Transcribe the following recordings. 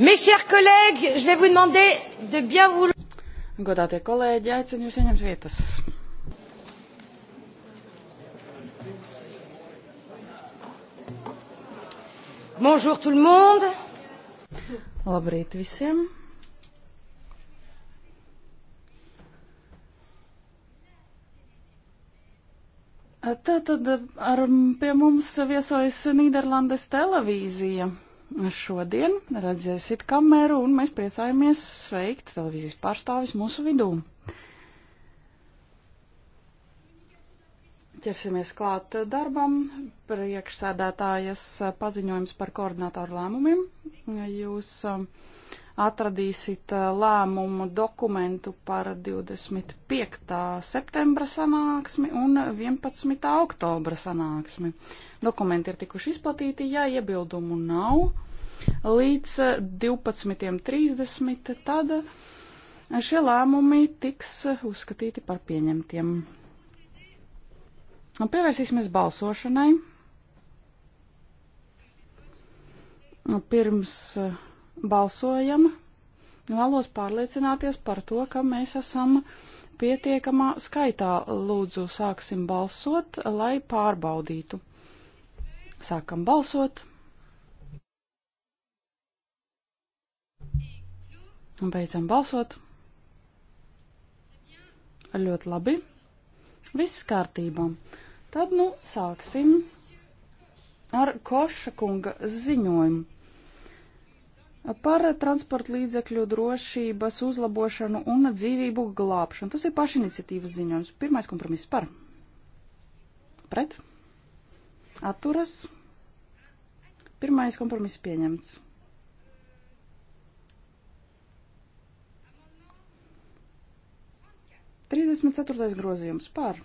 Mes chers collègues, je vais vous demander de bien vouloir. Godātie kolēģi, aicinu jūs ieņemt vietas. Bonjour tout le monde. Labrīt visiem. Tā tad ar, pie mums viesojas Nīderlandes televīzija. Šodien redzēsit kameru un mēs priecājamies sveikt televīzijas pārstāvis mūsu vidū. Ķersimies klāt darbam. Priekšsēdētājas paziņojums par koordinātoru lēmumiem. Jūs uh, atradīsit eh, lēmumu dokumentu par 25. septembra sanāksmi un 11. oktobra sanāksmi. Dokumenti ir tikuši izplatīti, ja iebildumu nav līdz 12.30, eh, tad eh, šie lēmumi tiks uzskatīti par pieņemtiem. Un nu, pievērsīsimies balsošanai. Nu, pirms uh, balsojam, vēlos pārliecināties par to, ka mēs esam pietiekamā skaitā. Lūdzu, sāksim balsot, lai pārbaudītu. Sākam balsot. Un beidzam balsot. Ļoti labi. Viss kārtībā. Tad, nu, sāksim ar Koša kunga ziņojumu par transporta līdzekļu drošības uzlabošanu un dzīvību glābšanu. Tas ir pašiniciatīvas ziņojums. Pirmais kompromiss par. Pret. Atturas. Pirmais kompromiss pieņemts. Trīsdesmit ceturtais grozījums par.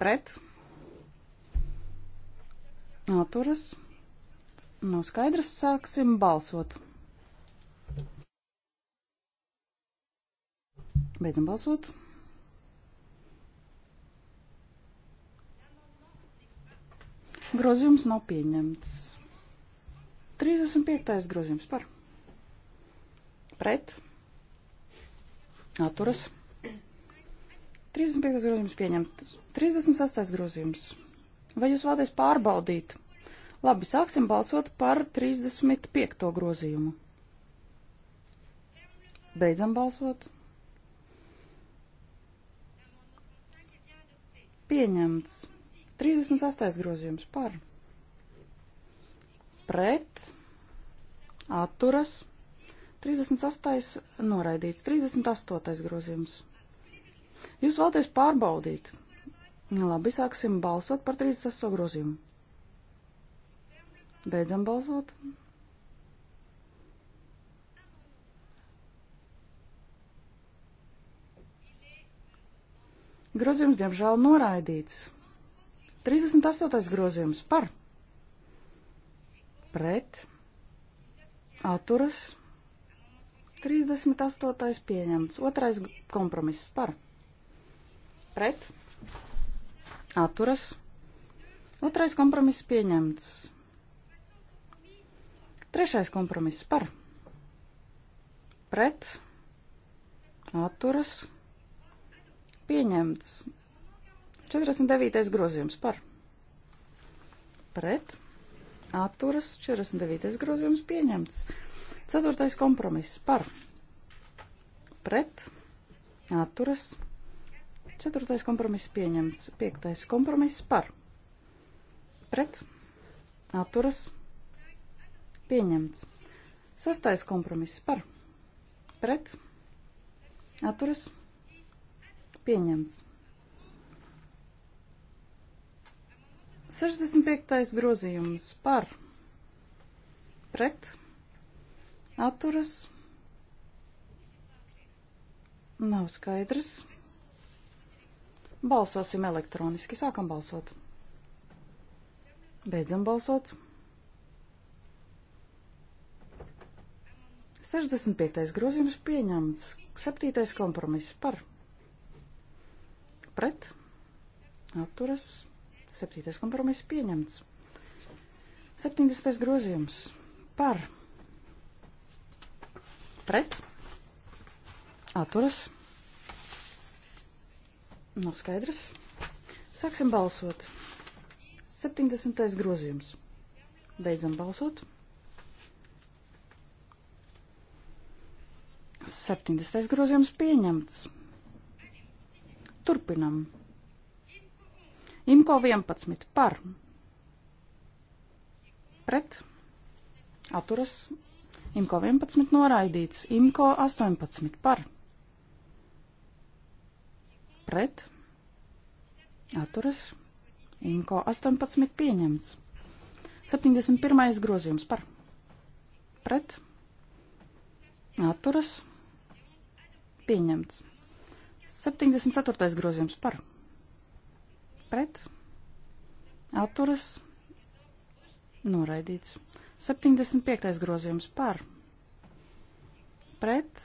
Pret. Atturas. Nav nu, skaidrs, sāksim balsot. Beidzam balsot. Grozījums nav pieņemts. 35. grozījums par. Pret. Atturas. 35. grozījums pieņemts. 36. grozījums. Vai jūs vēlaties pārbaudīt? Labi, sāksim balsot par 35. grozījumu. Beidzam balsot. Pieņemts. 38. grozījums par. Pret. Atturas. 38. noraidīts. 38. grozījums. Jūs vēlaties pārbaudīt. Labi, sāksim balsot par 38. grozījumu. Beidzam balsot. Grozījums, diemžēl, noraidīts. 38. grozījums par pret atturas 38. pieņemts. Otrais kompromiss par pret atturas. Otrais kompromiss pieņemts. Trešais kompromiss par pret atturas pieņemts. 49. grozījums par pret atturas 49. grozījums pieņemts. Ceturtais kompromiss par pret atturas. Ceturtais kompromiss pieņemts. Piektais kompromiss par pret atturas Pieņemts. Sastais kompromiss par. Pret. Atturas. Pieņemts. 65. grozījums par. Pret. Atturas. Nav skaidrs. Balsosim elektroniski. Sākam balsot. Beidzam balsot. 65. grozījums pieņemts. 7. kompromiss par. Pret. Atturas. 7. kompromiss pieņemts. 70. grozījums par. Pret. Atturas. Nav skaidrs. Sāksim balsot. 70. grozījums. Beidzam balsot. 70. grozījums pieņemts. Turpinam. Imko 11 par. Pret. Atturas. Imko 11 noraidīts. Imko 18 par. Pret. Atturas. Imko 18 pieņemts. 71. grozījums par. Pret. Atturas. Pieņemts. 74. grozījums par. Pret. Atturas. Noraidīts. 75. grozījums par. Pret.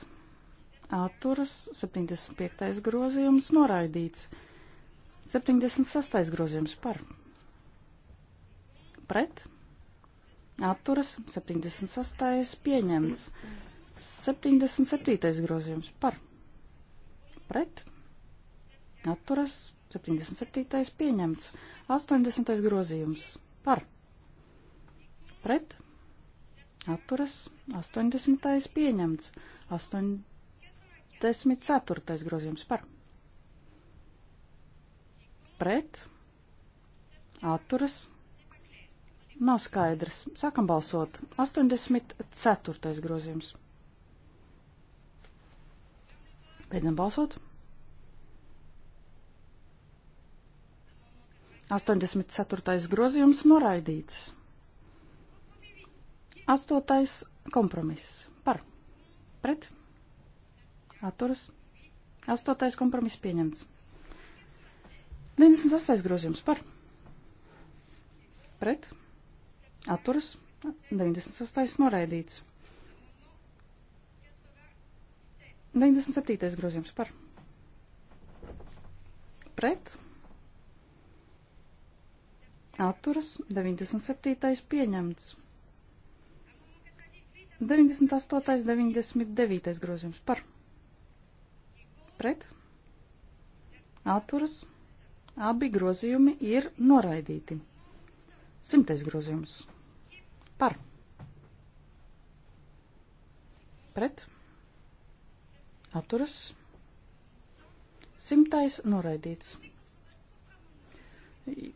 Atturas. 75. grozījums noraidīts. 76. grozījums par. Pret. Atturas 76. pieņemts. 77. grozījums par pret, atturas, 77. pieņemts, 80. grozījums par, pret, atturas, 80. pieņemts, 84. grozījums par, pret, atturas, nav skaidrs, sākam balsot, 84. grozījums. Beidzam balsot. 84. grozījums noraidīts. 8. kompromiss par pret atturas. 8. kompromiss pieņemts. 98. grozījums par pret atturas. 96. noraidīts. 97. grozījums par pret atturas 97. pieņemts. 98. 99. grozījums par pret atturas abi grozījumi ir noraidīti. 100. grozījums par pret atturas Atturas. Simtais noraidīts. E,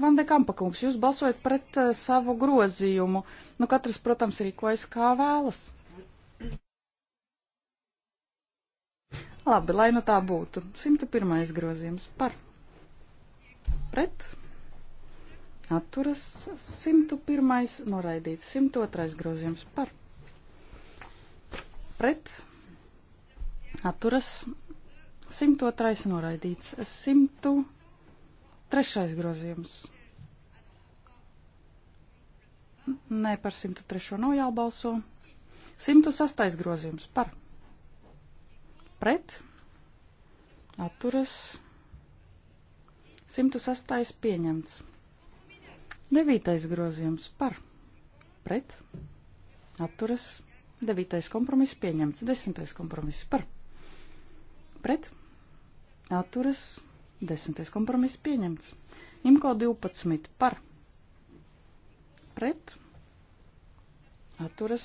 Vande Kampakungs, jūs balsojat pret uh, savu grozījumu. Nu, katrs, protams, rīkojas kā vēlas. Labi, lai nu tā būtu. 101. grozījums par. Pret. Atturas 101. noraidīts. 102. grozījums par. Pret atturas 102. noraidīts, 103. grozījums. Nē, par 103. nav jābalso. 106. grozījums par pret atturas 106. pieņemts. 9. grozījums par pret atturas 9. kompromiss pieņemts. 10. kompromiss par pret pret, atturas, desmitais kompromiss pieņemts. Imko 12 par, pret, atturas,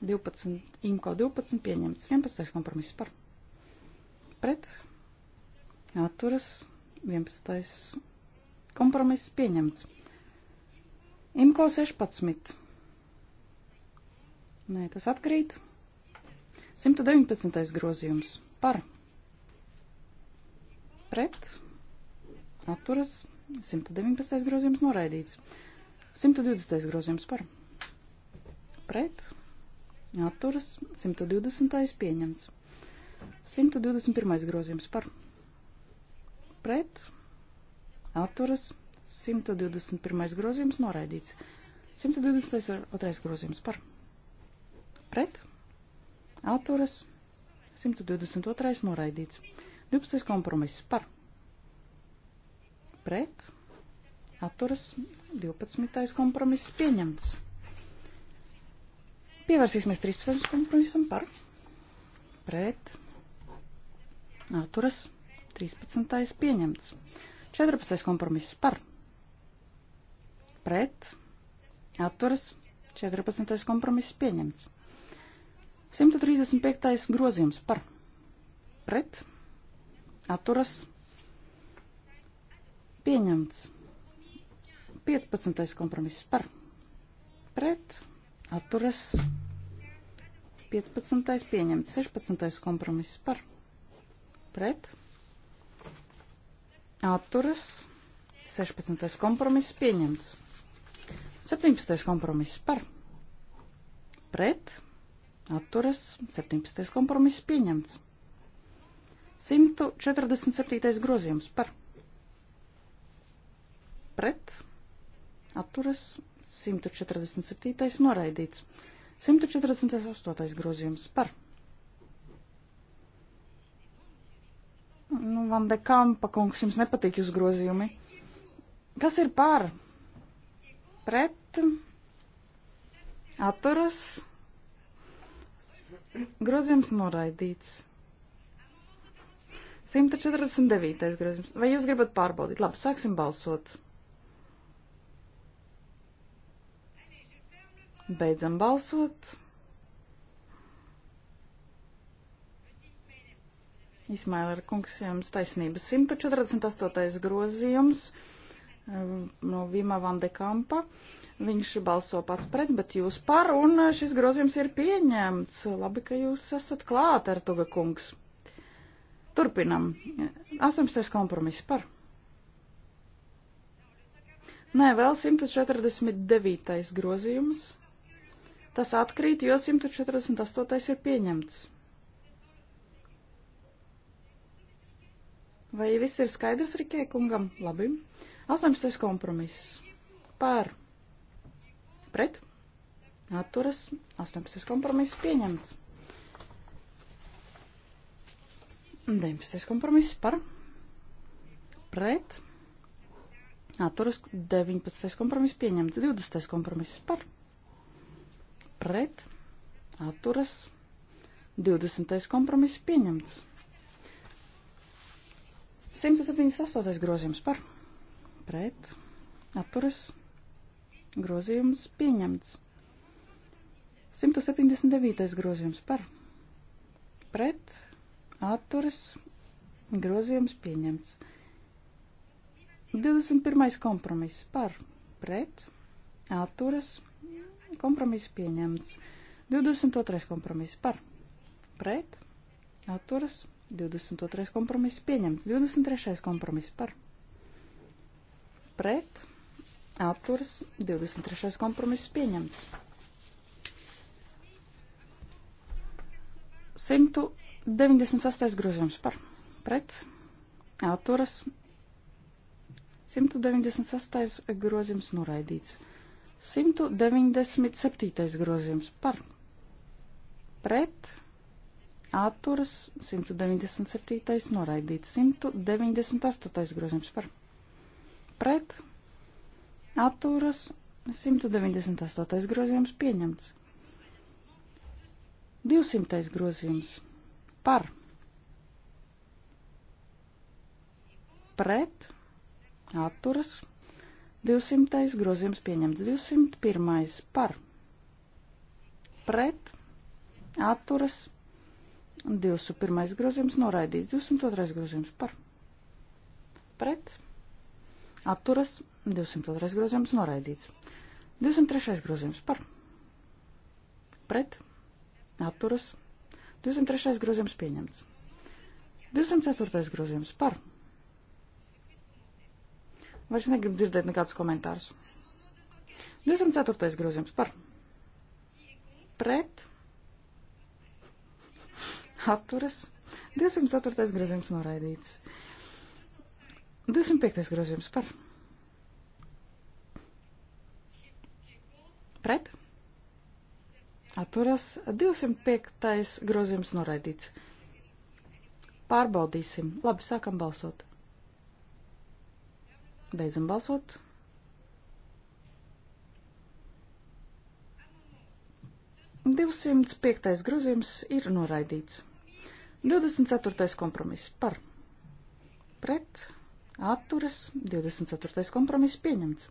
12, Imko 12 pieņemts. 11. kompromiss par, pret, atturas, 11. kompromiss pieņemts. Imko 16. Nē, tas atkrīt. 119. grozījums par pret atturas 119. grozījums noraidīts. 120. grozījums par pret atturas 120. pieņemts. 121. grozījums par pret atturas 121. grozījums noraidīts. 122. grozījums par pret atturas 121. 122. noraidīts. 12. kompromiss par pret atturas 12. kompromiss pieņemts. Pievērsīsimies 13. kompromisam par pret atturas 13. pieņemts. 14. kompromiss par pret atturas 14. kompromiss pieņemts. 135. grozījums par pret atturas pieņemts. 15. kompromiss par pret atturas 15. pieņemts. 16. kompromiss par pret atturas 16. kompromiss pieņemts. 17. kompromiss par pret atturas atturas 17. kompromiss pieņemts. 147. grozījums par pret atturas 147. noraidīts. 148. grozījums par. Nu, Van de Kampa kungs, jums nepatīk jūs grozījumi. Kas ir par? Pret atturas Grozījums noraidīts. 149. grozījums. Vai jūs gribat pārbaudīt? Labi, sāksim balsot. Beidzam balsot. Ismaila kungs, jums taisnība. 148. grozījums. Ehm, no Vimā Vandekampa. Viņš balso pats pret, bet jūs par, un eh, šis grozījums ir pieņemts. Labi, ka jūs esat klāt, Ertuga kungs. Turpinam. 18. kompromiss par. Nē, vēl 149. grozījums. Tas atkrīt, jo 148. ir pieņemts. Vai viss ir skaidrs Rikē kungam? Labi. 18. kompromiss par pret atturas 18. kompromiss pieņemts. 19. kompromiss par pret atturas 19. kompromiss pieņemts. 20. kompromiss par pret atturas 20. kompromiss pieņemts. 178. grozījums par pret pret, atturas, grozījums pieņemts. 179. grozījums par, pret, atturas, grozījums pieņemts. 21. kompromiss par, pret, atturas, kompromiss pieņemts. 22. kompromiss par, pret, atturas, 22. kompromiss pieņemts. 23. kompromiss par, pret pret, atturas, 23. kompromiss pieņemts. 198. grozījums par pret, atturas, 198. grozījums noraidīts. 197. grozījums par pret, atturas, 197. noraidīts, 198. grozījums par pret atturas 198. grozījums pieņemts. 200. grozījums par pret atturas 200. grozījums pieņemts. 201. par pret atturas 201. grozījums noraidīts. 202. grozījums par pret atturas atturas, 202. grozījums noraidīts. 203. grozījums par, pret, atturas, 203. grozījums pieņemts. 204. grozījums par. Vairs negribu dzirdēt nekādus komentārus. 204. grozījums par. Pret. Atturas. 204. grozījums noraidīts. 205. 25. grozījums par. Pret. Atturas 205. grozījums noraidīts. Pārbaudīsim. Labi, sākam balsot. Beidzam balsot. Divsimts piektais grozījums ir noraidīts. 24. kompromiss par pret atturas, 24. kompromiss pieņemts.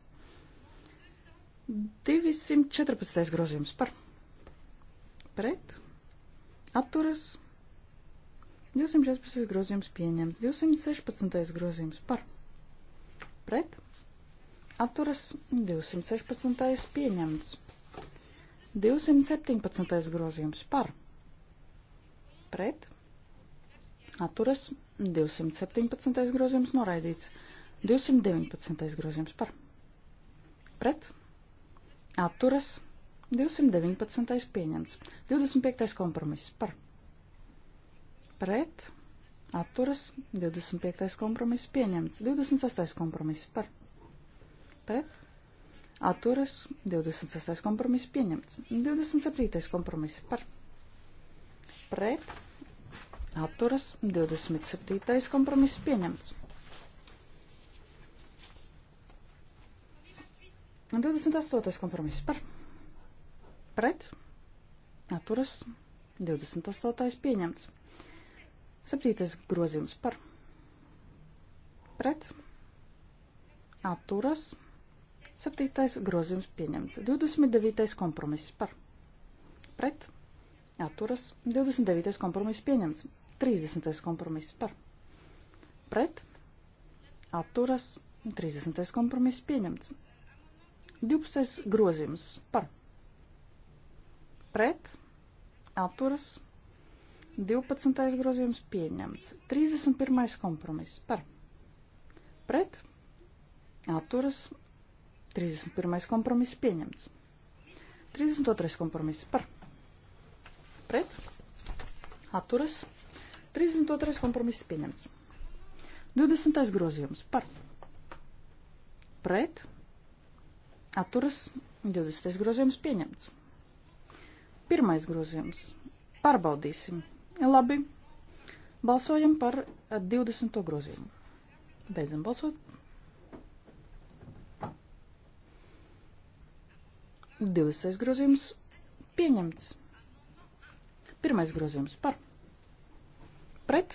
214. grozījums par pret, atturas, 214. grozījums pieņemts, 216. grozījums par pret, atturas, 216. pieņemts, 217. grozījums par pret, atturas, 216. 217. grozījums noraidīts. 219. grozījums par. Pret. Atturas. 219. pieņemts. 25. kompromiss par. Pret. Atturas. 25. kompromiss pieņemts. 26. kompromiss par. Pret. Atturas. 26. kompromiss pieņemts. 27. kompromiss par. Pret atturas 27. kompromiss pieņemts. 28. kompromiss par pret atturas 28. pieņemts. 7. grozījums par pret atturas 7. grozījums pieņemts. 29. kompromiss par pret atturas 29. kompromiss pieņemts. 30. kompromiss par pret atturas 30. kompromiss pieņemts. 12. grozījums par pret atturas 12. grozījums pieņemts. 31. kompromiss par pret atturas 31. kompromiss pieņemts. 32. kompromiss par pret atturas 31. 32. kompromiss pieņemts. 20. grozījums par pret atturas 20. grozījums pieņemts. Pirmais grozījums. Pārbaudīsim. Labi. Balsojam par 20. Eh, grozījumu. Beidzam balsot. 20. grozījums pieņemts. Pirmais grozījums par pret,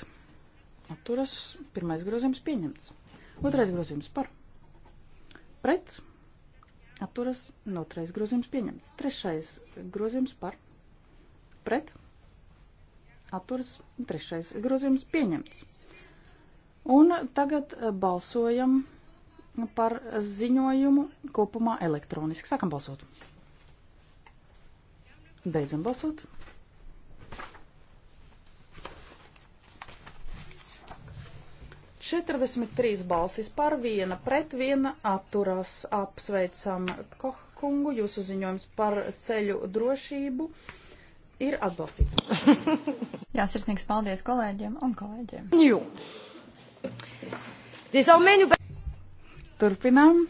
atturas, pirmais grozījums pieņemts. Otrais grozījums par, pret, atturas, no otrais grozījums pieņemts. Trešais grozījums par, pret, atturas, trešais grozījums pieņemts. Un tagad eh, balsojam par ziņojumu kopumā elektroniski. Sākam balsot. Beidzam balsot. 43 balsis par viena pret viena atturas. Apsveicam Kohkungu, jūsu ziņojums par ceļu drošību ir atbalstīts. Jā, sirsnīgs paldies kolēģiem un kolēģiem. Jū. Turpinām.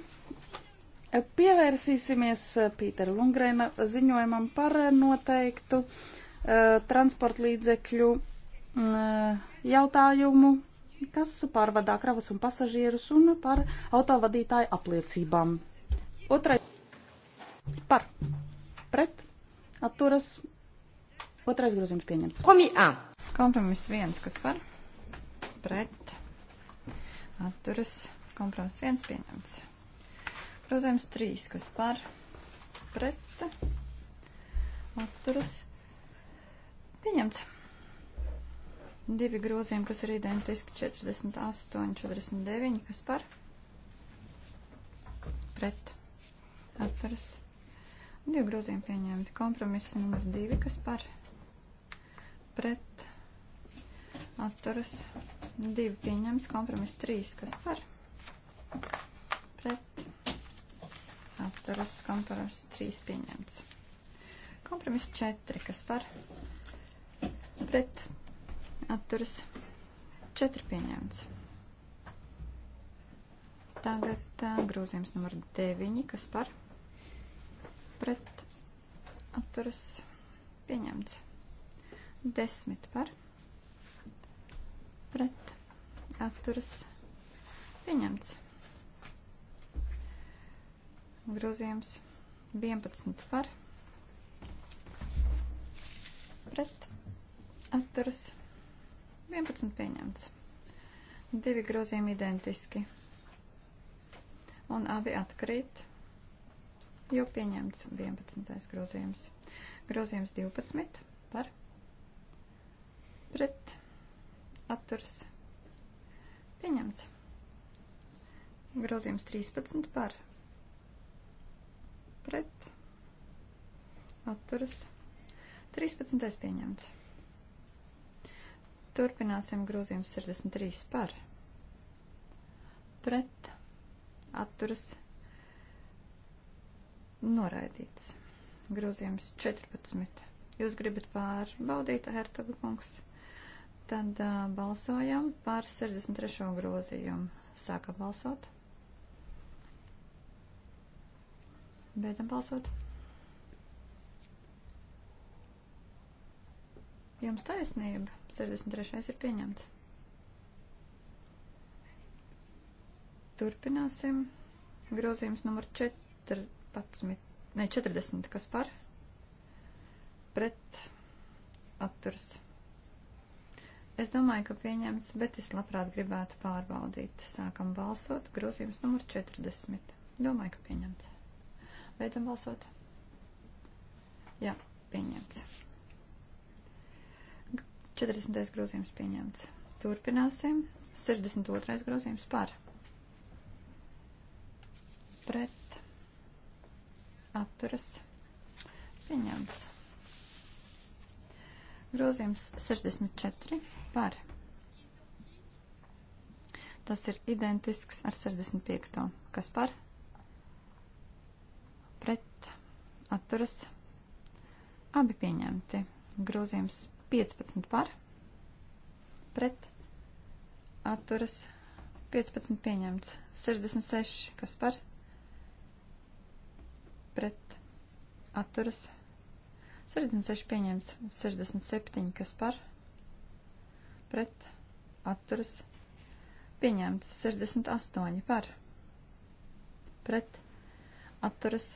Pievērsīsimies Pītera Lungrēna ziņojumam par noteiktu uh, transportlīdzekļu uh, jautājumu kas pārvadā kravas un pasažierus un par autovadītāju apliecībām. Otrais par pret atturas. Otrais grozījums pieņemts. Kompromiss viens, kas par pret atturas. Kompromiss viens pieņemts. Grozījums trīs, kas par pret atturas. Pieņemts. Divi grozījumi, kas ir identiski 48, 49, kas par? Pret. Atveras. Divi grozījumi pieņemti. Kompromiss numur divi, kas par? Pret. Atveras. Divi pieņemts. Kompromiss trīs, kas par? Pret. Atveras. Kompromiss trīs pieņemts. Kompromiss četri, kas par? Pret atturas 4 pieņemts. Tagad uh, grozījums numur 9, kas par pret atturas pieņemts. 10 par pret atturas pieņemts. Grozījums 11 par pret atturas pieņemts 11 pieņemts. Divi grozījumi identiski. Un abi atkrīt, jo pieņemts 11. grozījums. Grozījums 12 par pret atturs pieņemts. Grozījums 13 par pret atturas 13. pieņemts. Turpināsim grozījums 63 par. Pret atturas noraidīts. Grozījums 14. Jūs gribat pārbaudīt, Hertoga kungs? Tad uh, balsojam par 63. grozījumu. Sākam balsot. Beidzam balsot. Jums taisnība. 63. ir pieņemts. Turpināsim. Grozījums numur 14, ne 40, kas par? Pret atturs. Es domāju, ka pieņemts, bet es labprāt gribētu pārbaudīt. Sākam balsot. Grozījums numur 40. Domāju, ka pieņemts. Beidzam balsot. Jā, pieņemts. 40. grozījums pieņemts. Turpināsim. 62. grozījums par. Pret. Atturas. Pieņemts. Grozījums 64 par. Tas ir identisks ar 65. Kas par? Pret. Atturas. Abi pieņemti. Grozījums 15 par, pret, atturas, 15 pieņemts, 66, kas par, pret, atturas, 66 pieņemts, 67, kas par, pret, atturas, pieņemts, 68 par, pret, atturas,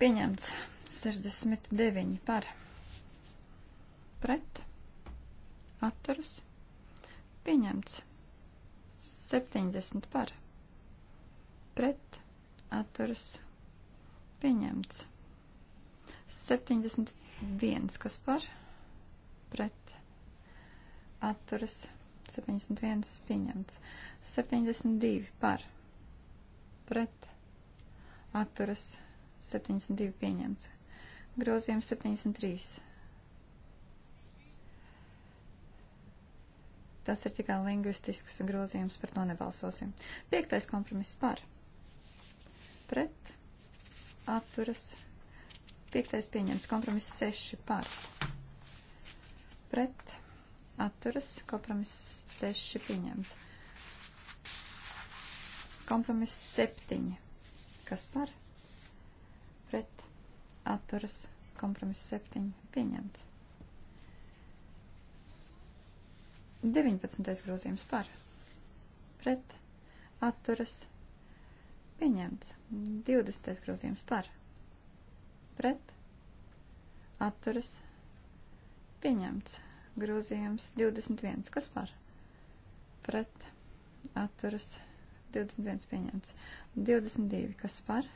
pieņemts, 69 par, pret, pret, atturas, pieņemts. 70 par, pret, atturas, pieņemts. 71, kas par, pret, atturas, 71 pieņemts. 72 par, pret, atturas, 72 pieņemts. Grozījums 73 Tas ir tikai lingvistisks grozījums, par to nebalsosim. Piektais kompromiss par. Pret. Atturas. Piektais pieņemts. Kompromiss 6 par. Pret. Atturas. Kompromiss 6 pieņemts. Kompromiss 7. Kas par? Pret. Atturas. Kompromiss 7 pieņemts. 19. grozījums par pret atturas pieņemts. 20. grozījums par pret atturas pieņemts. Grozījums 21. Kas par? Pret atturas 21 pieņemts. 22. Kas par?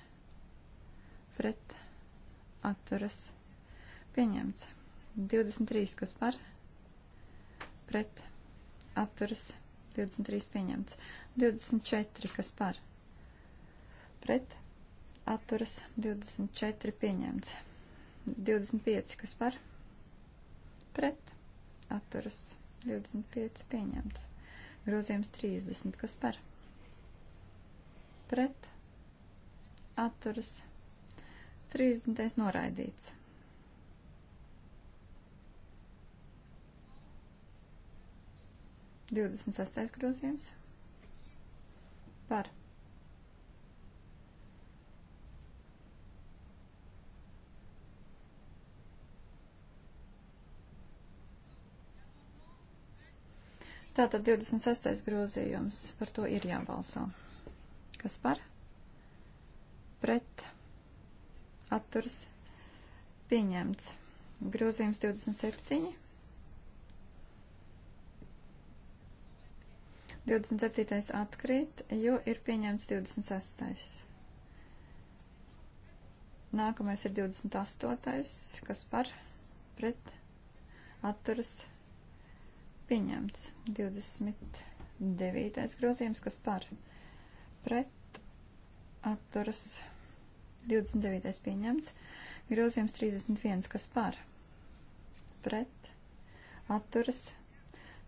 Pret atturas pieņemts. 23. Kas par? Pret atturas pieņemts atturas 23 pieņemts. 24, kas par pret atturas 24 pieņemts. 25, kas par pret atturas 25 pieņemts. Grozījums 30, kas par pret atturas 30 noraidīts. 26. grozījums par Tātad 26. grozījums, par to ir jābalso. Kas par? Pret. Atturs. Pieņemts. Grozījums 27. 27. atkrīt, jo ir pieņemts 26. Nākamais ir 28. kas par pret atturas pieņemts. 29. grozījums, kas par pret atturas 29. pieņemts. Grozījums 31. kas par pret atturas pieņemts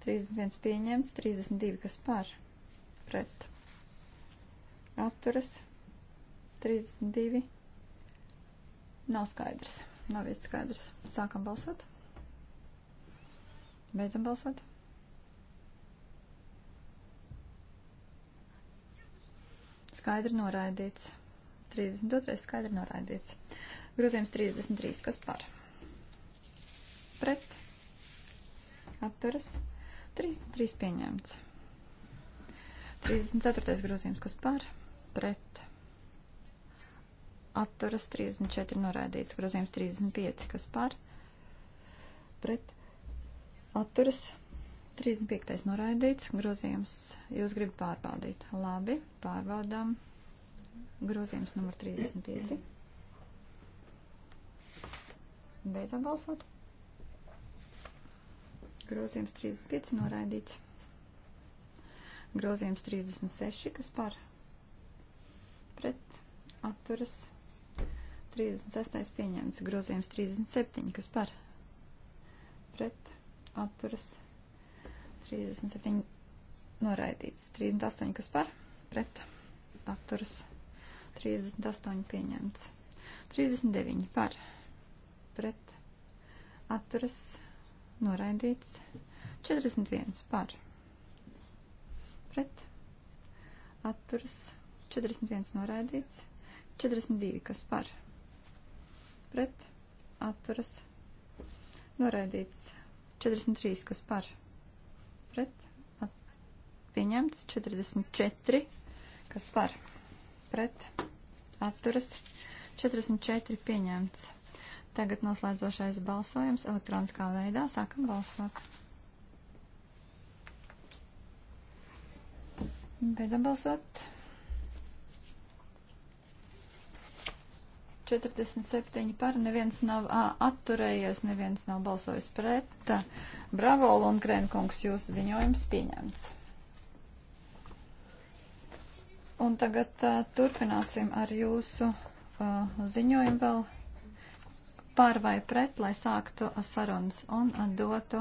31 pieņemts, 32 kas par, pret, atturas, 32 nav skaidrs, nav viss skaidrs. Sākam balsot, beidzam balsot. Skaidri noraidīts. 32. skaidri noraidīts. Grozījums 33. Kas par? Pret. Atturas. 32 33 pieņemts. 34. grozījums, kas par, pret, atturas 34 norādīts, grozījums 35, kas par, pret, atturas 35. noraidīts, grozījums jūs gribat pārbaudīt. Labi, pārbaudām. Grozījums numur 35. Beidzam balsot. Grozījums 35 noraidīts. Grozījums 36, kas par pret atturas 36 pieņemts. Grozījums 37, kas par pret atturas 37 noraidīts. 38, kas par pret atturas 38 pieņemts. 39 par pret atturas 38 noraidīts. 41 par pret atturas. 41 noraidīts. 42 kas par pret atturas. Noraidīts. 43 kas par pret at, pieņemts. 44 kas par pret atturas. 44 pieņemts. Tagad noslēdzošais balsojums elektroniskā veidā. Sākam balsot. Beidzam balsot. 47 par, neviens nav ā, atturējies, neviens nav balsojis pret. Bravo, Lundgrenkungs, jūsu ziņojums pieņemts. Un tagad uh, turpināsim ar jūsu uh, ziņojumu vēl par vai pret, lai sāktu sarunas un dotu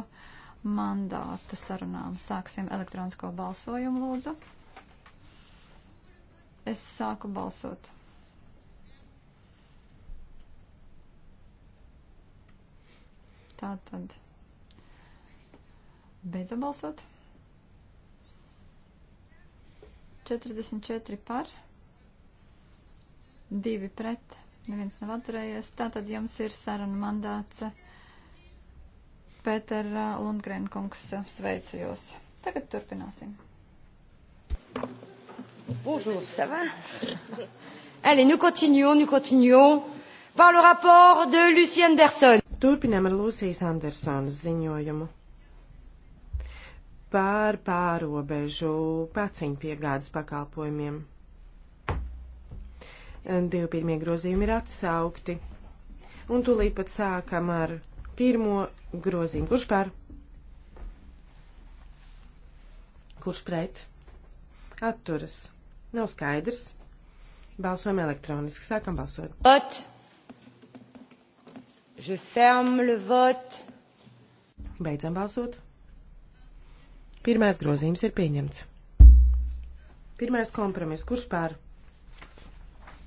mandātu sarunām. Sāksim elektronisko balsojumu, lūdzu. Es sāku balsot. Tātad. Beidzam balsot. 44 par, 2 pret, Neviens nav atturējies. Tātad jums ir saruna mandāts. Pēter uh, Lundgren kungs, uh, sveicu jūs. Tagad turpināsim. Bonjour, ça va? Allez, nous continuons, nous continuons par le rapport de Lucie Anderson. Turpinām ar Lūsijas Andersonas ziņojumu par pārobežu paciņu piegādes pakalpojumiem. Divi pirmie grozījumi ir atsaukti. Un tūlīt pat sākam ar pirmo grozījumu. Kurš par? Kurš pret? Atturas. Nav skaidrs. Balsojam elektroniski. Sākam balsot. Vot. Je ferme le vote. Beidzam balsot. Pirmais grozījums ir pieņemts. Pirmais kompromiss. Kurš pār?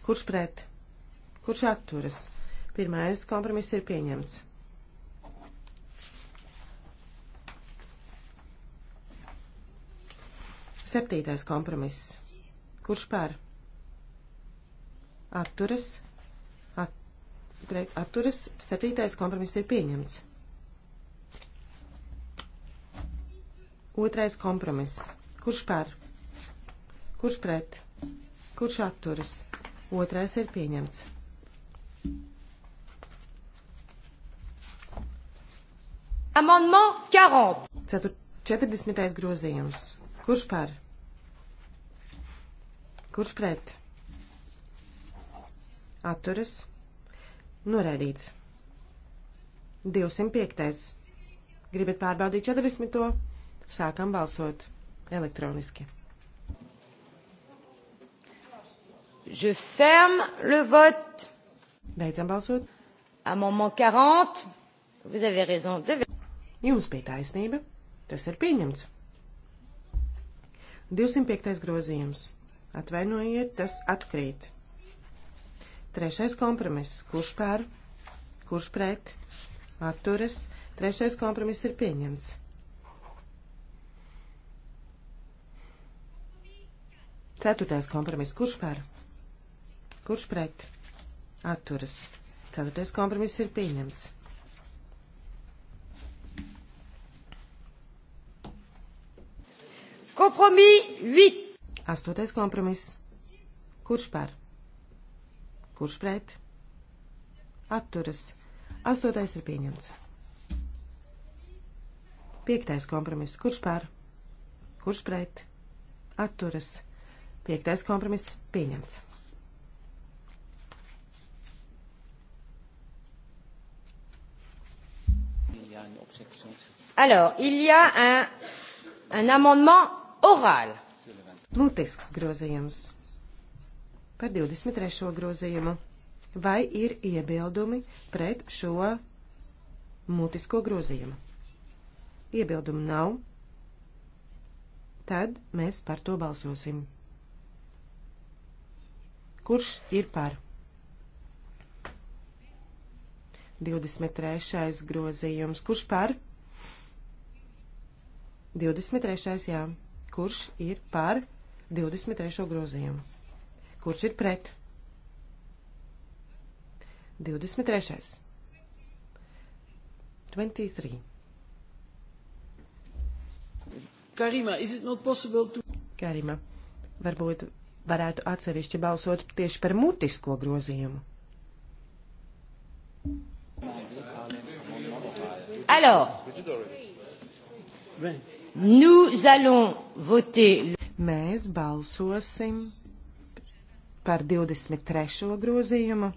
Kurš pret? Kurš atturas? Pirmais kompromiss ir pieņemts. Septītais kompromiss. Kurš pār? Atturas. At, atturas. Septītais kompromiss ir pieņemts. Otrais kompromiss. Kurš pār? Kurš pret? Kurš atturas? Otrais ir pieņemts. Amendment 40. Cetur 40. grozījums. Kurš par? Kurš pret? Atturas. Noraidīts. 205. Gribat pārbaudīt 40. Sākam balsot elektroniski. Je ferme le vote. Beidzam balsot. Amendement 40. Vous avez raison. De... Jums bija taisnība. Tas ir pieņemts. 205. grozījums. Atvainojiet, tas atkrīt. Trešais kompromiss. Kurš pār? Kurš pret? Atturas. Trešais kompromiss ir pieņemts. Ceturtais kompromiss. Kurš pār? Kurš pret? Atturas. Ceturtais kompromiss ir pieņemts. Kompromis 8. Astotais kompromiss. Kurš par? Kurš pret? Atturas. Astotais ir pieņemts. Piektais kompromiss. Kurš par? Kurš pret? Atturas. Piektais kompromiss pieņemts. Alors, il y a un, un amendement oral. Mutisks grozījums par 23. grozījumu. Vai ir iebildumi pret šo mutisko grozījumu? Iebildumu nav. Tad mēs par to balsosim. Kurš ir par? 23. grozījums. Kurš par? 23. jā. Kurš ir par 23. grozījumu? Kurš ir pret? 23. 23. Karima, is it not possible to... Karima, varbūt varētu atsevišķi balsot tieši par mutisko grozījumu. Alors, nous allons voter. Mēs balsosim par 23. grozījumu,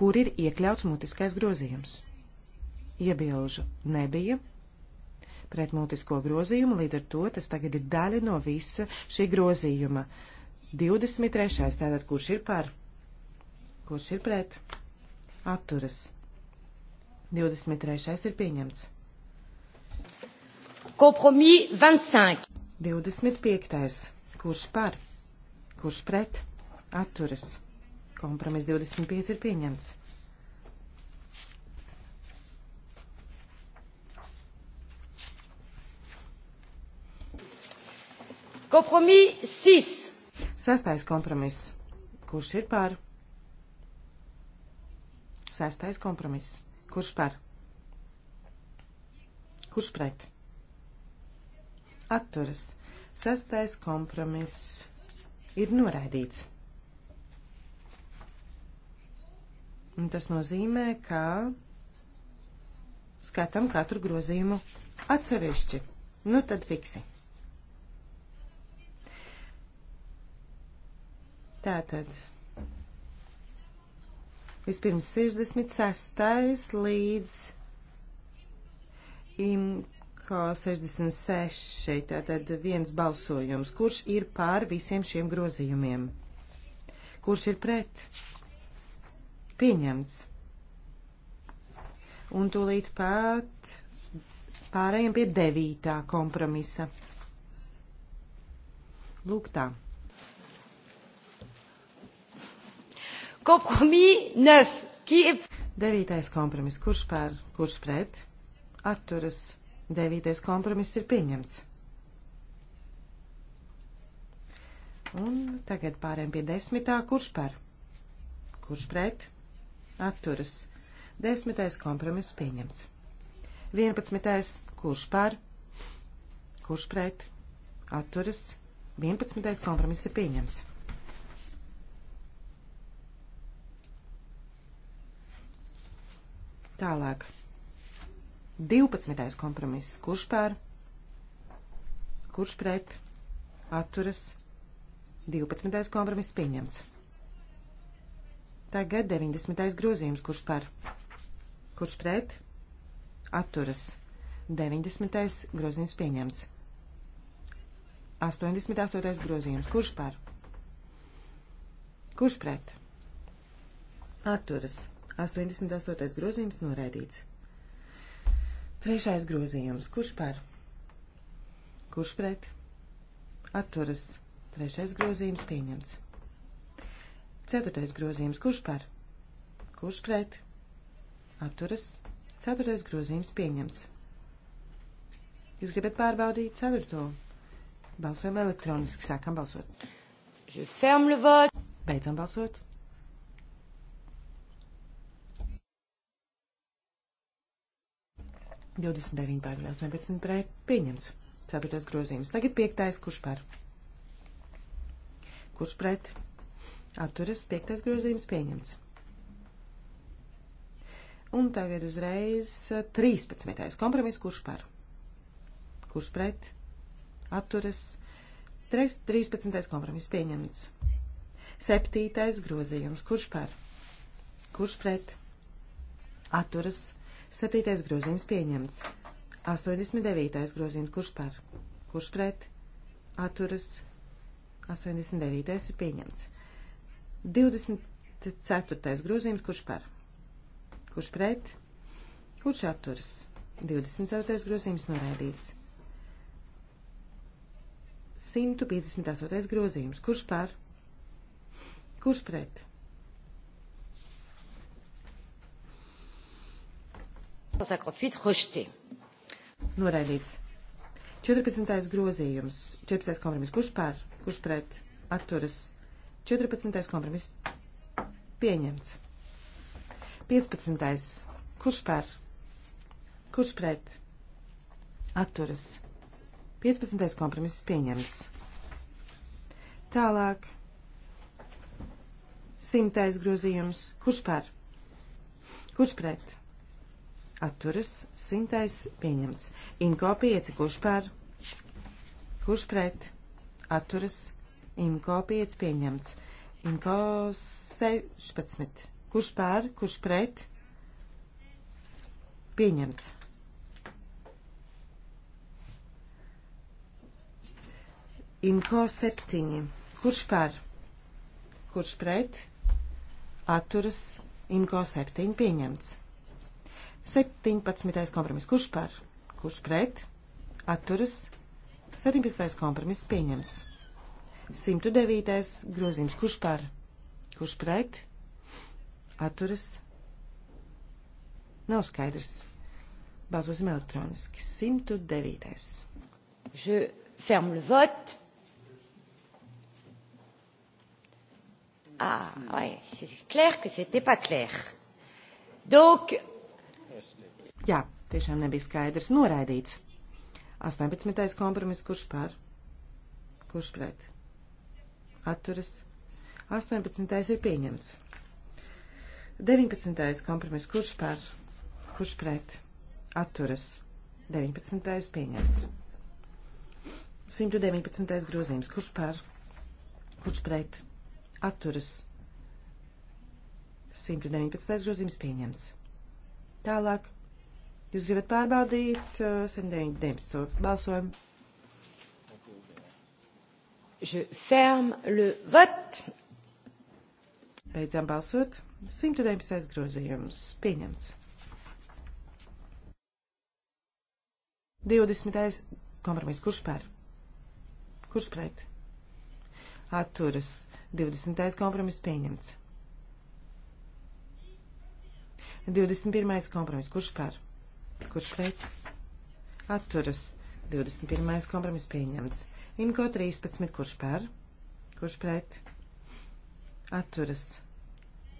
kur ir iekļauts mutiskais grozījums. Iebilžu nebija pret mutisko grozījumu, līdz ar to tas tagad ir daļa no visa šī grozījuma. 23. tātad kurš ir par, kurš ir pret, atturas 23. ir pieņemts. Kompromis 25. 25. Kurš par? Kurš pret? Atturas. Kompromis 25 ir pieņemts. Kompromis 6. Sastais kompromiss. Kurš ir pār? Sastais kompromiss. Kurš par? Kurš pret? Atturas. Sastais kompromiss ir noraidīts. Un tas nozīmē, ka skatām katru grozījumu atsevišķi. Nu tad fiksi. Tātad. Vispirms 66. līdz imko 66. Tātad viens balsojums. Kurš ir pār visiem šiem grozījumiem? Kurš ir pret? Pieņemts. Un tūlīt pat pārējiem pie devītā kompromisa. Lūk tā. Kompromis 9. Ki ir? Devītais kompromis. Kurš pār, kurš pret? Atturas. Devītais kompromis ir pieņemts. Un tagad pārējām pie desmitā. Kurš par? Kurš pret? Atturas. Desmitais kompromiss pieņemts. Vienpadsmitais. Kurš par? Kurš pret? Atturas. Vienpadsmitais kompromiss ir pieņemts. Tālāk. 12. kompromiss. Kurš pār? Kurš pret? Atturas. 12. kompromiss pieņemts. Tagad 90. grozījums. Kurš pār? Kurš pret? Atturas. 90. grozījums pieņemts. 88. grozījums. Kurš par? Kurš pret? Atturas. 88. grozījums noraidīts. Trešais grozījums. Kurš par? Kurš pret? Atturas. Trešais grozījums pieņemts. Ceturtais grozījums. Kurš par? Kurš pret? Atturas. Ceturtais grozījums pieņemts. Jūs gribat pārbaudīt ceturto? Balsojam elektroniski. Sākam balsot. Beidzam balsot. 29 pār 18 pret pieņemts. 4. grozījums. Tagad 5. kurš par? Kurš pret? Atturas 5. grozījums pieņemts. Un tagad uzreiz 13. kompromiss, kurš par? Kurš pret? Atturas 13. kompromiss pieņemts. 7. grozījums, kurš par? Kurš pret? Atturas Septītais grozījums pieņemts. 89. grozījums. Kurš par? Kurš pret? Atturas. 89. ir pieņemts. 24. grozījums. Kurš par? Kurš pret? Kurš atturas? 24. grozījums noraidīts. 158. grozījums. Kurš par? Kurš pret? 158 rejeté. Noraidīts. 14. grozījums, 14. kompromiss, kurš pār, kurš pret, atturas, 14. kompromiss, pieņemts. 15. kurš pār, kurš pret, atturas, 15. kompromiss, pieņemts. Tālāk. Simtais grozījums. Kurš par? Kurš pret? atturas simtais pieņemts. Inko 5, kurš par, kurš pret, atturas, Inko 5 pieņemts. Inko 16, kurš par, kurš pret, pieņemts. Imko 7. Kurš par? Kurš pret? Atturas. Imko 7 pieņemts. 17. kompromiss. Kurš par? Kurš pret? Atturas. 17. kompromiss pieņemts. 109. grozījums. Kurš par? Kurš pret? Atturas. Nav skaidrs. Balsosim elektroniski. 109. Je ferme le vote. Ah, ouais, c'est clair que c'était pas clair. Donc, Jā, tiešām nebija skaidrs. Noraidīts. 18. kompromiss, kurš par? Kurš pret? Atturas. 18. ir pieņemts. 19. kompromiss, kurš par? Kurš pret? Atturas. 19. pieņemts. 119. grozījums, kurš par? Kurš pret? Atturas. 119. grozījums pieņemts. Tālāk. Jūs gribat pārbaudīt uh, 119. balsojumu? Je ferme le vote. Beidzam balsot. 119. grozījums pieņemts. 20. kompromiss. Kurš pār? Kurš pret? Atturas. 20. kompromiss pieņemts. 21. kompromiss. Kurš par? Kurš pret? Atturas. 21. kompromiss pieņemts. Imko 13. Kurš par? Kurš pret? Atturas.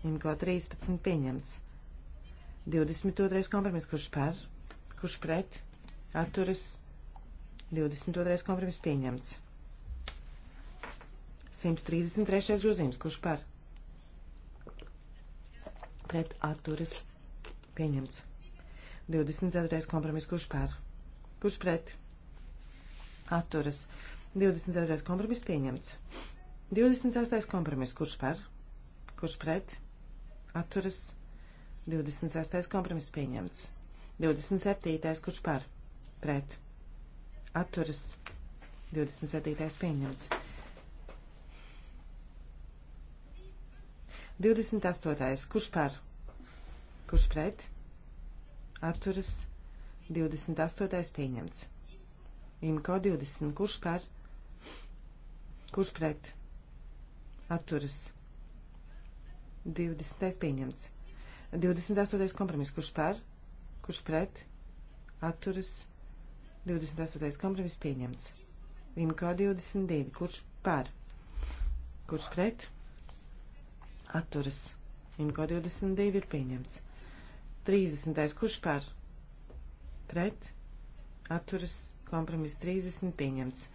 Imko 13. pieņemts. 22. kompromiss. Kurš par? Kurš pret? Atturas. 22. kompromiss pieņemts. 133. grozījums. Kurš par? Pret atturas Pieņemts. 24. kompromiss. Kurš pār? Kurš pret? Atturas. 24. kompromiss pieņemts. 26. kompromiss. Kurš par? Kurš pret? Atturas. 26. kompromiss pieņemts. 27. kurš par? Pret. Atturas. 27. pieņemts. 28. kurš par? Kurš pret? Atturas 28. pieņemts. Imko 20. Kurš par? Kurš pret? Atturas 20. pieņemts. 28. kompromiss. Kurš par? Kurš pret? Atturas 28. kompromiss pieņemts. Imko 22. Kurš par? Kurš pret? Atturas. Imko 22 ir pieņemts. 30. Kurš par? Pret. Atturas. Kompromiss 30. Pieņemts.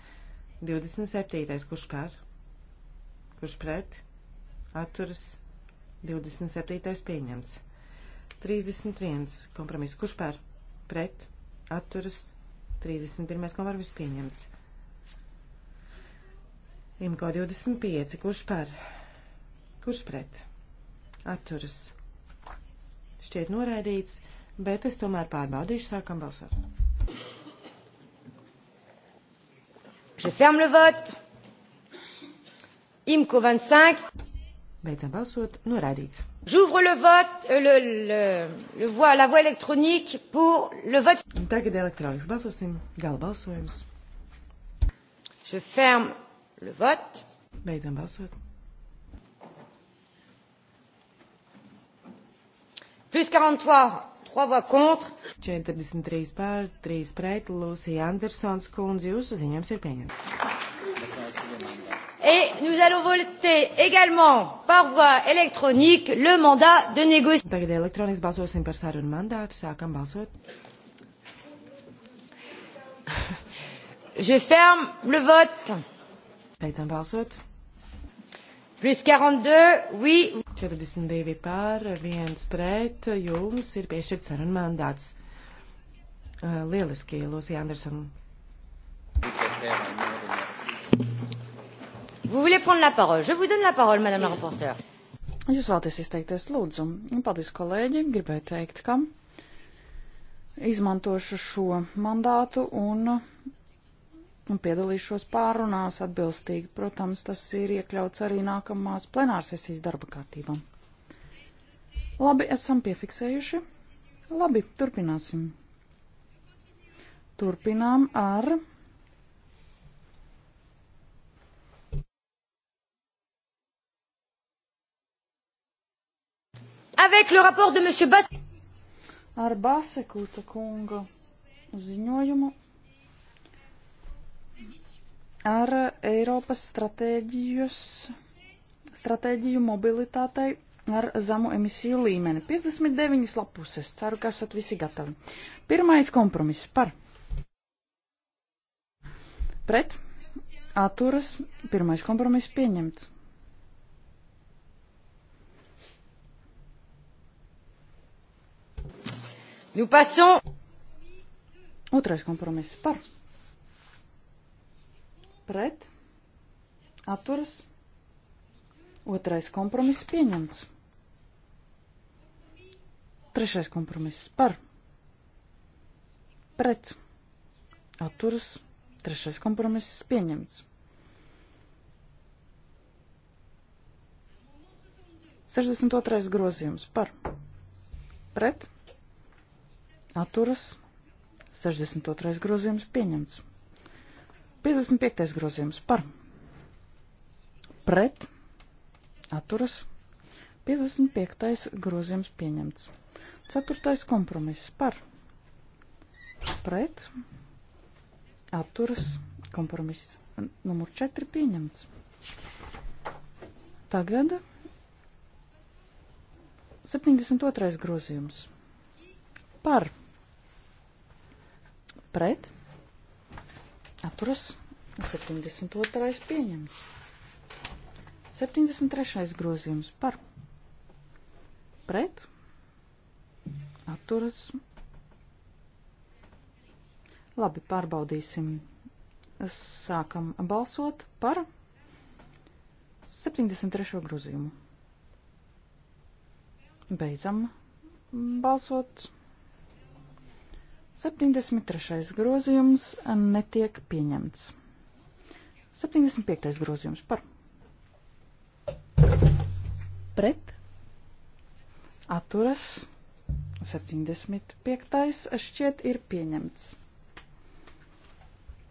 27. Kurš par? Kurš pret? Atturas. 27. Pieņemts. 31. Kompromiss. Kurš par? Pret. Atturas. 31. Kompromiss pieņemts. Imko 25. Kurš par? Kurš pret? Atturas. Šķiet noraidīts, bet es tomēr pārbaudīšu, sākam balsot. Je ferme le vote. Imco 25. Beidzam balsot, noraidīts. J'ouvre le vote, euh, le, le, le voie, la voie électronique pour le vote. Tagad elektroniski balsosim, gala balsojums. Je ferme le vote. Beidzam balsot. Plus 43 3 voix contre. 43 pār, 3 pret, Lūsija Andersons kundze, jūsu ziņojums ir pieņemts. Et nous allons voter également par voie électronique le mandat de négociation. Tagad elektroniski balsosim par sarunu mandātu, sākam balsot. Je ferme le vote. Beidzam balsot. Plus 42, oui. 42 pār, 1 pret, jums ir piešķirts saruna mandāts. Eh, lieliski, Lūsija Andersona. Vous voulez prendre la parole? Je vous donne la parole, madame la rapporteure. Jūs vēlaties izteikties, lūdzu. Nu, paldies, kolēģi. Gribēju teikt, ka izmantošu šo mandātu un un piedalīšos pārunās atbilstīgi. Protams, tas ir iekļauts arī nākamās plenārsesijas darba kārtībā. Labi, esam piefiksējuši. Labi, turpināsim. Turpinām ar. Avec le rapport de M. Bas... Ar Basekūta kunga ziņojumu ar Eiropas stratēģijas, stratēģiju mobilitātei ar zemu emisiju līmeni. 59 lapuses. Ceru, ka esat visi gatavi. Pirmais kompromiss par. Pret. Atturas. Pirmais kompromiss pieņemts. Nous passons. Otrais kompromiss par pret, atturas, otrais kompromiss pieņemts. Trešais kompromiss par, pret, atturas, trešais kompromiss pieņemts. 62. grozījums par, pret, atturas, 62. grozījums pieņemts. 55. grozījums par pret atturas 55. grozījums pieņemts. 4. kompromiss par pret atturas kompromiss numur 4 pieņemts. Tagad 72. grozījums par pret atturas Atturas 72. pieņemts. 73. grozījums par pret atturas. Labi, pārbaudīsim. Sākam balsot par 73. grozījumu. Beidzam balsot. 73. grozījums netiek pieņemts. 75. grozījums par pret atturas 75. šķiet ir pieņemts.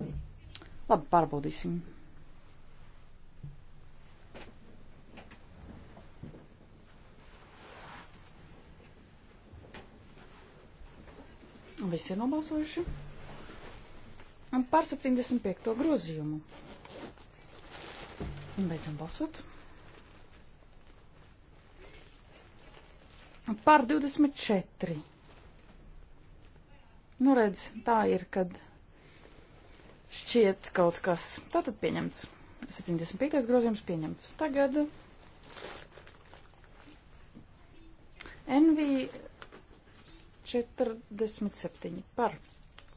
Labi, pārbaudīsim. Visi nobalsojuši. Un par 75. grozījumu. Beidzam balsot. Par 24. Nu redz, tā ir, kad šķiet kaut kas. Tātad pieņemts. 75. grozījums pieņemts. Tagad NV 47 par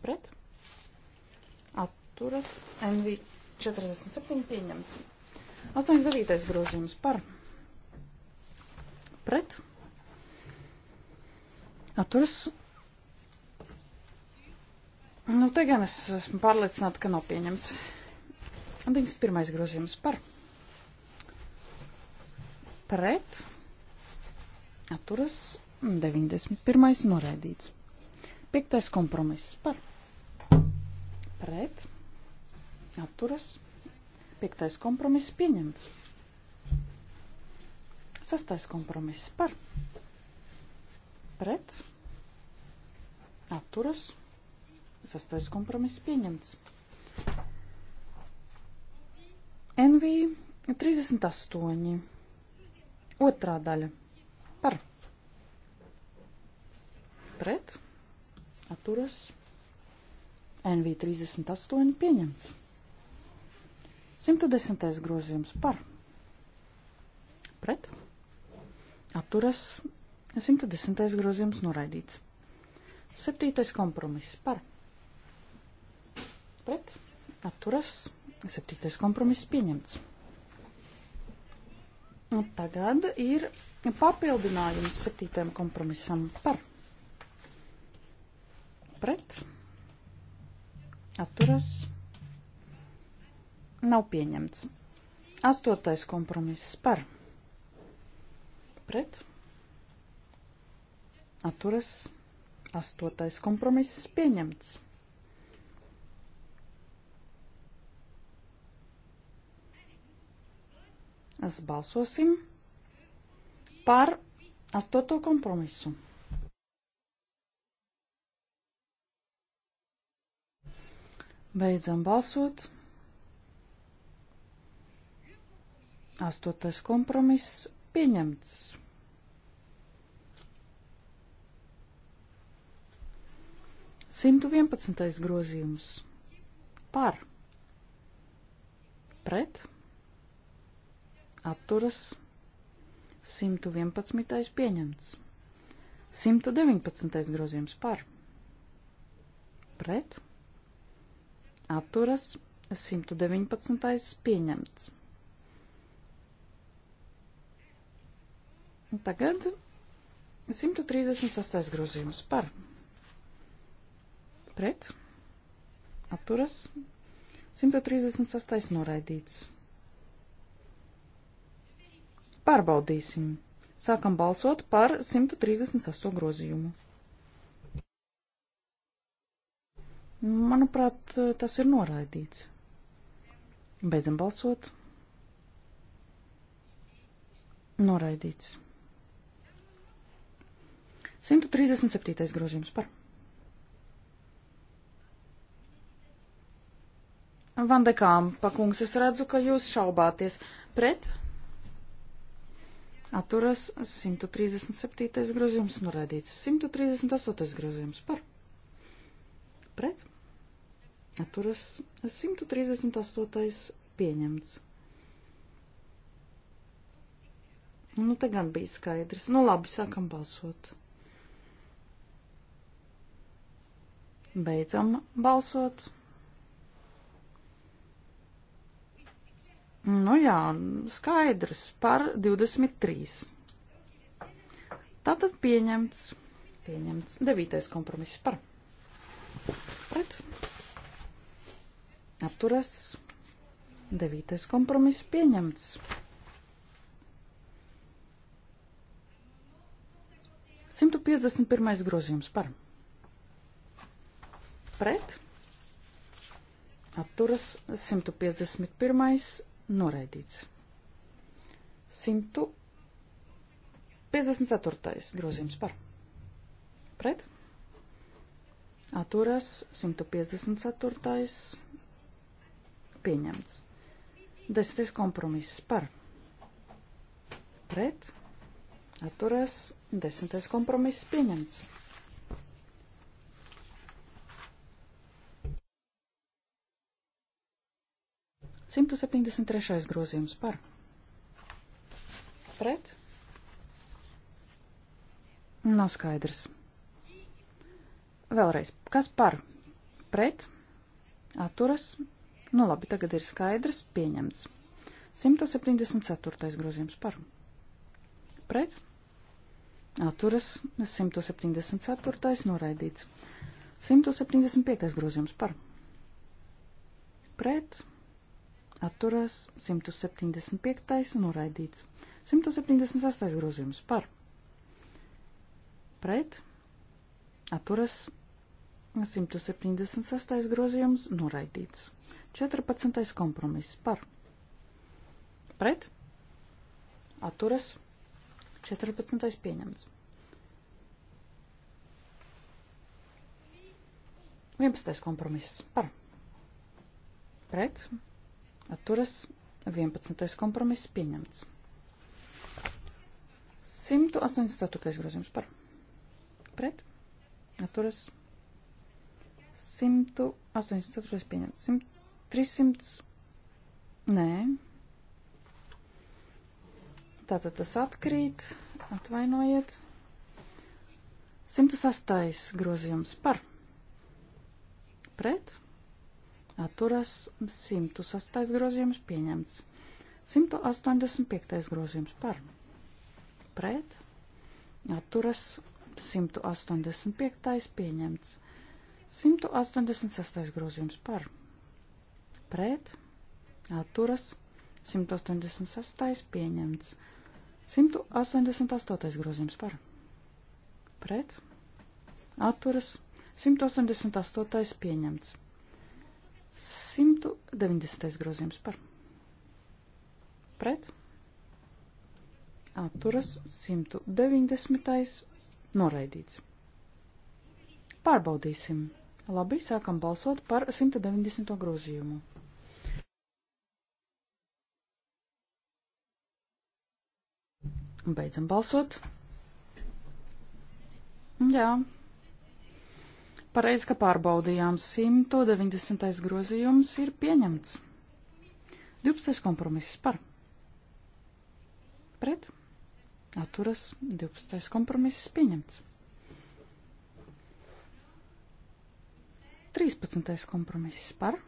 pret atturas NV 47 pieņemts. 89. grozījums par pret atturas. Nu, te gan es esmu pārliecināta, ka nav pieņemts. 91. grozījums par pret atturas 91. noraidīts. 5. kompromiss par pret atturas. 5. kompromiss pieņemts. 6. kompromiss par pret atturas. 6. kompromiss pieņemts. NV 38. Otrā daļa par pret pret, atturas, NV38 pieņemts. 110. grozījums par, pret, atturas, 110. grozījums noraidīts. 7. kompromiss par, pret, atturas, 7. kompromiss pieņemts. Un tagad ir papildinājums 7. kompromisam par, pret pret, atturas, nav pieņemts. Astotais kompromiss par, pret, atturas, astotais kompromiss pieņemts. Es balsosim par astoto kompromisu. Beidzam balsot. Astotais kompromiss pieņemts. Simtu vienpadsmitais grozījums par pret atturas 111. pieņemts. 119. grozījums par pret atturas 119. pieņemts. Tagad 136. grozījums par pret atturas 136. noraidīts. Pārbaudīsim. Sākam balsot par 138 grozījumu. Manuprāt, tas ir noraidīts. Beidzam balsot. Noraidīts. 137. grozījums par. Vandekām, pakungs, es redzu, ka jūs šaubāties pret. Atturas 137. grozījums, noraidīts 138. grozījums par. Pret. Atturas 138. pieņemts. Nu, te gan bija skaidrs. Nu, labi, sākam balsot. Beidzam balsot. Nu jā, skaidrs par 23. Tātad pieņemts, pieņemts devītais kompromiss par. Pret. Atturas. Devītais kompromiss pieņemts. 151. grozījums par. Pret. Atturas 151. noraidīts. 154. grozījums par. Pret. Atturas 154 pieņemts. Desmitais kompromiss par pret atturēs. Desmitais kompromiss pieņemts. Simtu septiņdesmit trešais grozījums par pret. Nav skaidrs. Vēlreiz, kas par pret atturas Nu labi, tagad ir skaidrs, pieņemts. 174. grozījums par. Pret. Atturas 174. noraidīts. 175. grozījums par. Pret. Atturas 175. noraidīts. 178. grozījums par. Pret. Atturas 176. grozījums noraidīts. 14. kompromiss par. Pret. Atturas. 14. pieņemts. 11. kompromiss par. Pret. Atturas. 11. kompromiss pieņemts. 184. grozījums par. Pret. Atturas. 184. pieņemts. 100. 300. Nē. Tātad tas atkrīt. Atvainojiet. 108. grozījums par. Pret. Atturas 108. grozījums pieņemts. 185. grozījums par. Pret. Atturas 185. pieņemts. 186. grozījums par. Pret pret, atturas, 186. pieņemts. 188. grozījums par, pret, atturas, 188. pieņemts. 190. grozījums par, pret, atturas, 190. noraidīts. Pārbaudīsim. Labi, sākam balsot par 190. grozījumu. Beidzam balsot. Jā. Pareizi, ka pārbaudījām 190. grozījums ir pieņemts. 12. kompromiss par. Pret. Atturas 12. kompromiss pieņemts. 13. kompromiss par.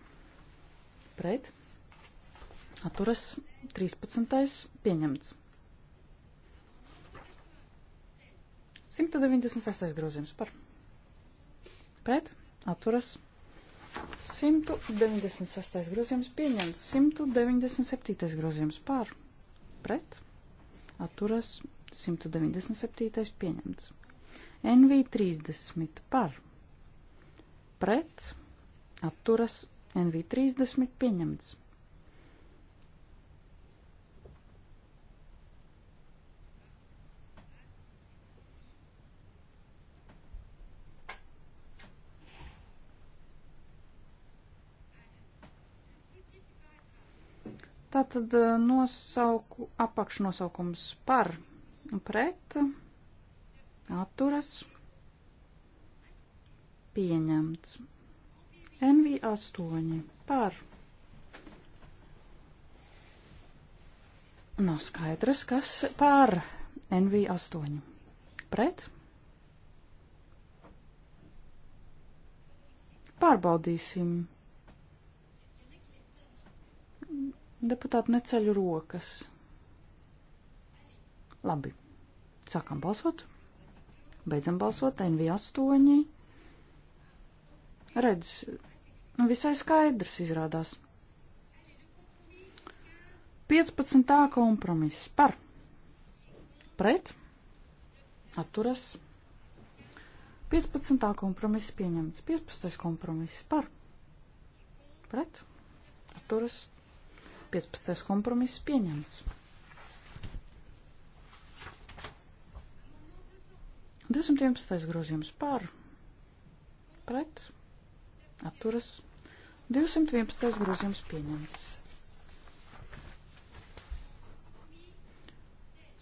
Pret. Atturas 13. pieņemts. 196. grozījums par pret atturas. 196. grozījums pieņemts. 197. grozījums par pret atturas. 197. pieņemts. NV 30 par pret atturas. NV 30 pieņemts. Tātad eh, nosauku, apakšnosaukums par pret atturas pieņemts. NV8 par. Nav skaidrs, kas par NV8. Pret? Pārbaudīsim. Deputāti neceļ rokas. Labi. Sākam balsot. Beidzam balsot. NV8. Redz, nu visai skaidrs izrādās. 15. kompromiss par. Pret. Atturas. 15. kompromiss pieņemts. 15. kompromiss par. Pret. Atturas 15. kompromiss pieņemts. 211. grozījums par, pret, atturas. 211. grozījums pieņemts.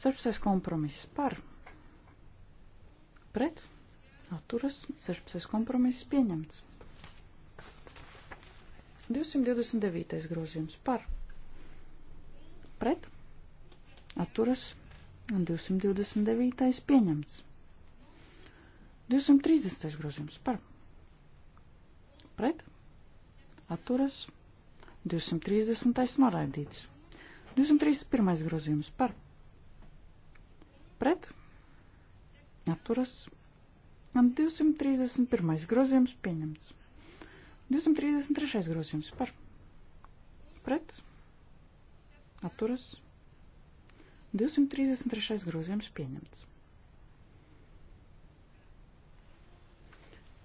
16. kompromiss par, pret, atturas. 16. kompromiss pieņemts. 229. grozījums par, pret pret atturas un 229. pieņemts. 230. grozījums par pret atturas 230. noraidīts. 231. grozījums par pret atturas un 231. grozījums pieņemts. 233. grozījums par pret atturas atturas. 233. grozījums pieņemts.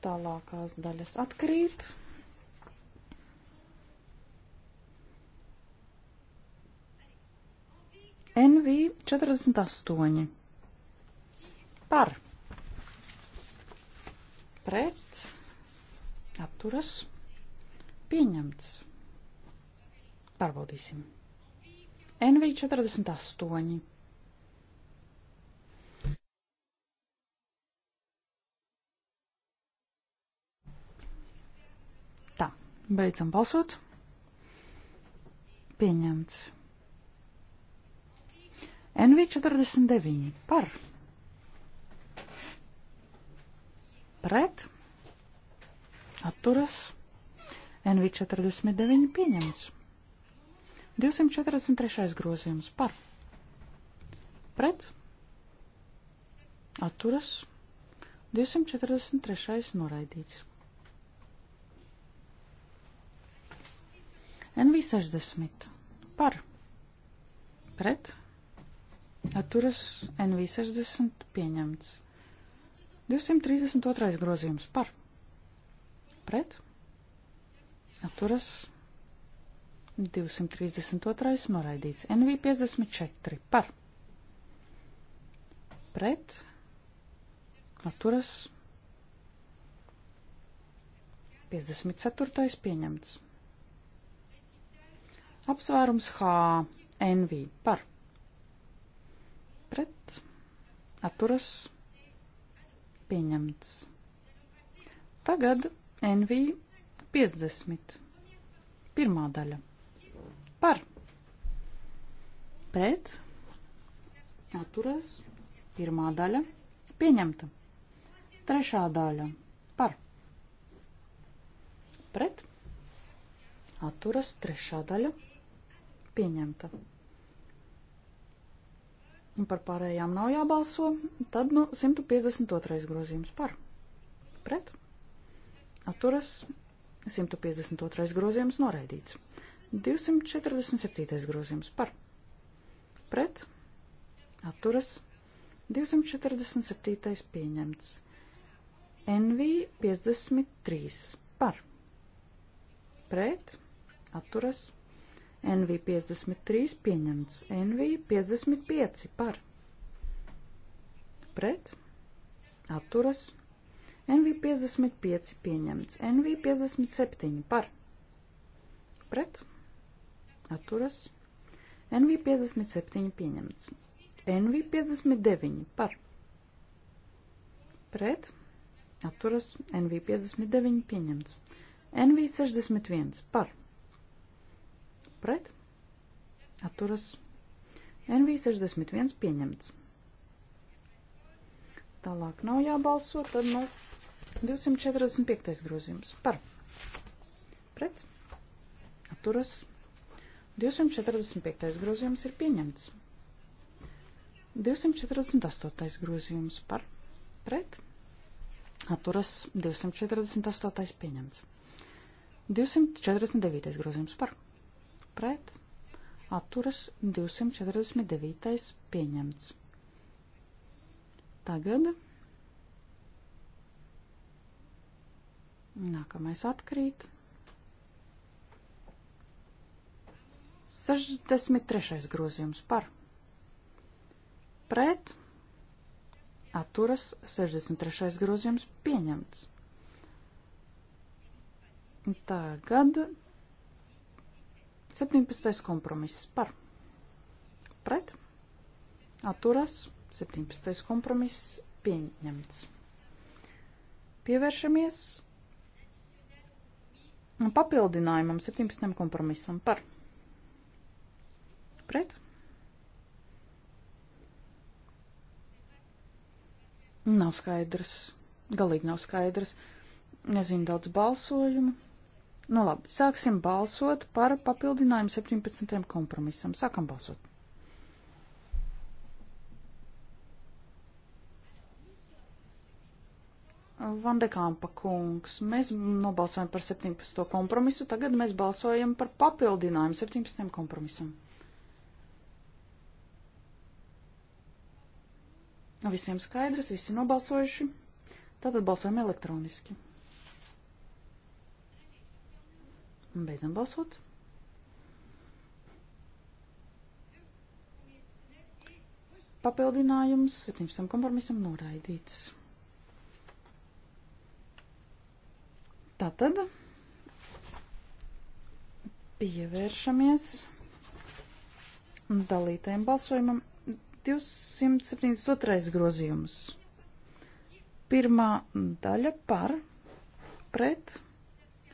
Tālākās daļas atkrīt. NV 48 par pret atturas pieņemts. Pārbaudīsim. NV 48. Tā, beidzam balsot. Pieņemts. NV 49 par. Pret. Atturas. NV 49 pieņemts. 243. grozījums par pret atturas 243. noraidīts. NV60 par pret atturas NV60 pieņemts. 232. grozījums par pret atturas 232. noraidīts. NV54 par. Pret. Atturas. 54. pieņemts. Apsvērums H. NV par. Pret. Atturas. Pieņemts. Tagad NV 50. Pirmā daļa par pret atturēs pirmā daļa pieņemta. Trešā daļa par pret atturas trešā daļa pieņemta. Un par pārējām nav jābalso, tad nu 152. grozījums par pret atturas 152. grozījums noraidīts. 247. grozījums par pret atturas 247. pieņemts. NV 53 par pret atturas NV 53 pieņemts. NV 55 par pret atturas NV 55 pieņemts. NV 57 par pret atturas atturas. NV57 pieņemts. NV59 par pret atturas. NV59 pieņemts. NV61 par pret atturas. NV61 pieņemts. Tālāk nav jābalso, tad no nu, 245. grozījums par pret atturas. 245. grozījums ir pieņemts. 248. grozījums par pret. Atturas 248. pieņemts. 249. grozījums par pret. Atturas 249. pieņemts. Tagad nākamais atkrīt. 63. grozījums par pret atturas 63. grozījums pieņemts. Tagad 17. kompromiss par pret atturas 17. kompromiss pieņemts. Pievēršamies papildinājumam 17. kompromisam par pret. Nav skaidrs. Galīgi nav skaidrs. Nezinu daudz balsojumu. Nu labi, sāksim balsot par papildinājumu 17. kompromisam. Sākam balsot. Vandekāmpa kungs, mēs nobalsojam par 17. kompromisu, tagad mēs balsojam par papildinājumu 17. kompromisam. Visiem skaidrs, visi nobalsojuši. Tātad balsojam elektroniski. Beidzam balsot. Papildinājums 17 kompromisam noraidīts. Tātad pievēršamies dalītajam balsojumam 272. grozījums. Pirmā daļa par, pret,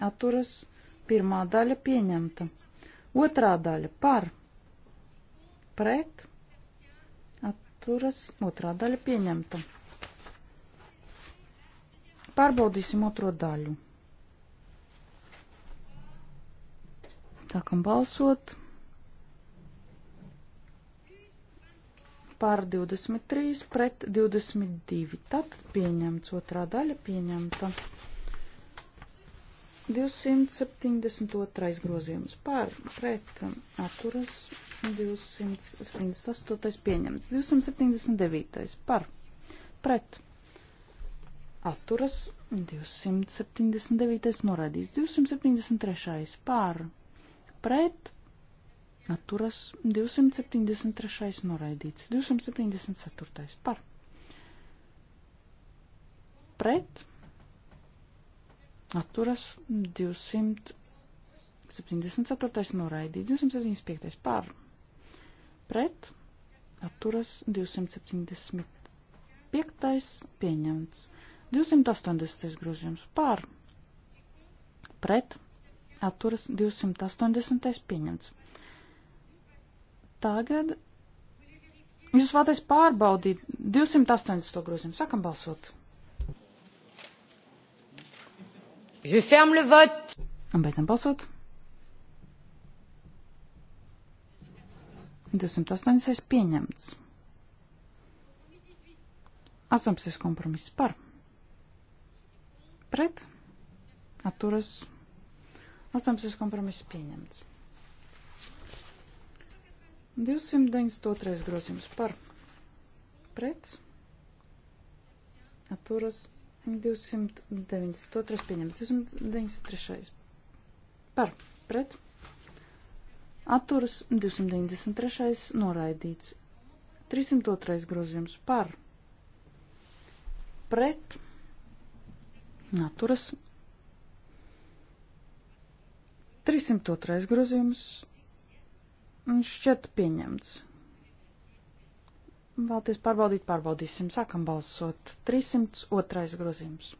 atturas, pirmā daļa pieņemta. Otrā daļa par, pret, atturas, otrā daļa pieņemta. Pārbaudīsim otro daļu. Sākam balsot. pār 23 pret 22. Tad pieņemts otrā daļa pieņemta. 272. grozījums pār pret atturas 278. pieņemts. 279. par pret atturas 279. noraidīts. 273. pār pret atturas 273. noraidīts, 274. par pret atturas 274. noraidīts, 275. par pret atturas 275. pieņemts, 280. grozījums par pret atturas 280. pieņemts. Tagad jūs vēlaties pārbaudīt 280. grozījumu. Sakam balsot. Je ferme le vote. Un beidzam balsot. 280 pieņemts. 18 kompromiss par. Pret. Atturas. 18 kompromiss pieņemts. 292. grozījums par pret atturas 292. pieņemts 293. par pret atturas 293. noraidīts 302. grozījums par pret atturas 302. grozījums Viņš šķiet pieņemts. Vēlties pārbaudīt, pārbaudīsim. Sākam balsot. 302. grozījums.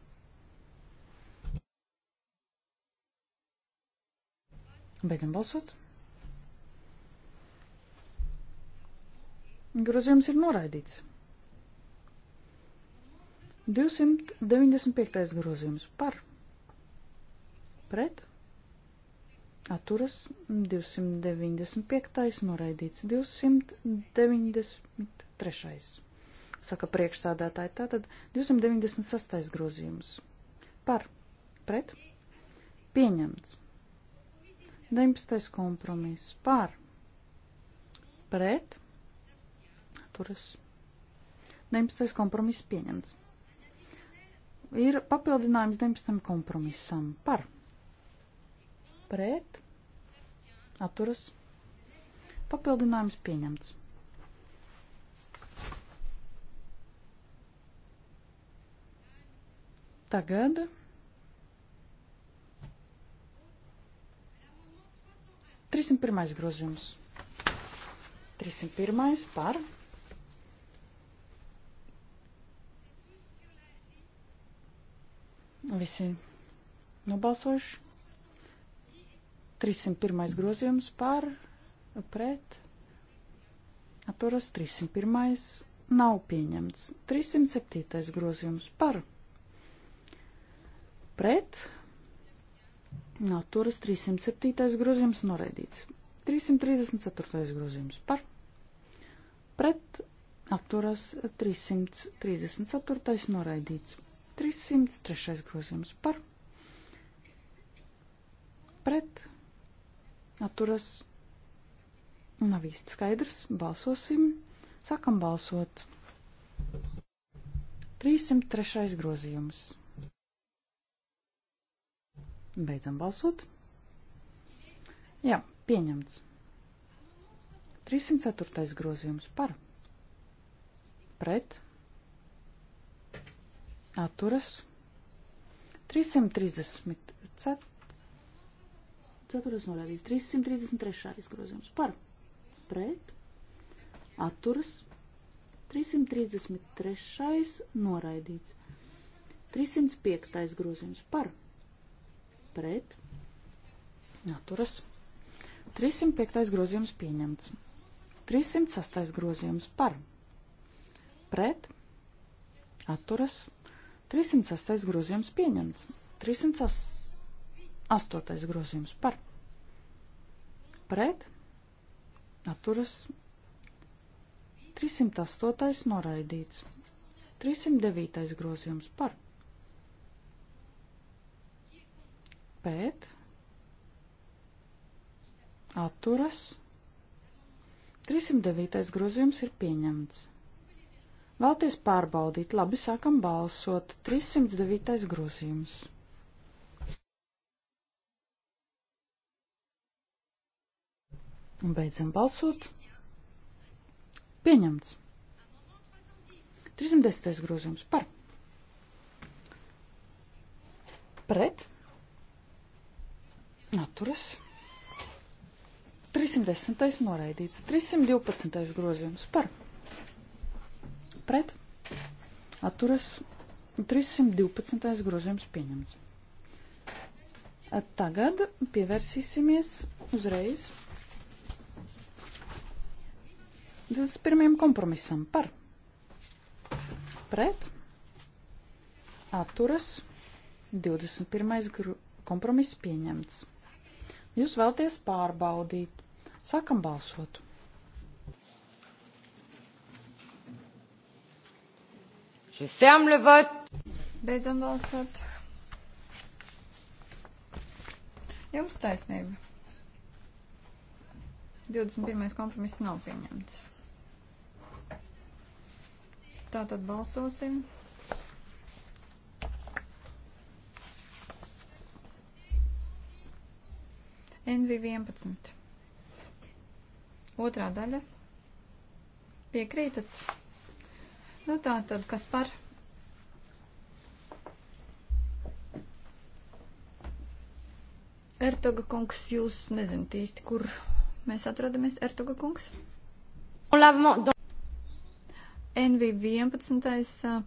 Beidzam balsot. Grozījums ir noraidīts. 295. grozījums par pret Atturas 295. noraidīts 293. Saka priekšsādātāji, tātad 296. grozījums. Par, pret, pieņemts. 19. kompromis. Par, pret, atturas. 19. kompromis pieņemts. Ir papildinājums 19. kompromisam. Par pret, atturas, papildinājums pieņemts. Tagad trīsim pirmais grozījums. Trīsim pirmais par. Visi nobalsojuši. 301. grozījums par pret atturas 301. nav pieņemts. 307. grozījums par pret atturas 307. grozījums noraidīts. 334. grozījums par pret atturas 334. noraidīts. 303. grozījums par pret atturas. Nav īsti skaidrs. Balsosim. Sākam balsot. 303. grozījums. Beidzam balsot. Jā, pieņemts. 304. grozījums par. Pret. Atturas. 334. Ceturtais norādīts 333. grozījums par pret atturas 333. noraidīts. 305. grozījums par pret atturas. 305. grozījums pieņemts. 306. grozījums par pret atturas. 306. grozījums pieņemts. 308. Astotais grozījums par pret atturas 308. noraidīts. 309. grozījums par pret atturas 309. grozījums ir pieņemts. Vēlties pārbaudīt, labi sākam balsot 309. grozījums. Beidzam balsot. Pieņemts. 310. grozījums par. Pret. Naturas. 310. noraidīts. 312. grozījums par. Pret. Atturas. 312. grozījums pieņemts. Tagad pievērsīsimies uzreiz 21. kompromisam par pret atturas 21. Gru, kompromiss pieņemts. Jūs vēlties pārbaudīt. Sākam balsot. Je ferme le vote. Beidzam balsot. Jums taisnība. 21. kompromiss nav pieņemts. Tātad balsosim. NV11. Otrā daļa. Piekrītat? Nu tā tad, kas par? Ertoga kungs, jūs nezināt īsti, kur mēs atrodamies, Ertoga kungs? Un lavement, NV11.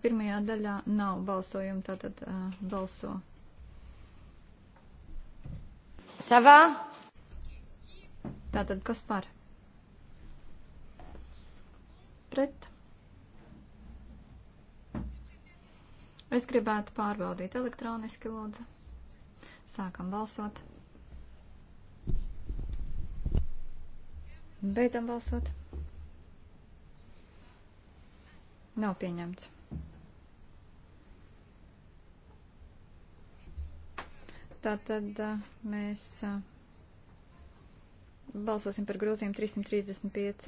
pirmajā daļā nav balsojuma, tātad uh, balso. Savā? Tātad kas par? Pret? Es gribētu pārbaudīt elektroniski, lūdzu. Sākam balsot. Beidzam balsot. Nav pieņemts. Tātad mēs balsosim par grozījumu 335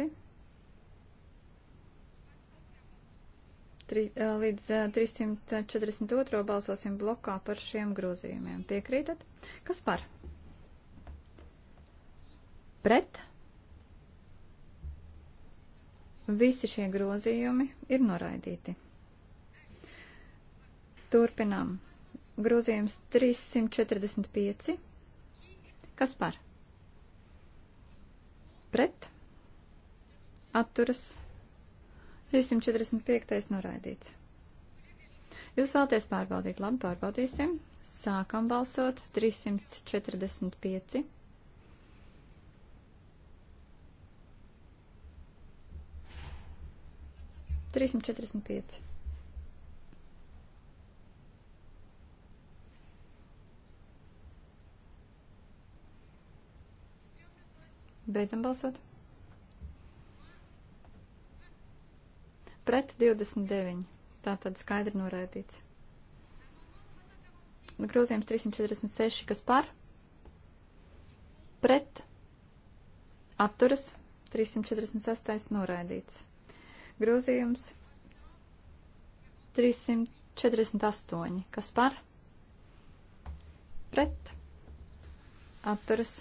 tri, līdz 342 balsosim blokā par šiem grozījumiem. Piekrītat? Kas par? Pret? Visi šie grozījumi ir noraidīti. Turpinām. Grozījums 345. Kas par? Pret? Atturas? 345. noraidīts. Jūs vēlaties pārbaudīt? Labi, pārbaudīsim. Sākam balsot. 345. 345. Beidzam balsot. Pret 29. Tā tad skaidri noraidīts. Grozījums 346, kas par? Pret. Atturas 346 noraidīts. Grozījums 348. Kas par? Pret. Atturas.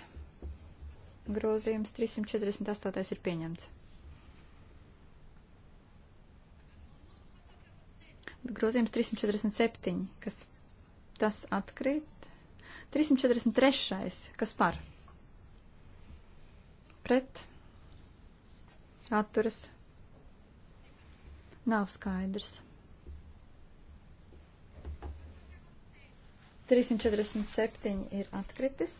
Grozījums 348 ir pieņemts. Grozījums 347. Kas tas atkrīt? 343. Kas par? Pret. Atturas nav skaidrs. 347 ir atkritis,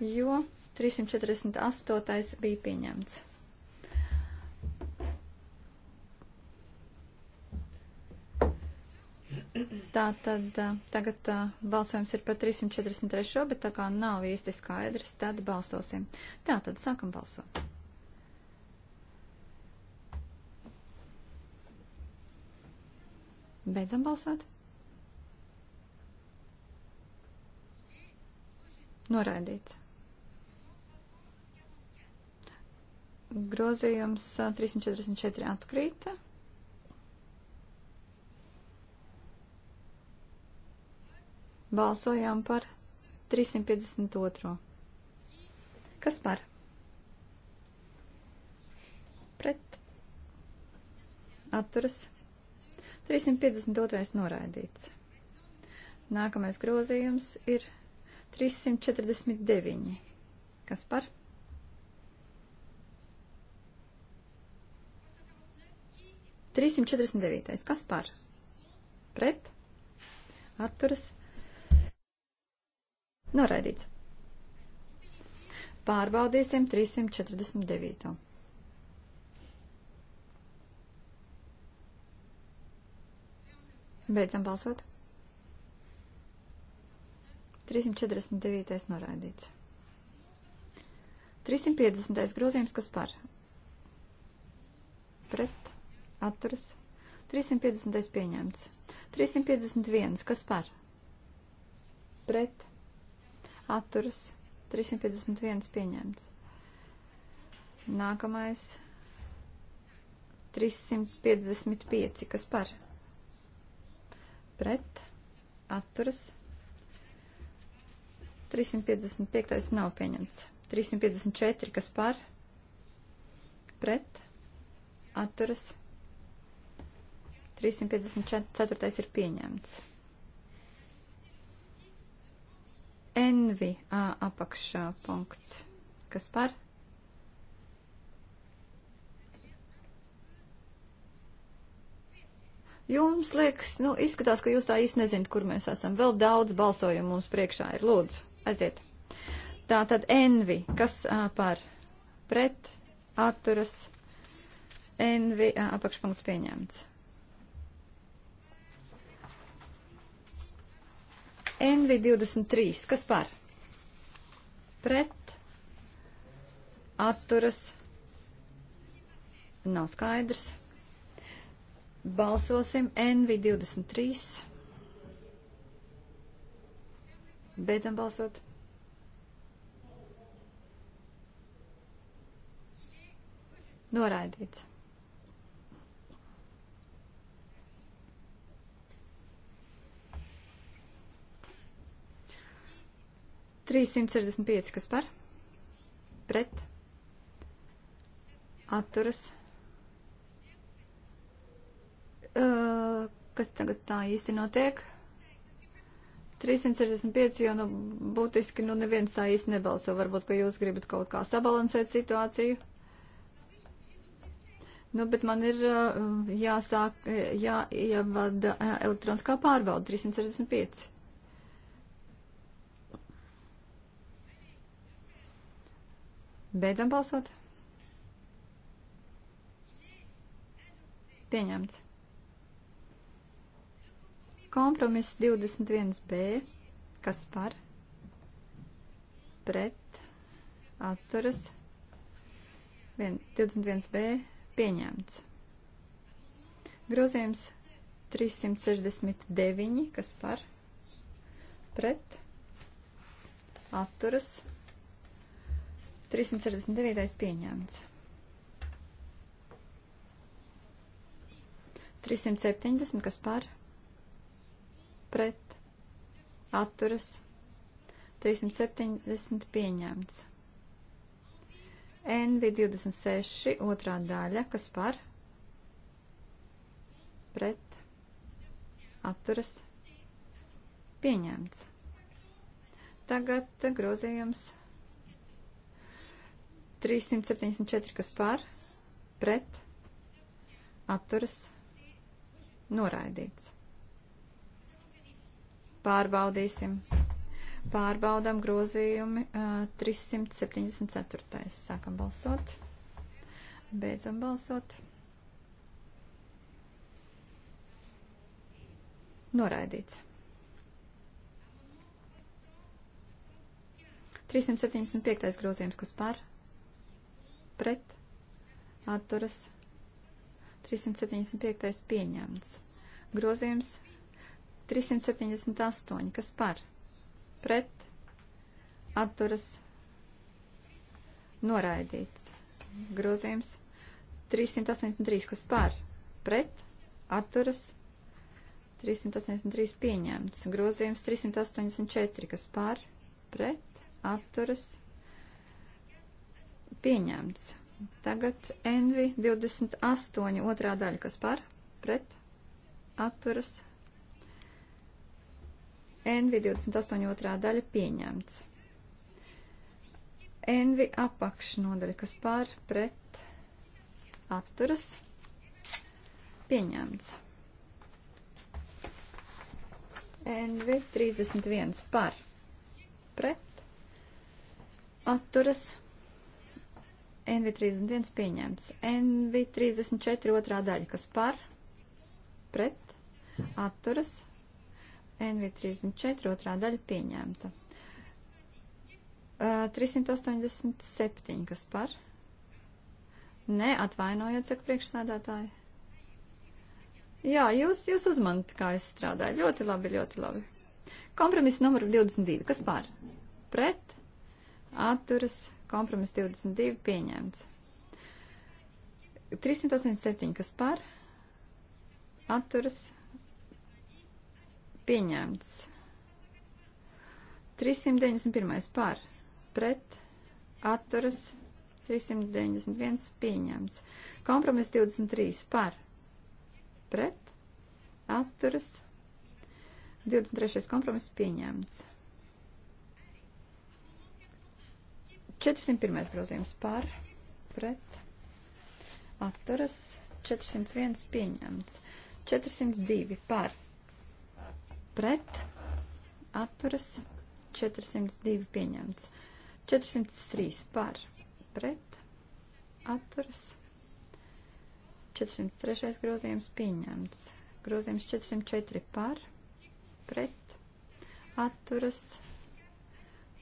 jo 348 bija pieņemts. Tā tad tagad balsojums ir par 343, bet tā kā nav īsti skaidrs, tad balsosim. Tā tad sākam balsot. Beidzam balsot. Noraidīts. Grozījums 344 atkrīta. Balsojām par 352. Kas par? Pret. Atturas 352. noraidīts. Nākamais grozījums ir 349. Kas par? Trīsimt četrdesmit devītais. Kas par? Pret? Atturas? Noraidīts. Pārbaudīsim 349. Beidzam balsot. 349. noraidīts. 350. grozījums, kas par? Pret. Atturas. 350. pieņemts. 351. kas par? Pret. Atturas. 351 pieņemts. Nākamais 355, kas par pret atturas. 355. nav pieņemts. 354. kas par pret atturas. 354. ir pieņemts. Envi apakšā punkts. Kas par? Jums liekas, nu, izskatās, ka jūs tā īsti nezināt, kur mēs esam. Vēl daudz balsojumu mums priekšā ir. Lūdzu, aiziet. Tā tad envi, kas a, par pret atturas envi a, apakšpunkts pieņemts. Envi 23, kas par pret atturas nav skaidrs. Balsosim NV23. Beidzam balsot. Noraidīts. Trīssimt sešdesmit pieci, kas par? Pret. Atturas kas tagad tā īsti notiek. 365 jau nu, būtiski nu, neviens tā īsti nebalso. Varbūt, ka jūs gribat kaut kā sabalansēt situāciju. Nu, bet man ir uh, jāsāk, jāievada uh, elektroniskā pārbauda 365. Beidzam balsot. Pieņemts. Kompromiss 21b, kas par, pret, atturas, 21b pieņemts. Grozījums 369, kas par, pret, atturas, 369 pieņemts. 370, kas par, pret pret atturas 370 pieņemts. NV26 otrā daļa, kas par pret atturas pieņemts. Tagad grozījums 374, kas par pret atturas noraidīts. Pārbaudīsim. Pārbaudām grozījumi uh, 374. Sākam balsot. Beidzam balsot. Noraidīts. 375. grozījums, kas par, pret, atturas, 375. pieņemts. Grozījums 378. Kas par? Pret. Atturas. Noraidīts. Grozījums. 383. Kas par? Pret. Atturas. 383 pieņemts. Grozījums 384. Kas par? Pret. Atturas. Pieņemts. Tagad Envi 28. otrā daļa. Kas par? Pret. Atturas. NV28 otrā daļa pieņemts. NV apakšnodaļa, kas pār pret atturas pieņemts. NV 31 par pret atturas NV 31 pieņemts. NV 34 otrā daļa, kas par pret atturas pieņemts NV34 otrā daļa pieņemta. Uh, 387, kas par? Nē, atvainojiet, saka priekšsēdētāji. Jā, jūs, jūs uzmanat, kā es strādāju. Ļoti labi, ļoti labi. Kompromiss numur 22, kas par? Pret, atturas, kompromiss 22 pieņemts. 387, kas par? Atturas, kompromiss pieņemts. 391. par, pret, atturas, 391. pieņemts. Kompromiss 23. par, pret, atturas, 23. kompromiss pieņemts. 401. grozījums par, pret, atturas, 401 pieņemts, 402 par, pret atturas 402 pieņemts. 403 par pret atturas 403 grozījums pieņemts. Grozījums 404 par pret atturas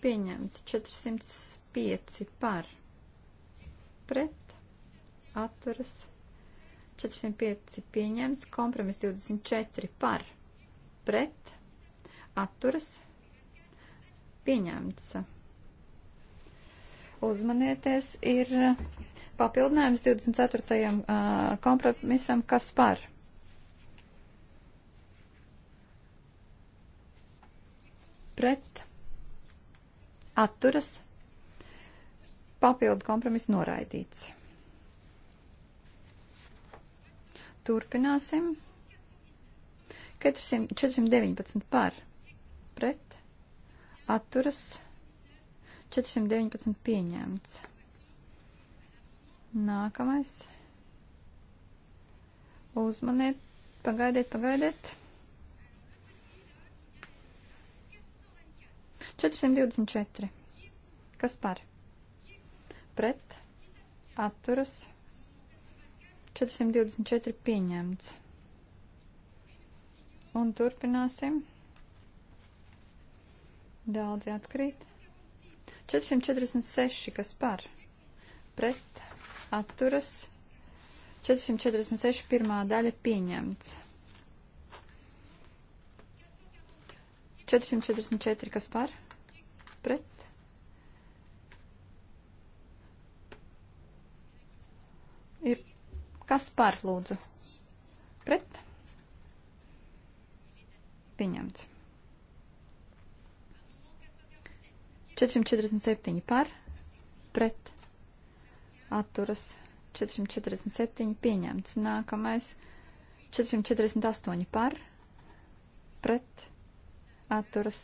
pieņemts. 405 par pret atturas 405 pieņemts. Kompromiss 24 par pret pret, atturas, pieņemts. Uzmanieties, ir papildinājums 24. kompromisam, kas par. Pret, atturas, papildu kompromiss noraidīts. Turpināsim. 400, 419 par pret atturas 419 pieņemts. Nākamais. Uzmaniet, pagaidiet, pagaidiet. 424. Kas par? Pret atturas 424 pieņemts. Un turpināsim. Daudzi atkrīt. 446, kas par? Pret atturas. 446 pirmā daļa pieņemts. 444, kas par? Pret. Ir kas par, lūdzu? Pret. Pieņemts. 447 par, pret, atturas, 447 pieņemts. Nākamais 448 par, pret, atturas,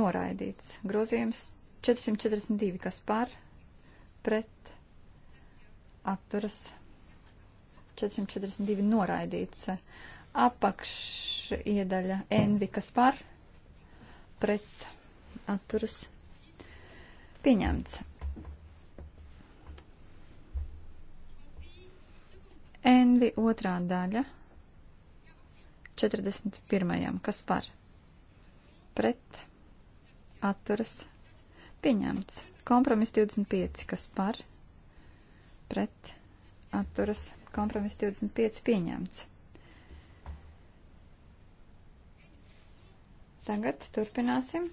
noraidīts. Grozījums 442, kas par, pret, atturas, 442 noraidīts. Apakšiedaļa envi, kas par, pret, atturas, pieņemts. Envi otrā daļa 41. kas par, pret, atturas, pieņemts. Kompromis 25, kas par, pret, atturas, pieņemts kompromiss 25 pieņemts. Tagad turpināsim.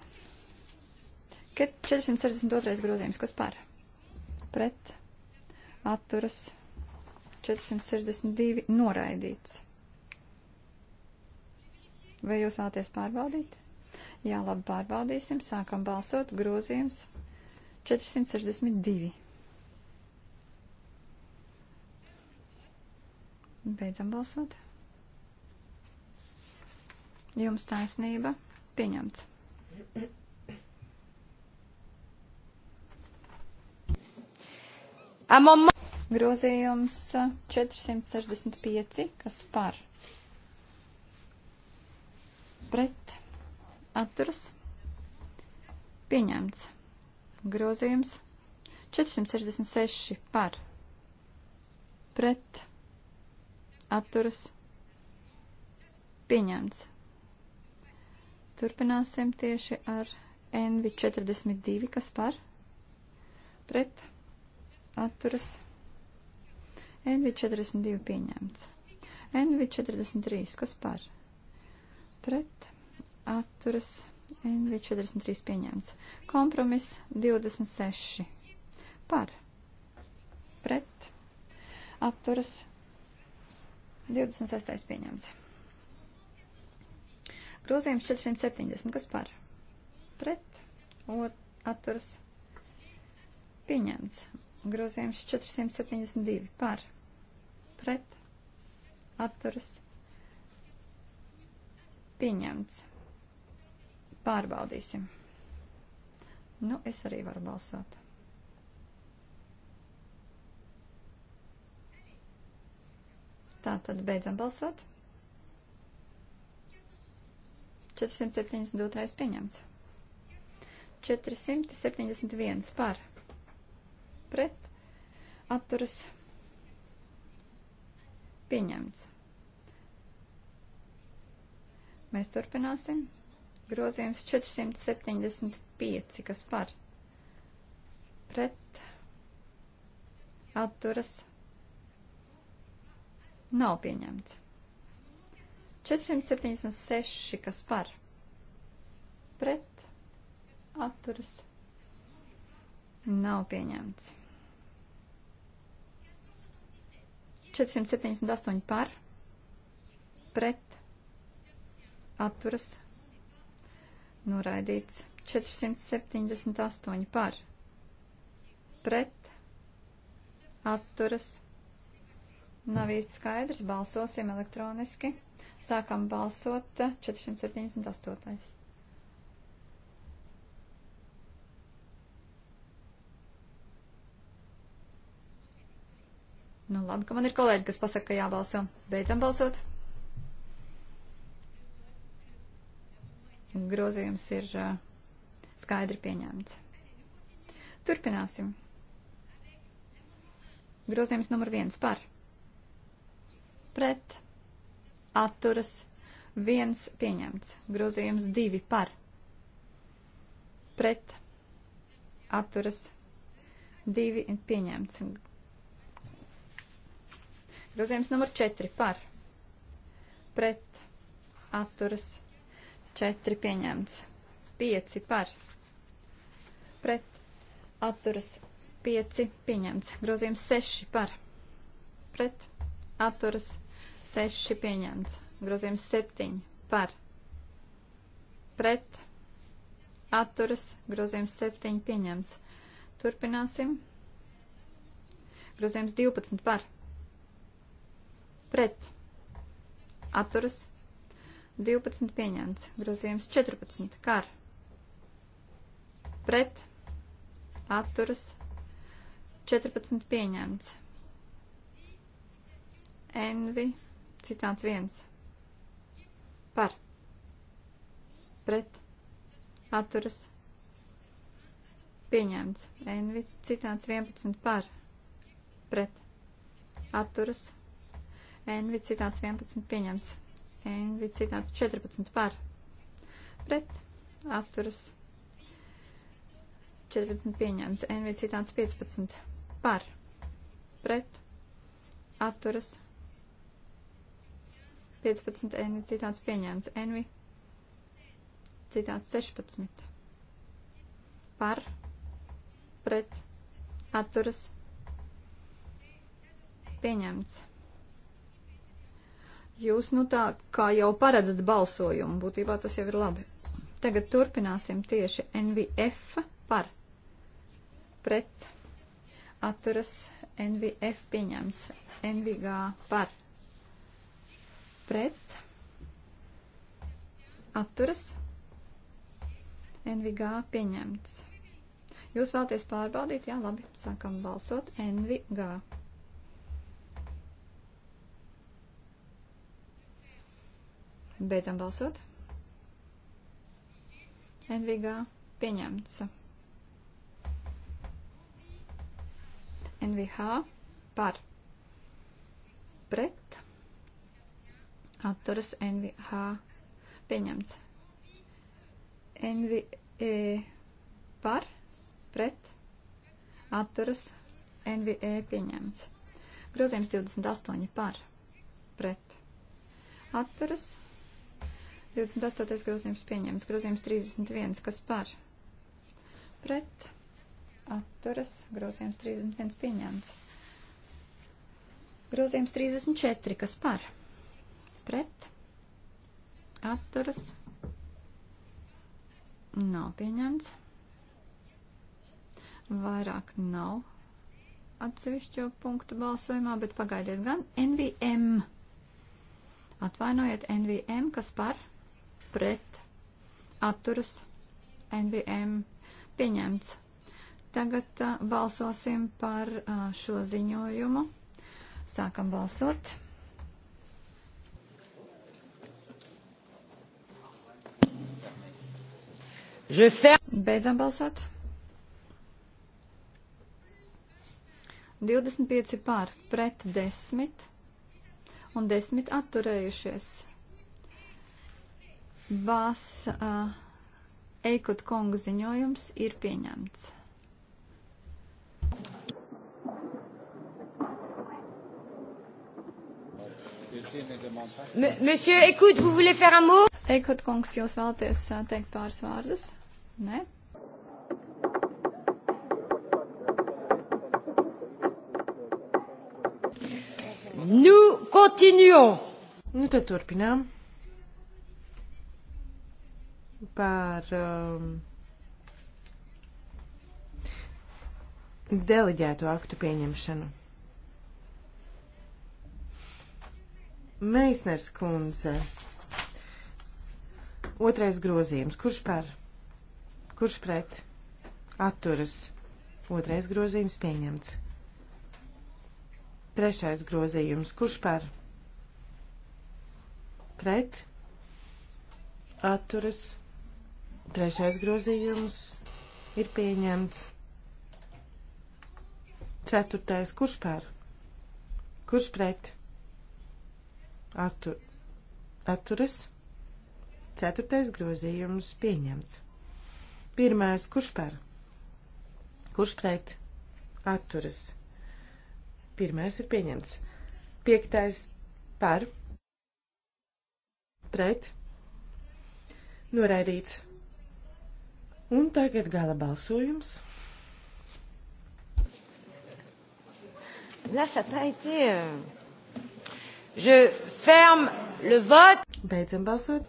462. grozījums, kas par? Pret. Atturas. 462 noraidīts. Vai jūs vēlaties pārbaudīt? Jā, labi, pārbaudīsim. Sākam balsot. Grozījums 462. Beidzam balsot. Jums taisnība. Pieņemts. Grozījums 465, kas par pret atturas pieņemts. Grozījums 466 par pret atturas pieņemts. Turpināsim tieši ar NV42, kas par pret atturas. NV42 pieņemts. NV43, kas par pret atturas. NV43 pieņemts. Kompromis 26 par pret atturas. 26. pieņemts. Grozījums 470. Kas par? Pret. Atturs. Pieņemts. Grozījums 472. Par. Pret. Atturs. Pieņemts. Pārbaudīsim. Nu, es arī varu balsot. Tā tad beidzam balsot. 472. pieņemts. 471 par pret atturas pieņemts. Mēs turpināsim. Grozījums 475, kas par pret atturas nav pieņemts. 476, kas par pret atturas nav pieņemts. 478 par pret atturas noraidīts. 478 par pret atturas nav īsti skaidrs. Balsosim elektroniski. 478. Sākam balsot 478. Nu, labi, ka man ir kolēģi, kas pasaka, ka jābalso. Beidzam balsot. Grozījums ir skaidri pieņemts. Turpināsim. Grozījums numur viens par. Pret atturas, viens pieņemts. Grozījums divi par, pret, atturas, divi pieņemts. Grozījums numur četri par, pret, atturas, četri pieņemts. Pieci par, pret, atturas, pieci pieņemts. Grozījums seši par, pret, atturas, pieņemts 6 pieņemts. Grozījums 7 par. Pret. Atturas. Grozījums 7 pieņemts. Turpināsim. Grozījums 12 par. Pret. Atturas. 12 pieņemts. Grozījums 14 kar. Pret. Atturas. 14 pieņemts. Envi Citāns viens. Par. Pret. Atturas. Pieņemts. Envi. Citāns 11. Par. Pret. Atturas. Envi. Citāns 11. Pieņems. Envi. Citāns 14. Par. Pret. Atturas. 14 pieņēmts, NV citāts 15 par, pret, atturas, 15 15 envi citāts pieņemts. Envi citāts 16. Par, pret, atturas, pieņemts. Jūs nu tā kā jau paredzat balsojumu, būtībā tas jau ir labi. Tagad turpināsim tieši NVF par, pret, atturas, NVF pieņemts, NVG par pret, atturas, NVG pieņemts. Jūs vēlaties pārbaudīt? Jā, labi, sākam balsot NVG. Beidzam balsot. NVG pieņemts. NVH par pret atturas NVH pieņemts. NVE par, pret, atturas NVE pieņemts. Grozījums 28 par, pret, atturas. 28. grozījums pieņemts. Grozījums 31, kas par, pret, atturas. Grozījums 31 pieņemts. Grozījums 34, kas par, pret pret, atturas, nav pieņemts. Vairāk nav atsevišķo punktu balsojumā, bet pagaidiet gan NVM. Atvainojiet NVM, kas par pret atturas NVM pieņemts. Tagad uh, balsosim par uh, šo ziņojumu. Sākam balsot. Beidzam balsot. 25 pār pret 10 un 10 atturējušies. Bās uh, Eikot kunga ziņojums ir pieņemts. Monsieur, écoute, vous voulez faire un mot? Eikot kungs, jūs vēlaties uh, teikt pāris vārdus? Ne? Nous continuons. Nu, tad turpinām par um, deleģēto aktu pieņemšanu. Meisners kundze. Otrais grozījums. Kurš par? Kurš pret? Atturas. Otrais grozījums pieņemts. Trešais grozījums. Kurš par? Pret. Atturas. Trešais grozījums ir pieņemts. Ceturtais. Kurš par? Kurš pret? Attu, atturas. Ceturtais grozījums pieņemts. Pirmais, kurš par? Kurš pret? Atturas. Pirmais ir pieņemts. Piektais par. Pret. Noraidīts. Un tagad gala balsojums. Là, ça n'a pas été. Euh... Je ferme le vote. Beidzam balsot.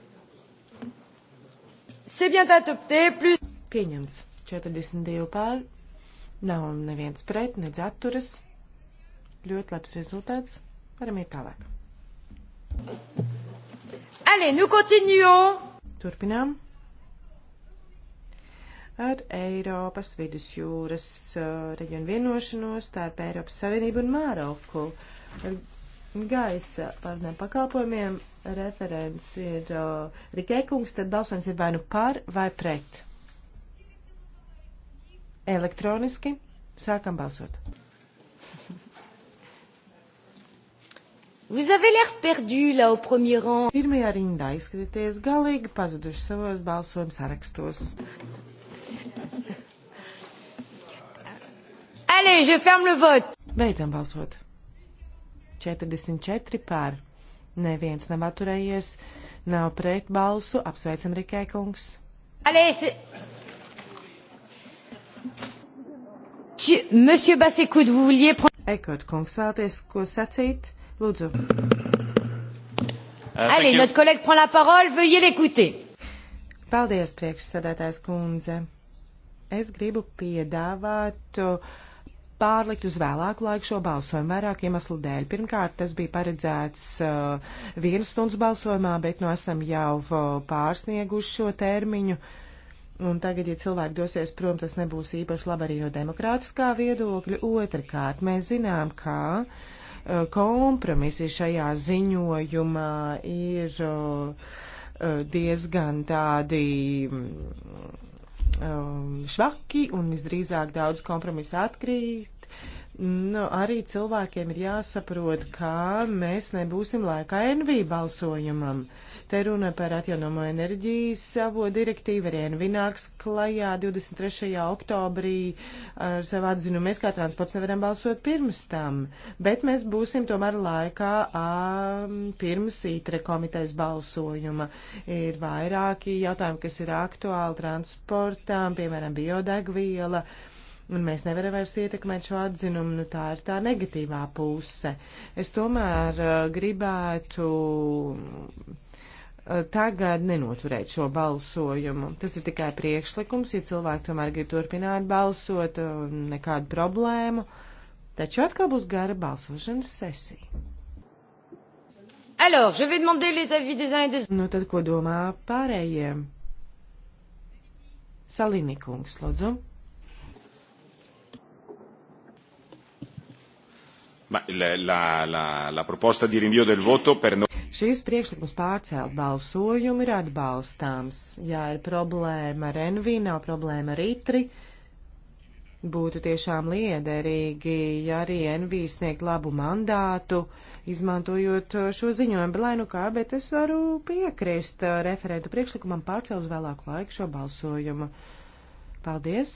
C'est bien adopté. Plus. Pieņemts. 42 pār. Nav neviens pret, nedz atturas. Ļoti labs rezultāts. Varam iet tālāk. Allez, nous continuons! Turpinām ar Eiropas vidusjūras uh, reģionu vienošanos starp Eiropas Savienību un Māroku. Gaisa pārnēm pakalpojumiem referents ir uh, Rikēkungs, tad balsojums ir vai nu par vai pret. Elektroniski sākam balsot. Vous avez l'air perdu là au premier rang. Pirmajā rindā izskatieties galīgi pazuduši savos balsojuma sarakstos. Allez, je ferme le vote. Beidzam balsot. 44 pār. Neviens nav atturējies, nav pret balsu. Apsveicam Rikai kungs. Allez, Monsieur Basekut, vous vouliez prendre... Ekot, kungs, vēlties, ko sacīt? Lūdzu. Uh, Allez, notre collègue prend la parole, veuillez l'écouter. Paldies, priekšsēdētājs kundze. Es gribu piedāvāt uh, pārlikt uz vēlāku laiku šo balsojumu vairāk iemeslu dēļ. Pirmkārt, tas bija paredzēts uh, vienas stundas balsojumā, bet nu esam jau uh, pārsnieguši šo termiņu. Uh, Un tagad, ja cilvēki dosies prom, tas nebūs īpaši labi arī no demokrātiskā viedokļa. Otrakārt, mēs zinām, ka e, kompromisi šajā ziņojumā ir e, e, diezgan tādi mm, švaki un visdrīzāk daudz kompromisu atkrīt Nu, arī cilvēkiem ir jāsaprot, kā mēs nebūsim laikā NV balsojumam. Te runa par atjaunomo enerģijas savo direktīvu, arī NV nāks klajā 23. oktobrī ar savu atzinu. Mēs kā transports nevaram balsot pirms tam, bet mēs būsim tomēr laikā um, pirms ITRE komitejas balsojuma. Ir vairāki jautājumi, kas ir aktuāli transportām, piemēram, biodegviela. Uh, Un mēs nevaram vairs ietekmēt šo atzinumu, nu tā ir tā negatīvā puse. Es tomēr uh, gribētu uh, tagad nenoturēt šo balsojumu. Tas ir tikai priekšlikums, ja cilvēki tomēr grib turpināt balsot, uh, nekādu problēmu. Taču atkal būs gara balsošanas sesija. Alors, je vais demander les avis des uns et des autres. Nu tad, ko domā pārējiem? Salinikungs, lūdzu. Ma la, la, la proposta di rinvio del voto per noi. Šīs priekšlikums pārcelt balsojumu ir atbalstāms. Jā, ir problēma ar NV, nav problēma ar ITRI. Būtu tiešām liederīgi, ja arī NV sniegt labu mandātu, izmantojot šo ziņojumu, bet lai nu kā, bet es varu piekrist uh, referentu priekšlikumam pārcelt uz vēlāku laiku šo balsojumu. Paldies!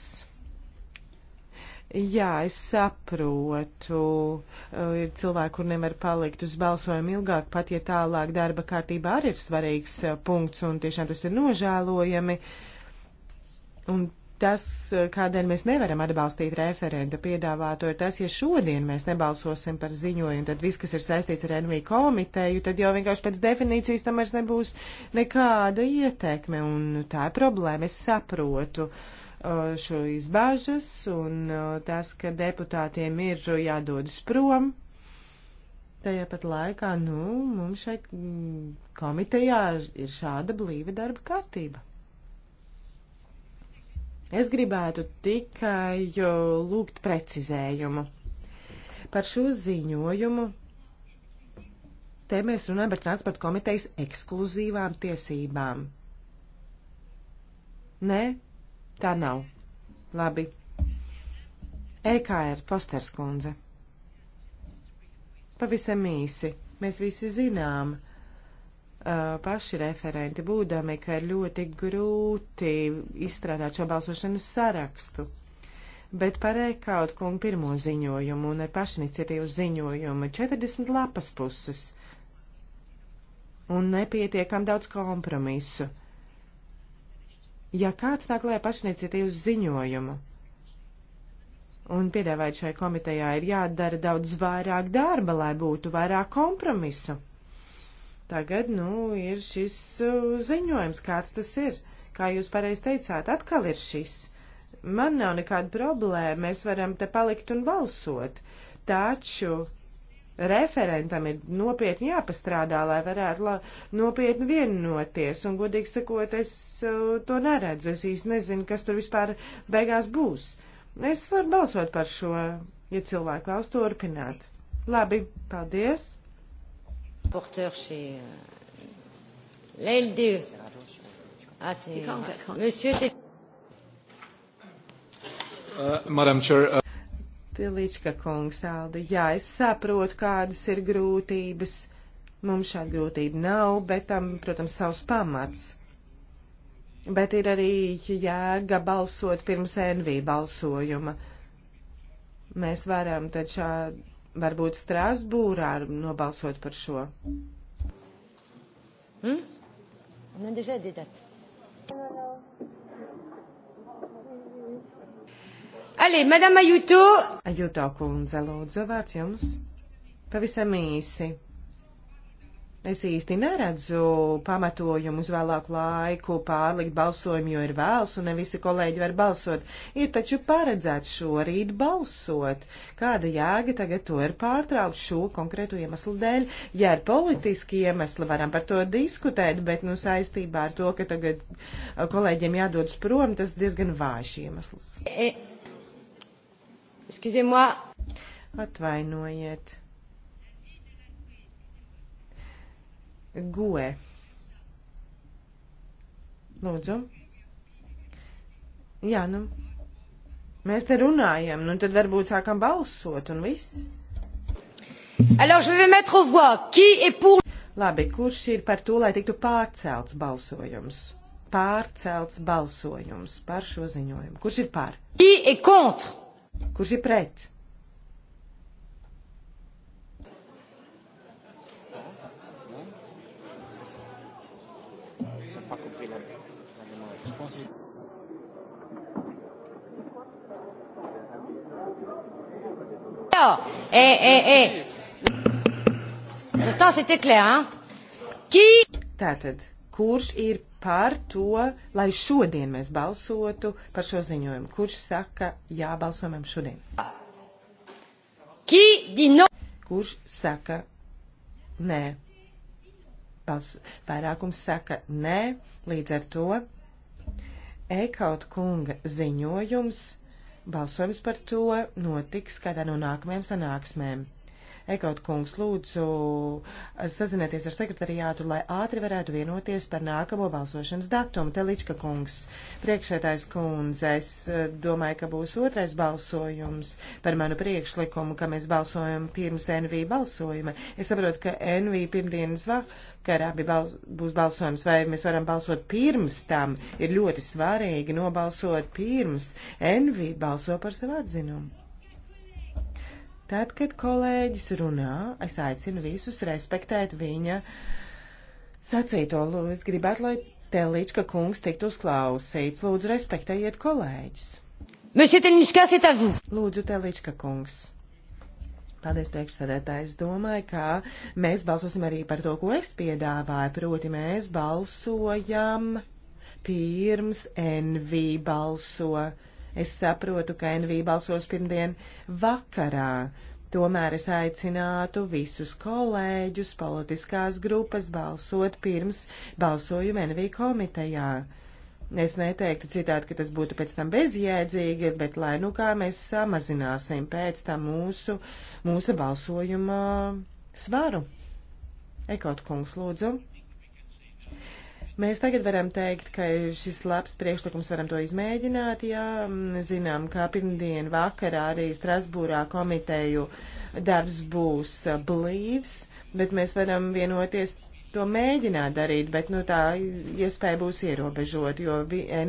Jā, es saprotu. Uh, ir cilvēki, kur nevar palikt uz balsojumu ilgāk, pat ja tālāk darba kārtībā arī ir svarīgs uh, punkts, un tiešām tas ir nožēlojami. Un tas, uh, kādēļ mēs nevaram atbalstīt referenta piedāvāto, ir tas, ja šodien mēs nebalsosim par ziņojumu, tad viss, kas ir saistīts ar NV komiteju, tad jau vienkārši pēc definīcijas tam vairs nebūs nekāda ietekme, un tā ir problēma, es saprotu. Uh, Uh, šo izbāžas un uh, tas, ka deputātiem ir jādodas prom. Tajā pat laikā, nu, mums šai komitejā ir šāda blīva darba kārtība. Es gribētu tikai lūgt precizējumu par šo ziņojumu. Te mēs runājam par transporta komitejas ekskluzīvām tiesībām. Nē, Tā nav. Labi. EKR Fosters kundze. Pavisam īsi. Mēs visi zinām, uh, paši referenti būdami, ka ir ļoti grūti izstrādāt šo balsošanas sarakstu. Bet par ēkaut kungu pirmo ziņojumu un ar pašiniciatīvu ziņojumu 40 lapas puses un nepietiekam daudz kompromisu. Uh, Ja kāds nāk lēja pašiniciatīvas ziņojumu un piedāvājot šai komitejā, ir jādara daudz vairāk darba, lai būtu vairāk kompromisu. Tagad, nu, ir šis ziņojums, kāds tas ir. Kā jūs pareiz teicāt, atkal ir šis. Man nav nekāda problēma, mēs varam te palikt un balsot. Taču referentam ir nopietni jāpastrādā, lai varētu la, nopietni vienoties, un, godīgi sakot, es uh, to neredzu, es īsti nezinu, kas tur vispār beigās būs. Es varu balsot par šo, ja cilvēki vēlas turpināt. Labi, paldies. Euh, e. ah, uh, Madam Chair, uh... Tilička kungs, Aldi, jā, es saprotu, kādas ir grūtības. Mums šāda grūtība nav, bet tam, protams, savs pamats. Bet ir arī jēga balsot pirms NV balsojuma. Mēs varam taču varbūt Strasbūrā nobalsot par šo. Hmm? On a déjà des dates. Allez, Madame Ajuto. Ajuto kundze, lūdzu, vārds jums. Pavisam īsi. Es īsti neredzu pamatojumu uz vēlāku laiku pārlikt balsojumu, jo ir vēls un ne visi kolēģi var balsot. Ir taču paredzēts šorīt balsot. Kāda jēga tagad to ir pārtraukt šo konkrēto iemeslu dēļ? Ja ir politiski iemesli, varam par to diskutēt, bet nu saistībā ar to, ka tagad kolēģiem jādodas prom, tas diezgan vājš iemesls. E Excusez-moi. Atvainojiet. Gue. Lūdzu. Jā, nu. Mēs te runājam, nu tad varbūt sākam balsot un viss. Alors, je vais mettre aux voix qui est pour. Labi, kurš ir par to, lai tiktu pārcelts balsojums? Pārcelts balsojums par šo ziņojumu. Kurš ir pār? Qui est contre? Kurš ir pret? Alors, oh, eh, eh, eh. Pourtant, c'était clair, hein? Qui? Tātad, kurš ir par to, lai šodien mēs balsotu par šo ziņojumu. Kurš saka jā balsojumam šodien? No? Kurš saka nē? Bals vairākums saka nē, līdz ar to Ekaut kunga ziņojums, balsojums par to notiks kādā no nākamajām sanāksmēm. Ekot kungs, lūdzu sazinieties ar sekretariātu, lai ātri varētu vienoties par nākamo balsošanas datumu. Telička kungs, priekšētājs kundze, es eh, domāju, ka būs otrais balsojums par manu priekšlikumu, ka mēs balsojam pirms NV balsojuma. Es saprotu, ka NV pirmdienas vakarā bals būs balsojums, vai mēs varam balsot pirms tam. Ir ļoti svarīgi nobalsot pirms NV balso par savu atzinumu. Tad, kad kolēģis runā, es aicinu visus respektēt viņa sacīto. Es gribētu, lai Telička kungs tiktu uzklausīts. Lūdzu, respektējiet kolēģis. Telička, Lūdzu, Telička kungs. Paldies, priekšsēdētājs. Domāju, ka mēs balsosim arī par to, ko es piedāvāju. Proti, mēs balsojam pirms NV balso. Es saprotu, ka NV balsos pirmdien vakarā. Tomēr es aicinātu visus kolēģus, politiskās grupas balsot pirms balsojuma NV komitejā. Es neteiktu citādi, ka tas būtu pēc tam bezjēdzīgi, bet lai nu kā mēs samazināsim pēc tam mūsu, mūsu balsojuma svaru. Ekot kungs, lūdzu. Mēs tagad varam teikt, ka ir šis labs priekšlikums, varam to izmēģināt, jā, zinām, kā pirmdien vakarā arī Strasbūrā komiteju darbs būs blīvs, bet mēs varam vienoties to mēģināt darīt, bet nu, tā iespēja būs ierobežot, jo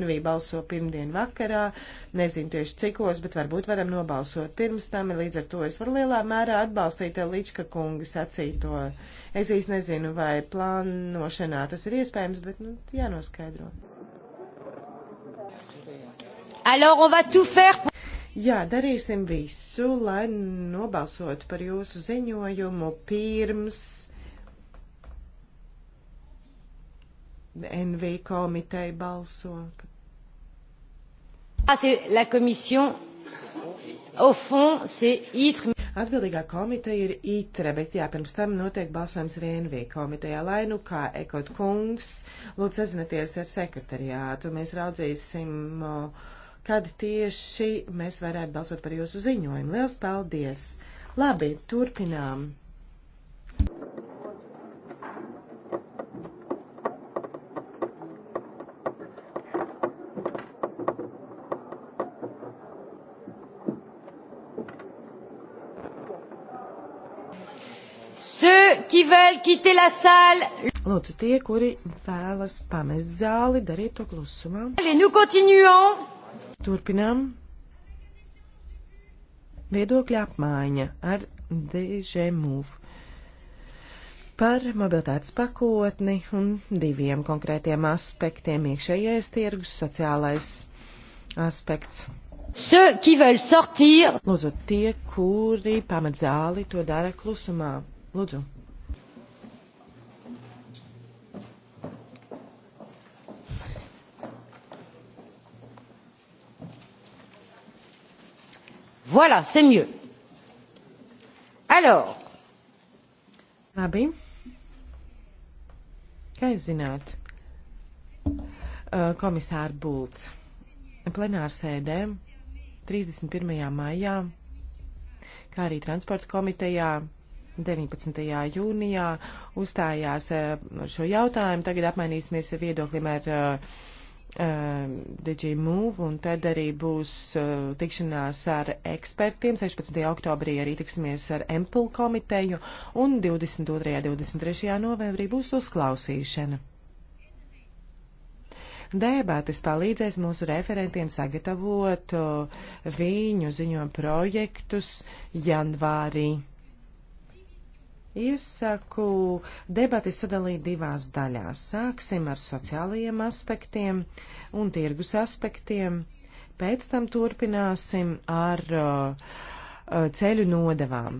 NV balso pirmdien vakarā, nezinu tieši cikos, bet varbūt varam nobalsot pirms tam, līdz ar to es varu lielā mērā atbalstīt Lička kunga sacīto. Es īsti nezinu, vai plānošanā tas ir iespējams, bet nu, jānoskaidro. Alors on va tout faire pour... Jā, darīsim visu, lai nobalsotu par jūsu ziņojumu pirms NV komiteja balso. Ah, e. Atbildīgā komiteja ir ITRE, bet jā, pirms tam notiek balsojums arī NV komitejā. Lai nu kā, Ekot kungs, lūdzu sazinieties ar sekretariātu, mēs raudzīsim, kad tieši mēs varētu balsot par jūsu ziņojumu. Liels paldies! Labi, turpinām! Lūdzu, tie, kuri vēlas pamest zāli, dariet to klusumā. Turpinām viedokļa apmaiņa ar DJ Move par mobilitātes pakotni un diviem konkrētiem aspektiem - iekšējais tirgus, sociālais aspekts. Ceux qui veulent sortir. Lūdzu, tie, kuri pamet zāli, to dara klusumā. Lūdzu. Voilà, c'est mieux. Alors. Labi. Kā jūs zināt, komisāra Bults plenārsēdē 31. maijā, kā arī transporta komitejā 19. jūnijā uzstājās šo jautājumu. Tagad apmainīsimies viedoklim ar uh, Um, DG Move, un tad arī būs uh, tikšanās ar ekspertiem. 16. oktobrī arī tiksimies ar Empul komiteju, un 22. un 23. novembrī būs uzklausīšana. Debātes palīdzēs mūsu referentiem sagatavot uh, viņu ziņo projektus janvārī. Iesaku debati sadalīt divās daļās. Sāksim ar sociālajiem aspektiem un tirgus aspektiem, pēc tam turpināsim ar uh, uh ceļu nodevām.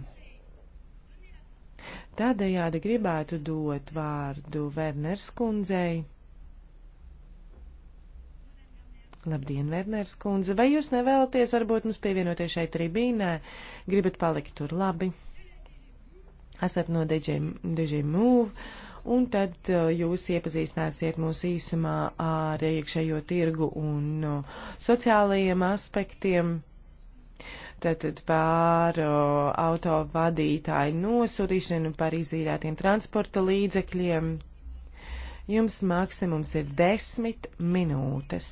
Tādējādi gribētu dot vārdu Werners kundzei. Labdien, Werners kundze, vai jūs nevēlaties varbūt mums pievienoties šai tribīnē? Gribat palikt tur labi? esat no DG Move, un tad uh, jūs iepazīstināsiet mūs īsumā ar iekšējo tirgu un uh, sociālajiem aspektiem. Tātad pār uh, auto vadītāju nosūtīšanu par izīrētiem transporta līdzekļiem. Jums maksimums ir desmit minūtes.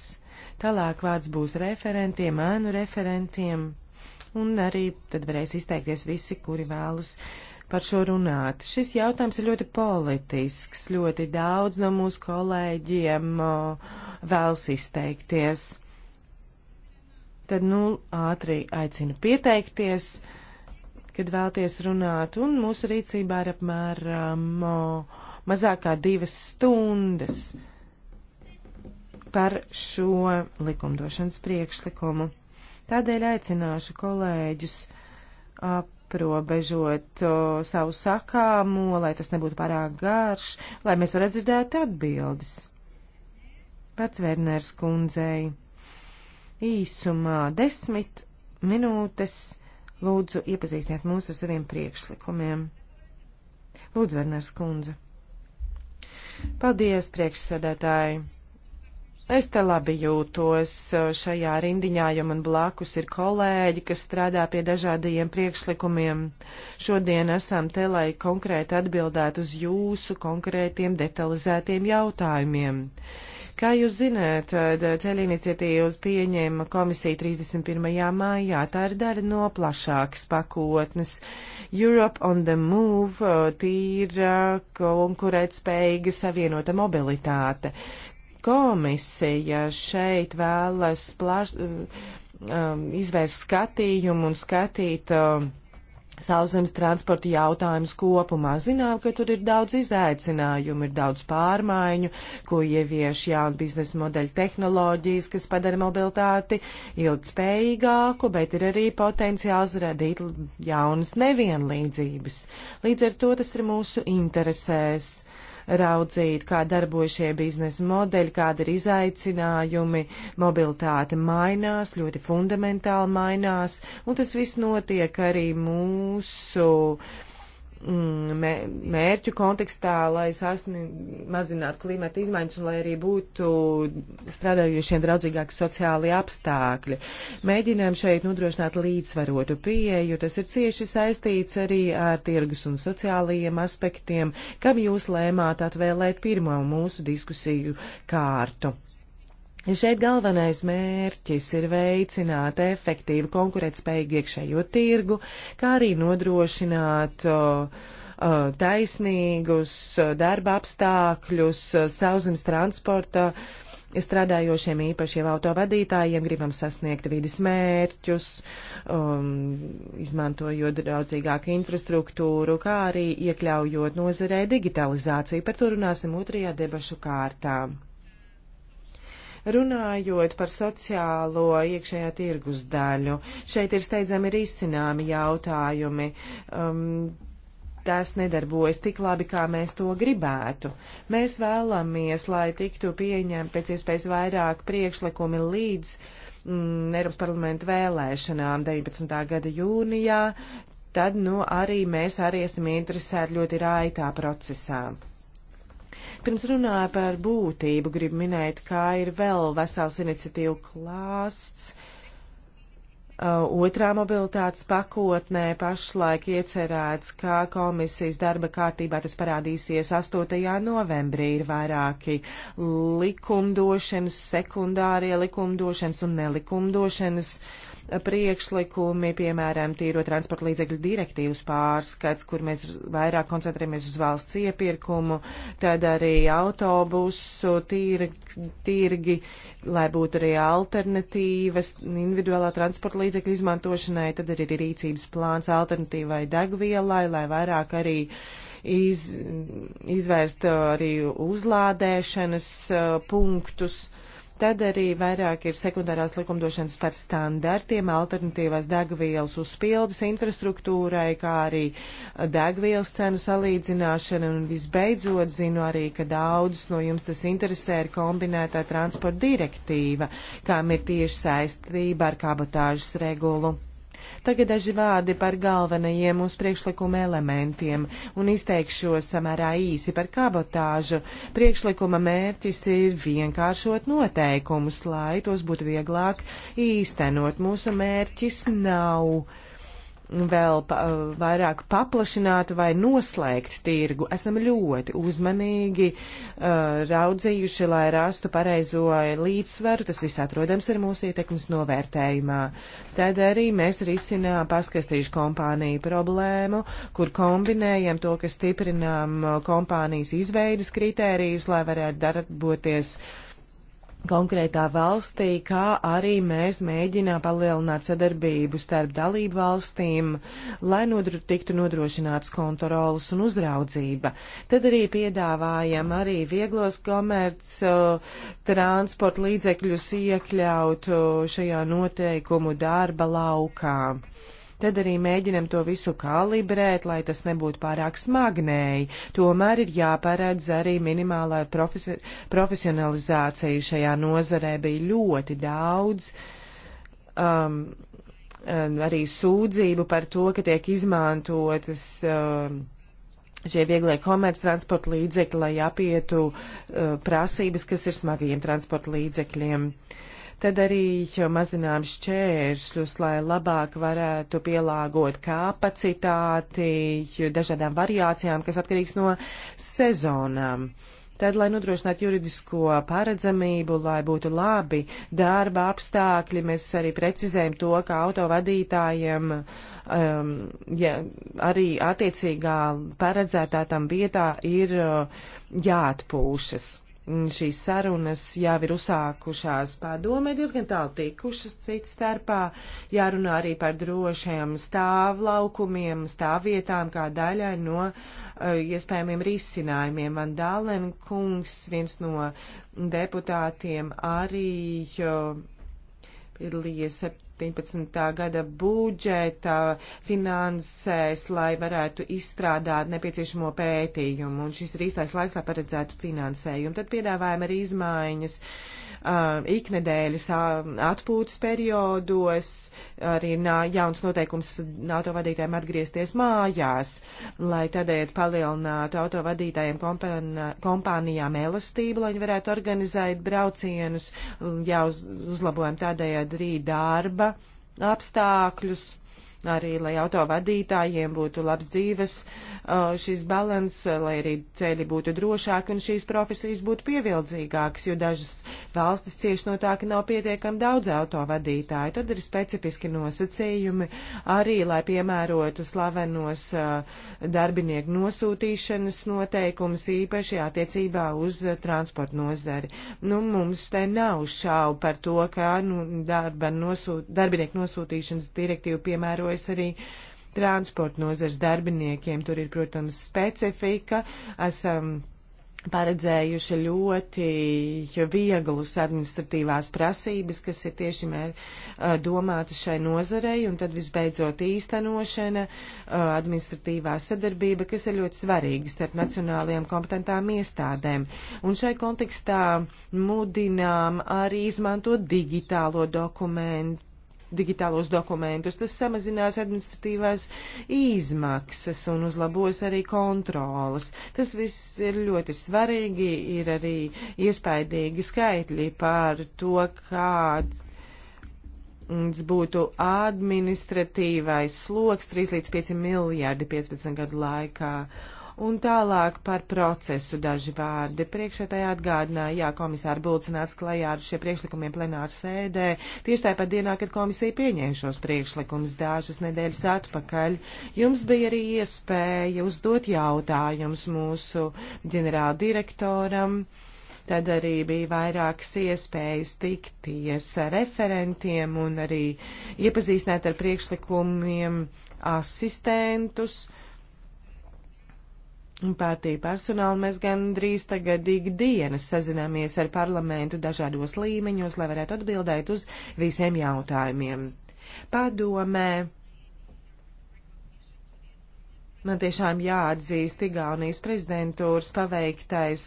Tālāk vārds būs referentiem, ēnu referentiem, un arī tad varēs izteikties visi, kuri vēlas uh, par šo runāt. Šis jautājums ir ļoti politisks, ļoti daudz no mūsu kolēģiem vēlas izteikties. Tad, nu, ātri aicinu pieteikties, kad vēlties runāt, un mūsu rīcībā ir apmēram mazākā divas stundas par šo likumdošanas priekšlikumu. Tādēļ aicināšu kolēģus ap aprobežot o, savu sakāmo, lai tas nebūtu pārāk garš, lai mēs varētu dzirdēt atbildes. Pats Verners kundzei īsumā desmit minūtes lūdzu iepazīstiniet mūs ar saviem priekšlikumiem. Lūdzu, Verners kundze. Paldies, priekšsēdētāji! Es te labi jūtos e, šajā rindiņā, jo man blakus ir kolēģi, kas strādā pie dažādajiem priekšlikumiem. Šodien esam te, lai konkrēti atbildētu uz jūsu konkrētiem detalizētiem jautājumiem. Kā jūs zināt, e, ceļa iniciatīvas pieņēma komisija 31. maijā. Tā ir daļa no plašākas pakotnes. Europe on the Move e, tīra konkurētspējīga savienota mobilitāte, komisija šeit vēlas plaš, um, izvērst skatījumu un skatīt um, sauszemes transporta jautājums kopumā. Zinām, ka tur ir daudz izaicinājumu, ir daudz pārmaiņu, ko ievieš jauna biznesa modeļa tehnoloģijas, kas padara mobilitāti ilgspējīgāku, bet ir arī potenciāls radīt jaunas nevienlīdzības. Līdz ar to tas ir mūsu interesēs raudzīt, kā darbojas šie biznesa modeļi, kāda ir izaicinājumi, mobilitāte mainās, ļoti fundamentāli mainās, un tas viss notiek arī mūsu uh, Mm, mērķu kontekstā, lai sasniegtu, mazinātu klimata izmaiņas un lai arī būtu strādājušiem draudzīgāki sociāli apstākļi. Mēģinām šeit nodrošināt līdzsvarotu pieeju, tas ir cieši saistīts arī ar tirgus un sociālajiem aspektiem, kam jūs lēmāt atvēlēt pirmo mūsu diskusiju kārtu. Šeit galvenais mērķis ir veicināt efektīvu konkurētspēju iekšējo tirgu, kā arī nodrošināt uh, taisnīgus darba apstākļus sauszemes transporta strādājošiem īpaši jau autovadītājiem, gribam sasniegt vidas mērķus, um, izmantojot draudzīgāku infrastruktūru, kā arī iekļaujot nozarē digitalizāciju. Par to runāsim otrajā debašu kārtā. Runājot par sociālo iekšējā tirgus daļu, šeit ir steidzami risināmi jautājumi. Um, tas nedarbojas tik labi, kā mēs to gribētu. Mēs vēlamies, lai tiktu pieņemti pēc iespējas vairāk priekšlikumi līdz mm, Eiropas parlamenta vēlēšanām 19. gada jūnijā, tad nu arī mēs arī esam interesēti ļoti raitā procesā. Pirms runāju par būtību, gribu minēt, kā ir vēl vesels iniciatīvu klāsts. Uh, otrā mobilitātes pakotnē pašlaik iecerēts, ka komisijas darba kārtībā tas parādīsies 8. novembrī. Ir vairāki likumdošanas, sekundārie likumdošanas un nelikumdošanas uh, priekšlikumi, piemēram, tīro transporta līdzekļu direktīvas pārskats, kur mēs vairāk koncentrējamies uz valsts iepirkumu, tad arī autobusu tirgi, tirgi lai būtu arī alternatīvas individuālā transporta līdzekļu izmantošanai, tad arī ir rīcības plāns alternatīvai degvielai, lai vairāk arī iz, izvērst arī uzlādēšanas uh, punktus. Uh, Tad arī vairāk ir sekundārās likumdošanas par standartiem, alternatīvās degvielas uzpildes infrastruktūrai, kā arī degvielas cenu salīdzināšana. Un visbeidzot, zinu arī, ka daudz no jums tas interesē ir kombinētā transporta direktīva, kam ir tieši saistība ar kabatāžas regulu. Tagad daži vārdi par galvenajiem mūsu priekšlikuma elementiem un izteikšos samērā īsi par kabotāžu. Priekšlikuma mērķis ir vienkāršot noteikumus, lai tos būtu vieglāk īstenot. Mūsu mērķis nav vēl pa, uh, vairāk paplašināt vai noslēgt tirgu. Esam ļoti uzmanīgi uh, raudzījuši, lai rastu pareizo līdzsvaru. Tas viss, protams, ir mūsu ietekmes novērtējumā. Tad arī mēs risinām paskastīšu kompāniju problēmu, kur kombinējam to, ka stiprinām kompānijas izveidas kritērijus, lai varētu darboties uh, konkrētā valstī, kā arī mēs mēģinām palielināt sadarbību starp dalību valstīm, lai nodru, tiktu nodrošināts kontrols un uzraudzība. Tad arī piedāvājam arī vieglos komerc transporta līdzekļus iekļaut šajā noteikumu darba laukā. Tad arī mēģinam to visu kalibrēt, lai tas nebūtu pārāk smagnēji. Tomēr ir jāparedz arī minimālā profesi profesionalizācija šajā nozarē bija ļoti daudz. Um, um arī sūdzību par to, ka tiek izmantotas um, šie vieglie komerctransporta līdzekļi, lai apietu uh, prasības, kas ir smagajiem transporta līdzekļiem. Uh, Tad arī mazinām šķēršļus, lai labāk varētu pielāgot kapacitāti dažādām variācijām, kas atkarīgs no sezonām. Tad, lai nodrošinātu juridisko paredzamību, lai būtu labi darba apstākļi, mēs arī precizējam to, ka autovadītājiem um, ja, arī attiecīgā paredzētā tam vietā ir uh, jāatpūšas šīs sarunas jau ir uzsākušās padomē, diezgan tālu tikušas citas starpā. Jārunā arī par drošiem stāvlaukumiem, stāvvietām kā daļai no uh, iespējamiem risinājumiem. Van Dālen kungs, viens no deputātiem, arī piedalījies 17. gada budžeta finansēs, lai varētu izstrādāt nepieciešamo pētījumu, un šis ir īstais laiks, lai paredzētu finansējumu. Tad piedāvājam arī izmaiņas. Uh, uh, iknedēļas uh, atpūtas periodos, arī nā, jauns noteikums autovadītājiem atgriezties mājās, lai tādējādi palielinātu autovadītājiem kompānijām elastību, lai viņi varētu organizēt braucienus, jau uzlabojam tādējādi arī darba apstākļus arī, lai autovadītājiem būtu labs dzīves uh, šis balans, uh, lai arī ceļi būtu drošāki un šīs profesijas būtu pievilcīgākas, jo dažas valstis cieš no tā, ka nav pietiekami daudz autovadītāju. Tad ir specifiski nosacījumi arī, lai piemērotu slavenos uh, darbinieku nosūtīšanas noteikumus īpaši attiecībā uz transportu nozari. Nu, mums te nav šaubu par to, ka nu, darba nosūt, darbinieku nosūtīšanas direktīva piemēroja jādarbojas arī transporta nozars darbiniekiem. Tur ir, protams, specifika. Esam paredzējuši ļoti vieglus administratīvās prasības, kas ir tieši mēr, domātas šai nozarei, un tad visbeidzot īstenošana, administratīvā sadarbība, kas ir ļoti svarīga starp nacionālajām kompetentām iestādēm. Un šai kontekstā mudinām arī izmantot digitālo dokumentu digitālos dokumentus. Tas samazinās administratīvās izmaksas un uzlabos arī kontrolas. Tas viss ir ļoti svarīgi, ir arī iespaidīgi skaitļi par to, kāds būtu administratīvais sloks 3 līdz 5 miljārdi 15 gadu laikā. Un tālāk par procesu daži vārdi. Priekšētāji atgādināja, jā, komisāra Bulcināts klajā ar šie priekšlikumiem plenāru sēdē. Tieši tāpat dienā, kad komisija pieņēma šos priekšlikumus dažas nedēļas atpakaļ, jums bija arī iespēja uzdot jautājumus mūsu ģenerāldirektoram. Tad arī bija vairākas iespējas tikties ar referentiem un arī iepazīstināt ar priekšlikumiem asistentus. Uh, Pārtīja personāli mēs gandrīz tagad ikdienas sazināmies ar parlamentu dažādos līmeņos, lai varētu atbildēt uz visiem jautājumiem. Padomē Man tiešām jāatzīst Igaunijas prezidentūras paveiktais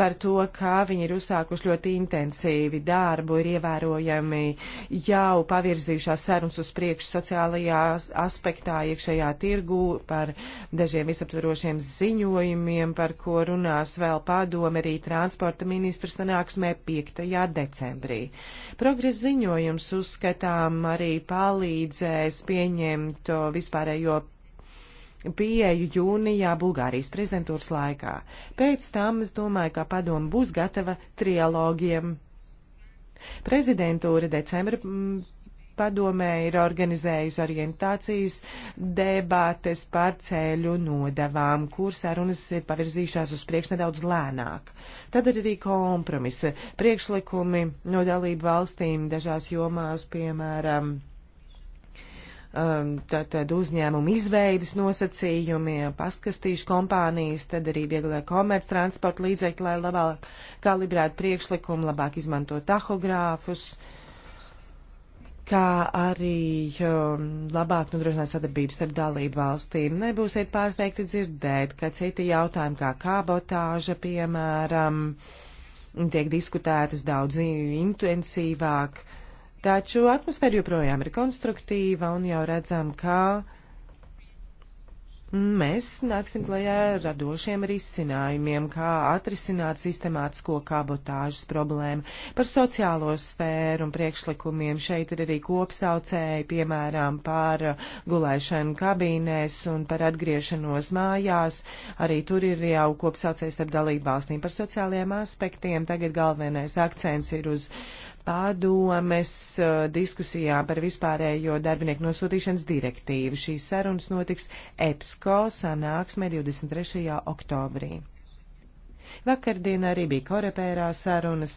par to, kā viņi ir uzsākuši ļoti intensīvi darbu, ir ievērojami jau pavirzījušās sarunas uz priekšu sociālajā aspektā, iekšējā tirgu, par dažiem visaptvarošiem ziņojumiem, par ko runās vēl padome arī transporta ministra sanāksmē 5. decembrī. Progress ziņojums uzskatām arī palīdzēs pieņemt vispārējo pieeju jūnijā Bulgārijas prezidentūras laikā. Pēc tam es domāju, ka padoma būs gatava trialogiem. Prezidentūra decembra padomē ir organizējusi orientācijas debātes par ceļu nodevām, kur sarunas ir pavirzījušās uz priekšu nedaudz lēnāk. Tad ir arī kompromisa priekšlikumi no dalību valstīm dažās jomās, piemēram, tātad um, uzņēmumu izveidas nosacījumi, pastkastīšu kompānijas, tad arī vieglā komerc transporta līdzekļi, lai labāk kalibrētu priekšlikumu, labāk izmanto tahogrāfus, kā arī um, labāk nodrošināt sadarbības starp dalību valstīm. Nebūsiet pārsteigti dzirdēt, ka citi jautājumi kā kābotāža, piemēram, tiek diskutētas daudz intensīvāk. Uh, Taču atmosfēra joprojām ir konstruktīva un jau redzam, ka mēs nāksim klajā radošiem risinājumiem, kā atrisināt sistemātisko kabotāžas problēmu par sociālo sfēru un priekšlikumiem. Šeit ir arī kopsaucēji, piemēram, par gulēšanu kabīnēs un par atgriešanos mājās. Arī tur ir jau kopsaucējs ar dalību valstīm par sociālajiem aspektiem. Tagad galvenais akcents ir uz padomes eh, diskusijā par vispārējo darbinieku nosūtīšanas direktīvu. Šīs sarunas notiks EPSCO sanāksmē 23. oktobrī. Vakardien arī bija korepērā sarunas.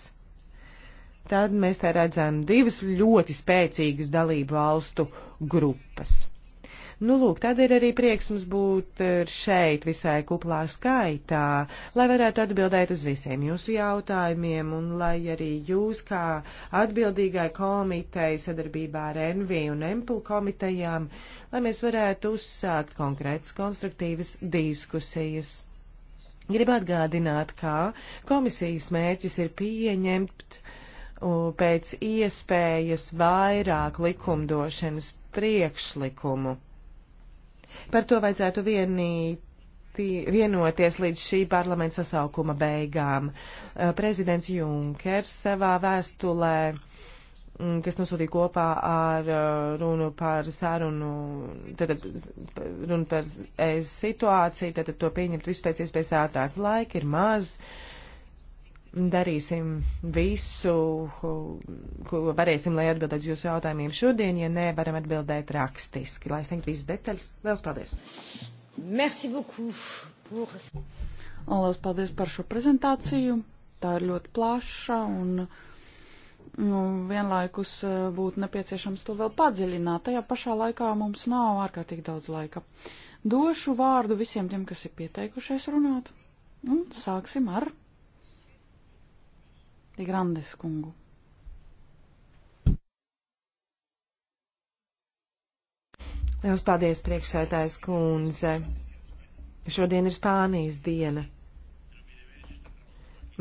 Tad mēs te redzam divas ļoti spēcīgas dalību valstu grupas. Nu, lūk, tad ir arī prieks mums būt eh, šeit visai kuplā skaitā, lai varētu atbildēt uz visiem jūsu jautājumiem un lai arī jūs kā atbildīgai komitei sadarbībā ar NV un MPL komitejām, lai mēs varētu uzsākt konkrētas konstruktīvas diskusijas. Gribu atgādināt, ka komisijas mērķis ir pieņemt pēc iespējas vairāk likumdošanas priekšlikumu. Par to vajadzētu vienīt vienoties līdz šī parlamenta sasaukuma beigām. Eh, prezidents Junkers savā vēstulē, mm, kas nosūtīja kopā ar eh, runu par sārunu, tad runu par eh, situāciju, tad to pieņemt vispēc iespējas ātrāk. Laika ir maz. Uh, darīsim visu, ko varēsim, lai atbildētu jūsu jautājumiem šodien. Ja nē, varam atbildēt rakstiski, lai sniegtu visas detaļas. Lielas paldies! Merci beaucoup! Pour... Un liels paldies par šo prezentāciju. Tā ir ļoti plaša un nu, vienlaikus eh, būtu nepieciešams to vēl padziļināt. Tajā pašā laikā mums nav ārkārtīgi daudz laika. Došu vārdu visiem tiem, kas ir pieteikušies runāt. Un sāksim ar Digrandes kungu. Liels paldies, priekšsētājs kundze. Šodien ir Spānijas diena.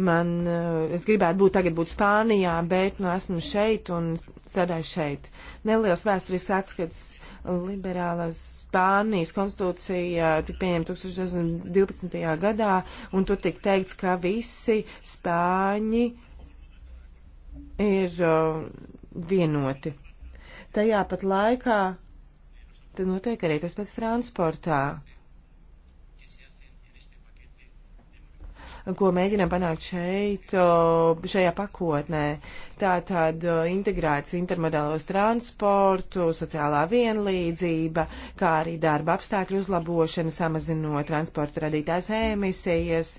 Man, eh, es gribētu būt tagad būt Spānijā, bet nu esmu šeit un strādāju šeit. Neliels vēsturis atskats liberālās Spānijas konstitūcija tika pieņemta 2012. gadā, un tur tika teikts, ka visi Spāņi uh, ir uh, vienoti. Tajā pat laikā te notiek arī tas pēc transportā, ko mēģinām panākt šeit, uh, šajā pakotnē. Tātad uh, integrēts intermodālos transportu, sociālā vienlīdzība, kā arī darba apstākļu uzlabošana, samazinot transporta radītās emisijas,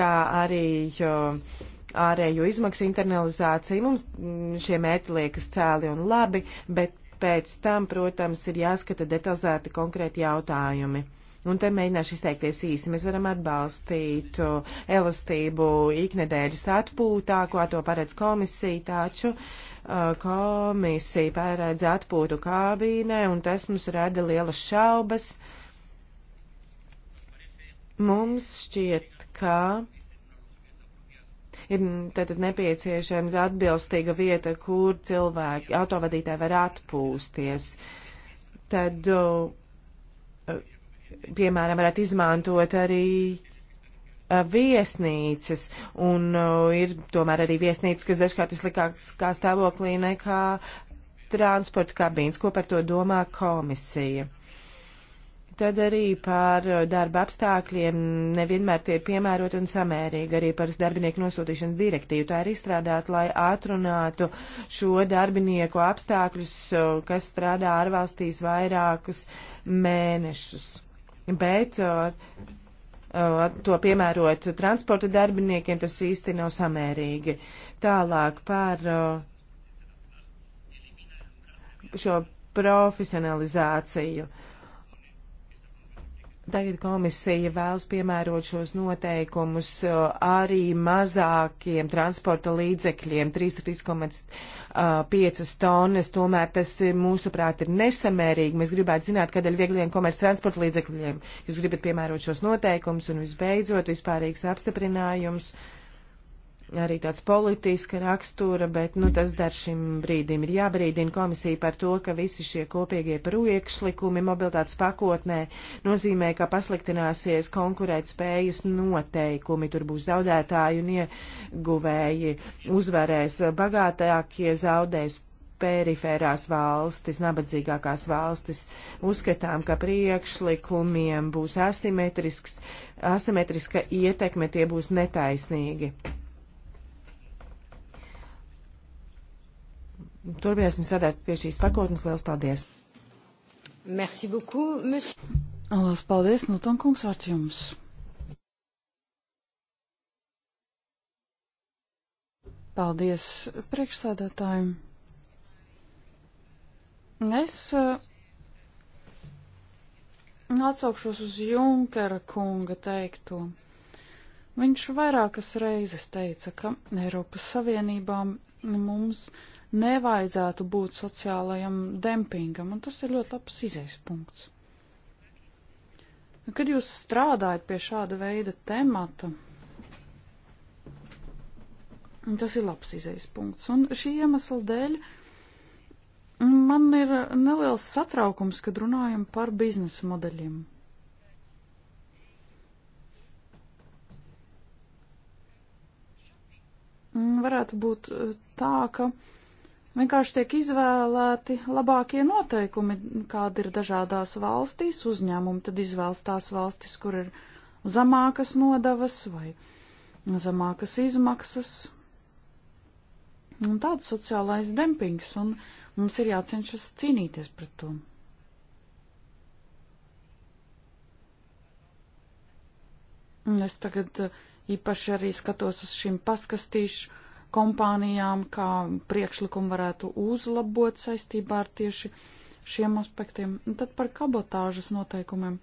kā arī uh, ārējo izmaksu internalizāciju. Mums mm, šie mērķi liekas cēli un labi, bet pēc tam, protams, ir jāskata detalizēti konkrēti jautājumi. Un te mēģināšu izteikties īsi. Mēs varam atbalstīt uh, elastību iknedēļas atpūtā, ko to paredz komisija, taču uh, komisija paredz atpūtu kābīnē, un tas mums rada lielas šaubas. Mums šķiet, ka Ir mm, tātad nepieciešams atbilstīga vieta, kur cilvēki, autovadītāji var atpūsties. Tad, piemēram, varētu izmantot arī viesnīcas, un ir tomēr arī viesnīcas, kas dažkārt ir sliktākā stāvoklī nekā transporta kabīnes. Ko par to domā komisija? Tad arī par uh, darba apstākļiem nevienmēr tie ir piemēroti un samērīgi. Arī par darbinieku nosūtīšanas direktīvu tā ir izstrādāta, lai atrunātu šo darbinieku apstākļus, uh, kas strādā ārvalstīs vairākus mēnešus. Bet uh, to piemērot transporta darbiniekiem, tas īsti nav samērīgi. Tālāk par šo profesionalizāciju. Uh, Tagad komisija vēlas piemērot šos noteikumus uh, arī mazākiem transporta līdzekļiem, 33,5 uh, tonnas. Tomēr tas, eh, mūsuprāt, ir nesamērīgi. Mēs gribētu zināt, kādēļ viegliem komerc transporta līdzekļiem jūs gribat piemērot šos noteikumus un visbeidzot vispārīgs apstiprinājums. Uh, arī tāds politiska rakstura, bet nu, tas dar šim brīdim ir jābrīdina komisija par to, ka visi šie kopīgie priekšlikumi mobilitātes pakotnē nozīmē, ka pasliktināsies konkurēt spējas noteikumi, tur būs zaudētāji un ieguvēji, uzvarēs bagātākie, zaudēs perifērās valstis, nabadzīgākās valstis. Uzskatām, ka priekšlikumiem būs asimetrisks, asimetriska ietekme, tie būs netaisnīgi Turpināsim strādāt pie šīs pakotnes. Lielas paldies! Merci beaucoup, monsieur. Lielas paldies, Nilton kungs, vārds jums! Paldies priekšsādātājiem. Es uh, atsaukšos uz Junkera kunga teikto. Viņš vairākas reizes teica, ka Eiropas Savienībām mums uh, nevajadzētu būt sociālajam dempingam, un tas ir ļoti labs izējas punkts. Kad jūs strādājat pie šāda veida temata, tas ir labs izējas punkts, un šī iemesla dēļ man ir neliels satraukums, kad runājam par biznesa modeļiem. Varētu būt tā, ka Vienkārši tiek izvēlēti labākie noteikumi, kāda ir dažādās valstīs. Uzņēmumi tad izvēlas tās valstis, kur ir zemākas nodavas vai zemākas izmaksas. Un tāds sociālais dempings, un mums ir jācenšas cīnīties pret to. Un es tagad uh, īpaši arī skatos uz šīm paskastīšu kompānijām, kā priekšlikumu varētu uzlabot saistībā ar tieši šiem aspektiem. Un tad par kabotāžas noteikumiem.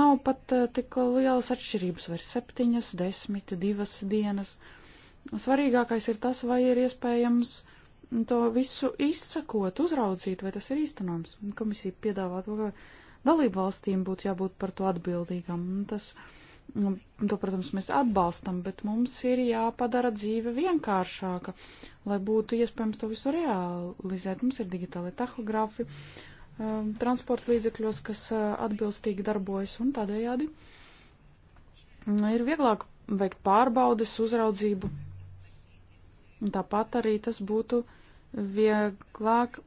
Nav pat eh, tik lielas atšķirības, vai septiņas, desmit, divas dienas. Svarīgākais ir tas, vai ir iespējams to visu izsakot, uzraudzīt, vai tas ir īstenojams. Komisija piedāvā to, ka dalību valstīm būtu jābūt par to atbildīgam. Tas, uh, Nu, to, protams, mēs atbalstam, bet mums ir jāpadara dzīve vienkāršāka, lai būtu iespējams to visu realizēt. Mums ir digitāli tahografi, um, transporta līdzekļos, kas uh, atbilstīgi darbojas un tādējādi mm, ir vieglāk veikt pārbaudes, uzraudzību. Un tāpat arī tas būtu vieglāk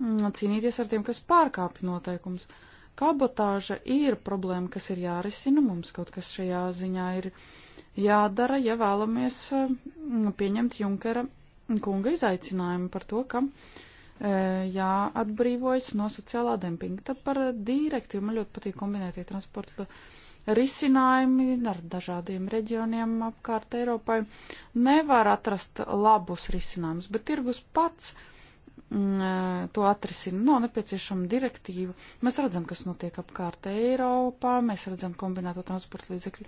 mm, cīnīties ar tiem, kas pārkāpj noteikumus. Uh, Kabotāža ir problēma, kas ir jārisina, mums kaut kas šajā ziņā ir jādara, ja vēlamies eh, pieņemt Junkera kunga izaicinājumu par to, ka eh, jāatbrīvojas no sociālā dempinga. Tad par direktīvu man ļoti patīk kombinētie transporta risinājumi ar dažādiem reģioniem apkārt Eiropai. Nevar atrast labus risinājumus, bet tirgus pats uh, Mm, to atrisina. Nav nepieciešama direktīva. Mēs redzam, kas notiek apkārt Eiropā, mēs redzam kombinēto transporta līdzekļu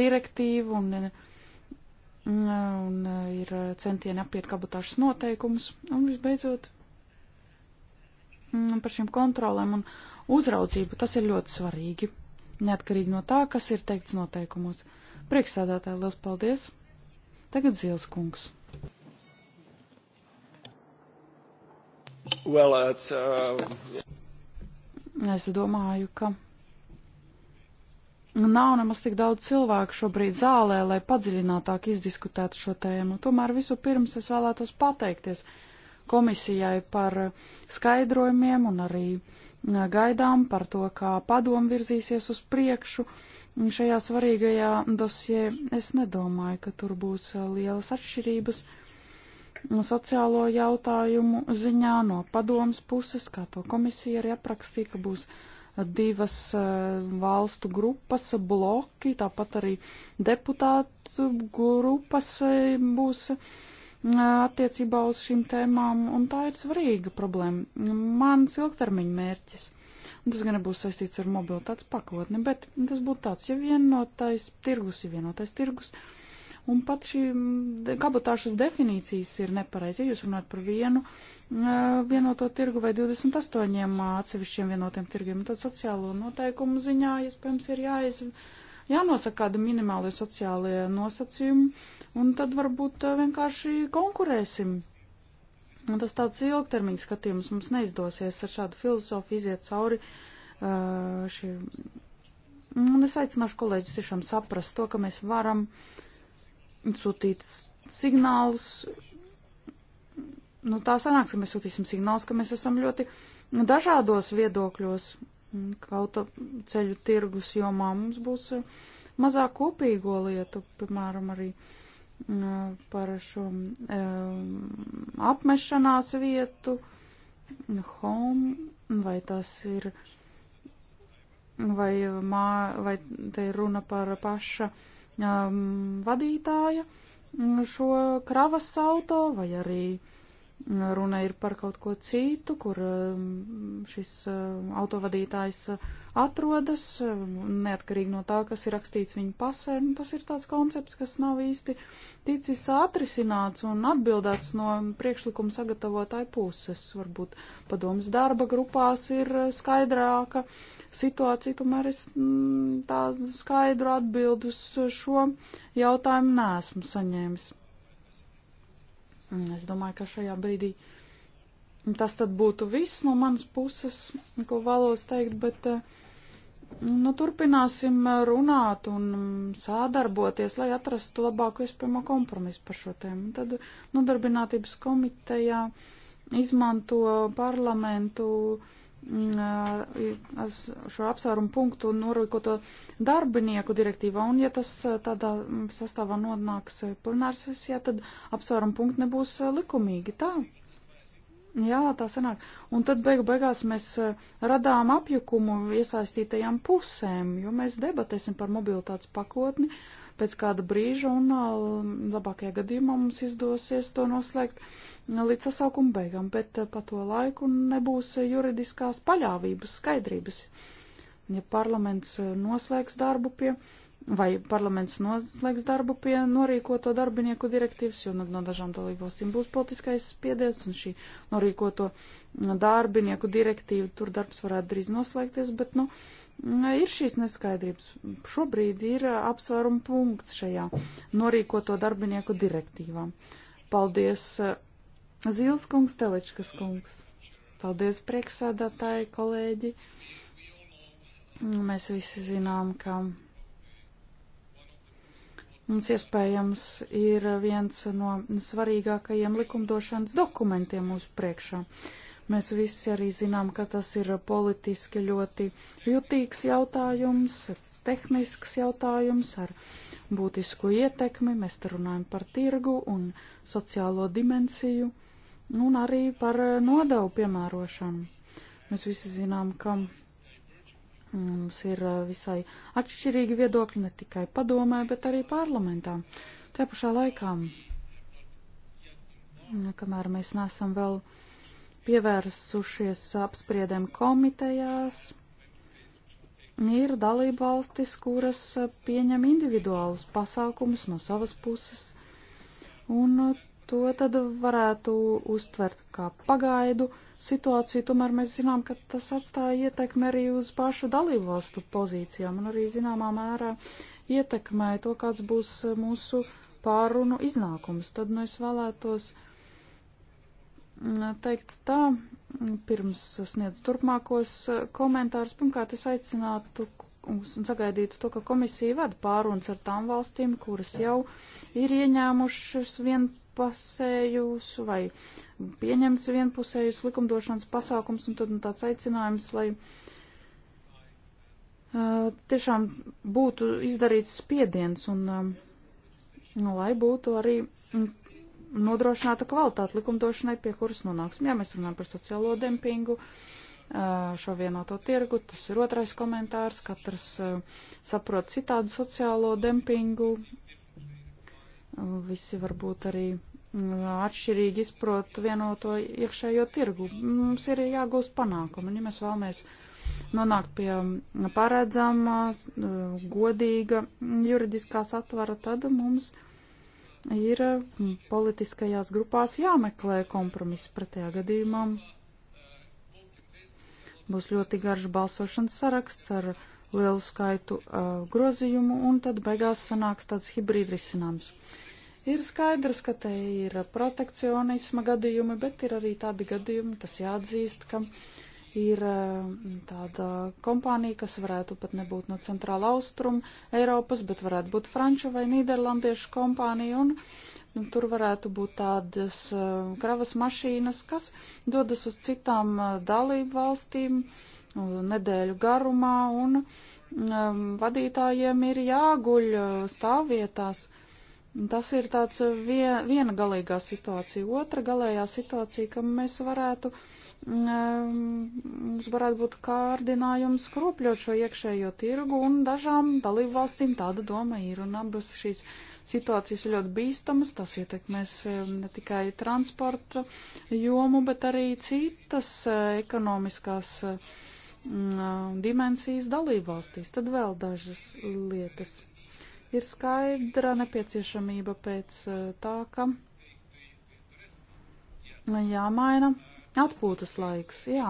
direktīvu un, mm, un, un ir centieni apiet kabatāšas noteikumus. Un visbeidzot, mm, par šīm kontrolēm un uzraudzību tas ir ļoti svarīgi, neatkarīgi no tā, kas ir teikts noteikumos. Priekšsēdētāji, liels paldies! Tagad Zils kungs. Well, it's, uh... Es domāju, ka nav nemaz tik daudz cilvēku šobrīd zālē, lai padziļinātāk izdiskutētu šo tēmu. Tomēr visu pirms es vēlētos pateikties komisijai par skaidrojumiem un arī gaidām par to, kā padomu virzīsies uz priekšu. Šajā svarīgajā dosjē es nedomāju, ka tur būs lielas atšķirības. Uh, sociālo jautājumu ziņā no padomas puses, kā to komisija arī aprakstīja, ka būs divas eh, valstu grupas, bloki, tāpat arī deputātu grupas eh, būs eh, attiecībā uz šīm tēmām, un tā ir svarīga problēma. Mans ilgtermiņa mērķis. Tas gan nebūs saistīts ar mobilitātes pakotni, bet tas būtu tāds, ja vienotais tirgus ir ja vienotais tirgus. Uh, un pat šī kabotāšas definīcijas ir nepareizi. Ja jūs runājat par vienu vienoto tirgu vai 28 atsevišķiem vienotiem tirgiem, tad sociālo noteikumu ziņā, iespējams, ir jāiz, jānosaka kāda minimālie sociālie nosacījumi, un tad varbūt vienkārši konkurēsim. Un tas tāds ilgtermiņa skatījums mums neizdosies ar šādu filozofiju iziet cauri uh, šī. Un es aicināšu kolēģus tiešām saprast to, ka mēs varam uh, sūtīt signālus. Nu, tā sanāks, ka mēs sūtīsim signālus, ka mēs esam ļoti dažādos viedokļos mm, kaut ceļu tirgus jomā. Mums būs eh, mazāk kopīgo lietu, piemēram, arī mm, par šo um, apmešanās vietu, home, vai tas ir, vai, mā, vai te ir runa par paša uh, um, vadītāja um, šo kravas auto, vai arī um, runa ir par kaut ko citu, kur um, šis um, autovadītājs atrodas, um, neatkarīgi no tā, kas ir rakstīts viņa pasē. Nu, tas ir tāds koncepts, kas nav īsti ticis atrisināts un atbildēts no priekšlikuma sagatavotāju puses. Varbūt padomas darba grupās ir uh, skaidrāka situāciju, tomēr es mm, tādu skaidru atbildu uz šo jautājumu nesmu saņēmis. Mm, es domāju, ka šajā brīdī tas tad būtu viss no manas puses, ko vēlos teikt, bet eh, nu, turpināsim runāt un sādarboties, lai atrastu labāko iespējamo kompromisu par šo tēmu. Tad nodarbinātības komitejā izmanto parlamentu uh, Mm, šo apsvērumu punktu norīkoto darbinieku direktīvā, un ja tas tādā mm, sastāvā nonāks plenārs sesijā, tad apsvērumu punkti nebūs likumīgi, tā? Jā, tā sanāk. Un tad beigu beigās mēs radām apjukumu iesaistītajām pusēm, jo mēs debatēsim par mobilitātes pakotni, uh, pēc kāda brīža, un labākajā gadījumā mums izdosies to noslēgt līdz sasaukuma beigām, bet pa to laiku nebūs juridiskās paļāvības skaidrības. Ja parlaments noslēgs darbu pie, vai parlaments noslēgs darbu pie norīkoto darbinieku direktīvas, jo nu, no dažām dalībvalstīm būs politiskais spiediens, un šī norīkoto darbinieku direktīva, tur darbs varētu drīz noslēgties, bet, nu, no, Nu, ir šīs neskaidrības. Šobrīd ir apsvērumu punkts šajā norīkoto darbinieku direktīvā. Paldies, Zils kungs, Telečkas kungs. Paldies, priekšsēdātāji, kolēģi. Mēs visi zinām, ka mums iespējams ir viens no svarīgākajiem likumdošanas dokumentiem mūsu priekšā. Uh, Mēs visi arī zinām, ka tas ir politiski ļoti jutīgs jautājums, tehnisks jautājums ar būtisku ietekmi. Mēs te runājam par tirgu un sociālo dimensiju un arī par nodevu piemērošanu. Mēs visi zinām, ka Mums ir visai atšķirīgi viedokļi ne tikai padomē, bet arī parlamentā. Te pašā laikā, kamēr mēs nesam vēl uh, pievērsušies apspriedēm komitejās. Ir dalība valstis, kuras pieņem individuālus pasākumus no savas puses, un to tad varētu uztvert kā pagaidu situāciju. Tomēr mēs zinām, ka tas atstāja ietekmi arī uz pašu dalību valstu pozīcijām un arī zināmā mērā ietekmē to, kāds būs mūsu pārunu iznākums. Tad nu, es vēlētos uh, teikts tā, pirms sniedz turpmākos eh, komentārus. Pirmkārt, es aicinātu un sagaidītu to, ka komisija ved pārunas ar tām valstīm, kuras jau ir ieņēmušas vienpasējus vai pieņems vienpusējus likumdošanas pasākums, un tad nu, tāds aicinājums, lai uh, tiešām būtu izdarīts spiediens un uh, lai būtu arī mm, nodrošināta kvalitāte likumdošanai, pie kuras nonāksim. Ja mēs runājam par sociālo dempingu, šo vienoto tirgu, tas ir otrais komentārs, katrs saprot citādu sociālo dempingu, visi varbūt arī atšķirīgi izprot vienoto iekšējo tirgu. Mums ir jāgūst panākumi, un ja mēs vēlamies nonākt pie paredzamās, godīga juridiskās atvara, tad mums. Uh, ir mm, politiskajās grupās jāmeklē kompromiss. Pretējā gadījumā būs ļoti garš balsošanas saraksts ar lielu skaitu uh, grozījumu, un tad beigās sanāks tāds hibrīdrisinājums. Ir skaidrs, ka te ir protekcionisma gadījumi, bet ir arī tādi gadījumi, tas jāatzīst, ka uh, ir mm, tāda kompānija, kas varētu pat nebūt no centrāla austruma Eiropas, bet varētu būt franču vai nīderlandiešu kompānija, un, un nu, tur varētu būt tādas eh, kravas mašīnas, kas dodas uz citām eh, dalību valstīm eh, nedēļu garumā, un um, vadītājiem ir jāguļ stāvvietās. Tas ir tāds vien, viena galīgā situācija. Otra galējā situācija, ka mēs varētu uh, mums varētu būt kārdinājums kropļot šo iekšējo tirgu, un dažām dalību valstīm tāda doma ir, un abas šīs situācijas ir ļoti bīstamas, tas ietekmēs ne tikai transporta jomu, bet arī citas e, ekonomiskās e, dimensijas dalību valstīs. Tad vēl dažas lietas. Ir skaidra nepieciešamība pēc e, tā, ka jāmaina. Ja atpūtas laiks, jā.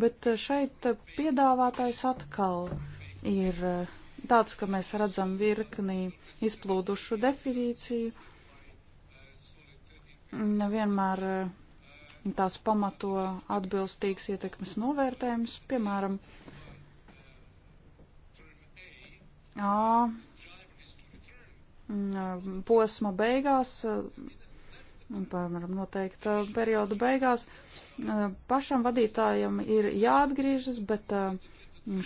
Bet eh, šeit eh, piedāvātais atkal ir eh, tāds, ka mēs redzam virknī izplūdušu definīciju. Nevienmēr tās pamato atbilstīgs ietekmes novērtējums, piemēram, A mm, posma beigās piemēram, noteikta uh, perioda beigās, uh, pašam vadītājam ir jāatgriežas, bet uh,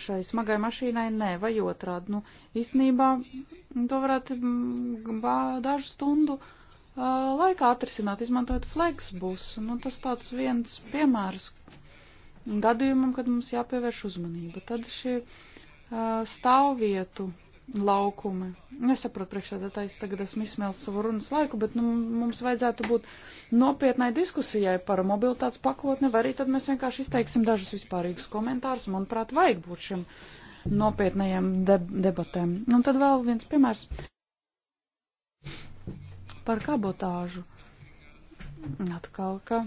šai smagai mašīnai nē, vai otrādi. Nu, īstenībā to varētu mm, dažu stundu laikā atrisināt, izmantojot flexbus. Nu, tas tāds viens piemērs gadījumam, kad mums jāpievērš uzmanība. Tad šie stāvvietu laukumi. Nesaprotu priekšsēdētājs, tagad esmu izsmēlis savu runas laiku, bet nu, mums vajadzētu būt nopietnai diskusijai par mobilitātes pakotni, vai arī tad mēs vienkārši izteiksim dažus vispārīgus komentārus. Manuprāt, vajag būt šim nopietnajiem deb debatēm. Un tad vēl viens piemērs par kabotāžu. Atkal, ka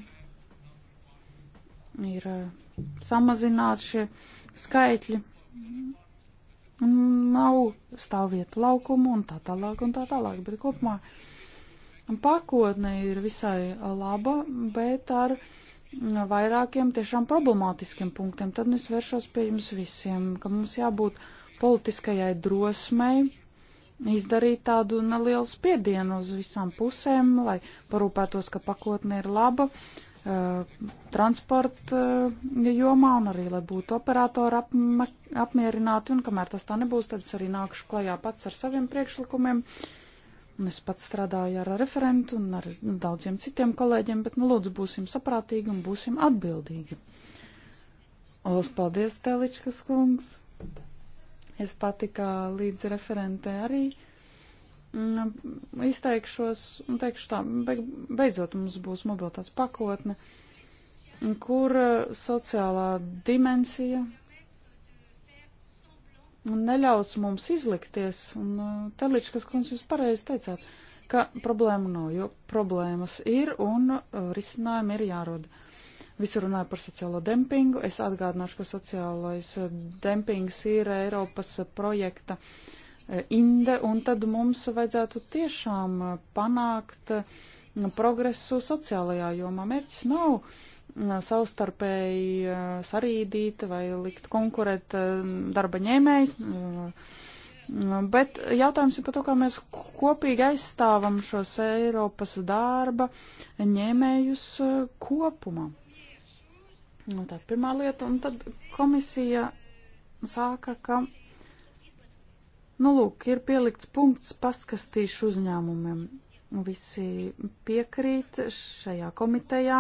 ir eh, samazināti šie skaitļi nav stāvvietu laukumu un tā tālāk un tā tālāk, bet kopumā pakotne ir visai laba, bet ar vairākiem tiešām problemātiskiem punktiem. Tad es vēršos pie jums visiem, ka mums jābūt politiskajai drosmei izdarīt tādu nelielu spiedienu uz visām pusēm, lai parūpētos, ka pakotne ir laba, Uh, transporta uh, jomā un arī, lai būtu operatori apma, apmierināti, un kamēr tas tā nebūs, tad es arī nākušu klajā pats ar saviem priekšlikumiem. Un es pats strādāju ar referentu un ar daudziem citiem kolēģiem, bet, nu, lūdzu, būsim saprātīgi un būsim atbildīgi. Olas, paldies, Teličkas kungs! Es pati kā līdz referentē arī Mm, izteikšos un teikšu tā, beidzot mums būs mobilitātes pakotne, kur eh, sociālā dimensija neļaus mums izlikties, un eh, Teličkas kungs jūs pareizi teicāt, ka problēmu nav, jo problēmas ir un eh, risinājumi ir jāroda. Visi runāja par sociālo dempingu. Es atgādināšu, ka sociālais dempings ir Eiropas projekta uh, Eh, inde, un tad mums vajadzētu tiešām eh, panākt eh, progresu sociālajā jomā. Mērķis nav mm, savstarpēji sarīdīt vai likt konkurēt darba ņēmējs, mm, bet jautājums ir par to, kā mēs kopīgi aizstāvam šos Eiropas darba ņēmējus kopumā. Nu, tā ir pirmā lieta, un tad komisija sāka, ka Nu, lūk, ir pielikts punkts pastkastīšu uzņēmumiem. Visi piekrīt šajā komitejā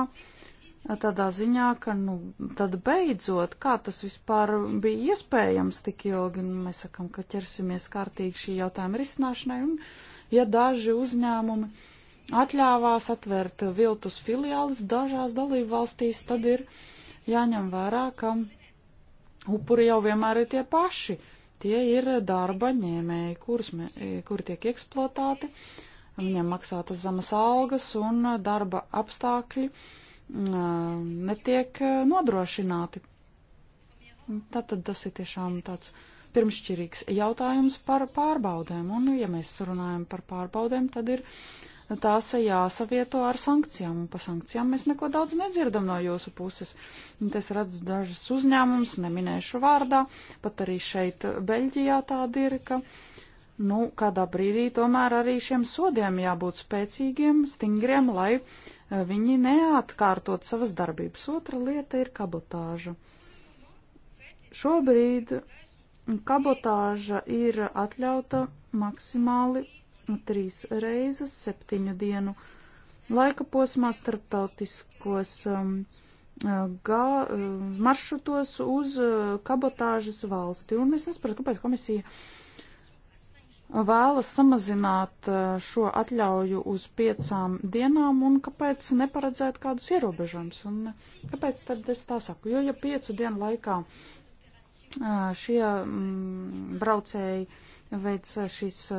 tādā ziņā, ka, nu, tad beidzot, kā tas vispār bija iespējams tik ilgi, nu, mēs sakam, ka ķersimies kārtīgi šī jautājuma risināšanai, un ja daži uzņēmumi atļāvās atvērt viltus filiālis dažās dalību valstīs, tad ir jāņem vērā, ka upuri jau vienmēr ir tie paši. Uh, Tie ir darba ņēmēji, kurus, e, kuri tiek eksploatāti, viņiem maksātas zemas algas un darba apstākļi mm, e, netiek e, nodrošināti. Tātad tas ir tiešām tāds pirmšķirīgs jautājums par pārbaudēm, un ja mēs runājam par pārbaudēm, tad ir uh, tās jāsavieto ar sankcijām. Par sankcijām mēs neko daudz nedzirdam no jūsu puses. Un es redzu dažas uzņēmumus, neminēšu vārdā, pat arī šeit Beļģijā tāda ir, ka, nu, kādā brīdī tomēr arī šiem sodiem jābūt spēcīgiem, stingriem, lai eh, viņi neatkārtot savas darbības. Otra lieta ir kabotāža. Šobrīd kabotāža ir atļauta maksimāli Nu, trīs reizes septiņu dienu laika posmā starptautiskos um, uh, gā, uh, maršrutos uz uh, kabotāžas valsti. Un es nesaprotu, kāpēc komisija vēlas samazināt šo atļauju uz piecām dienām un kāpēc neparedzēt kādus ierobežojumus. Un kāpēc tad es tā saku? Jo ja piecu dienu laikā šie mm, braucēji veic eh, šīs eh,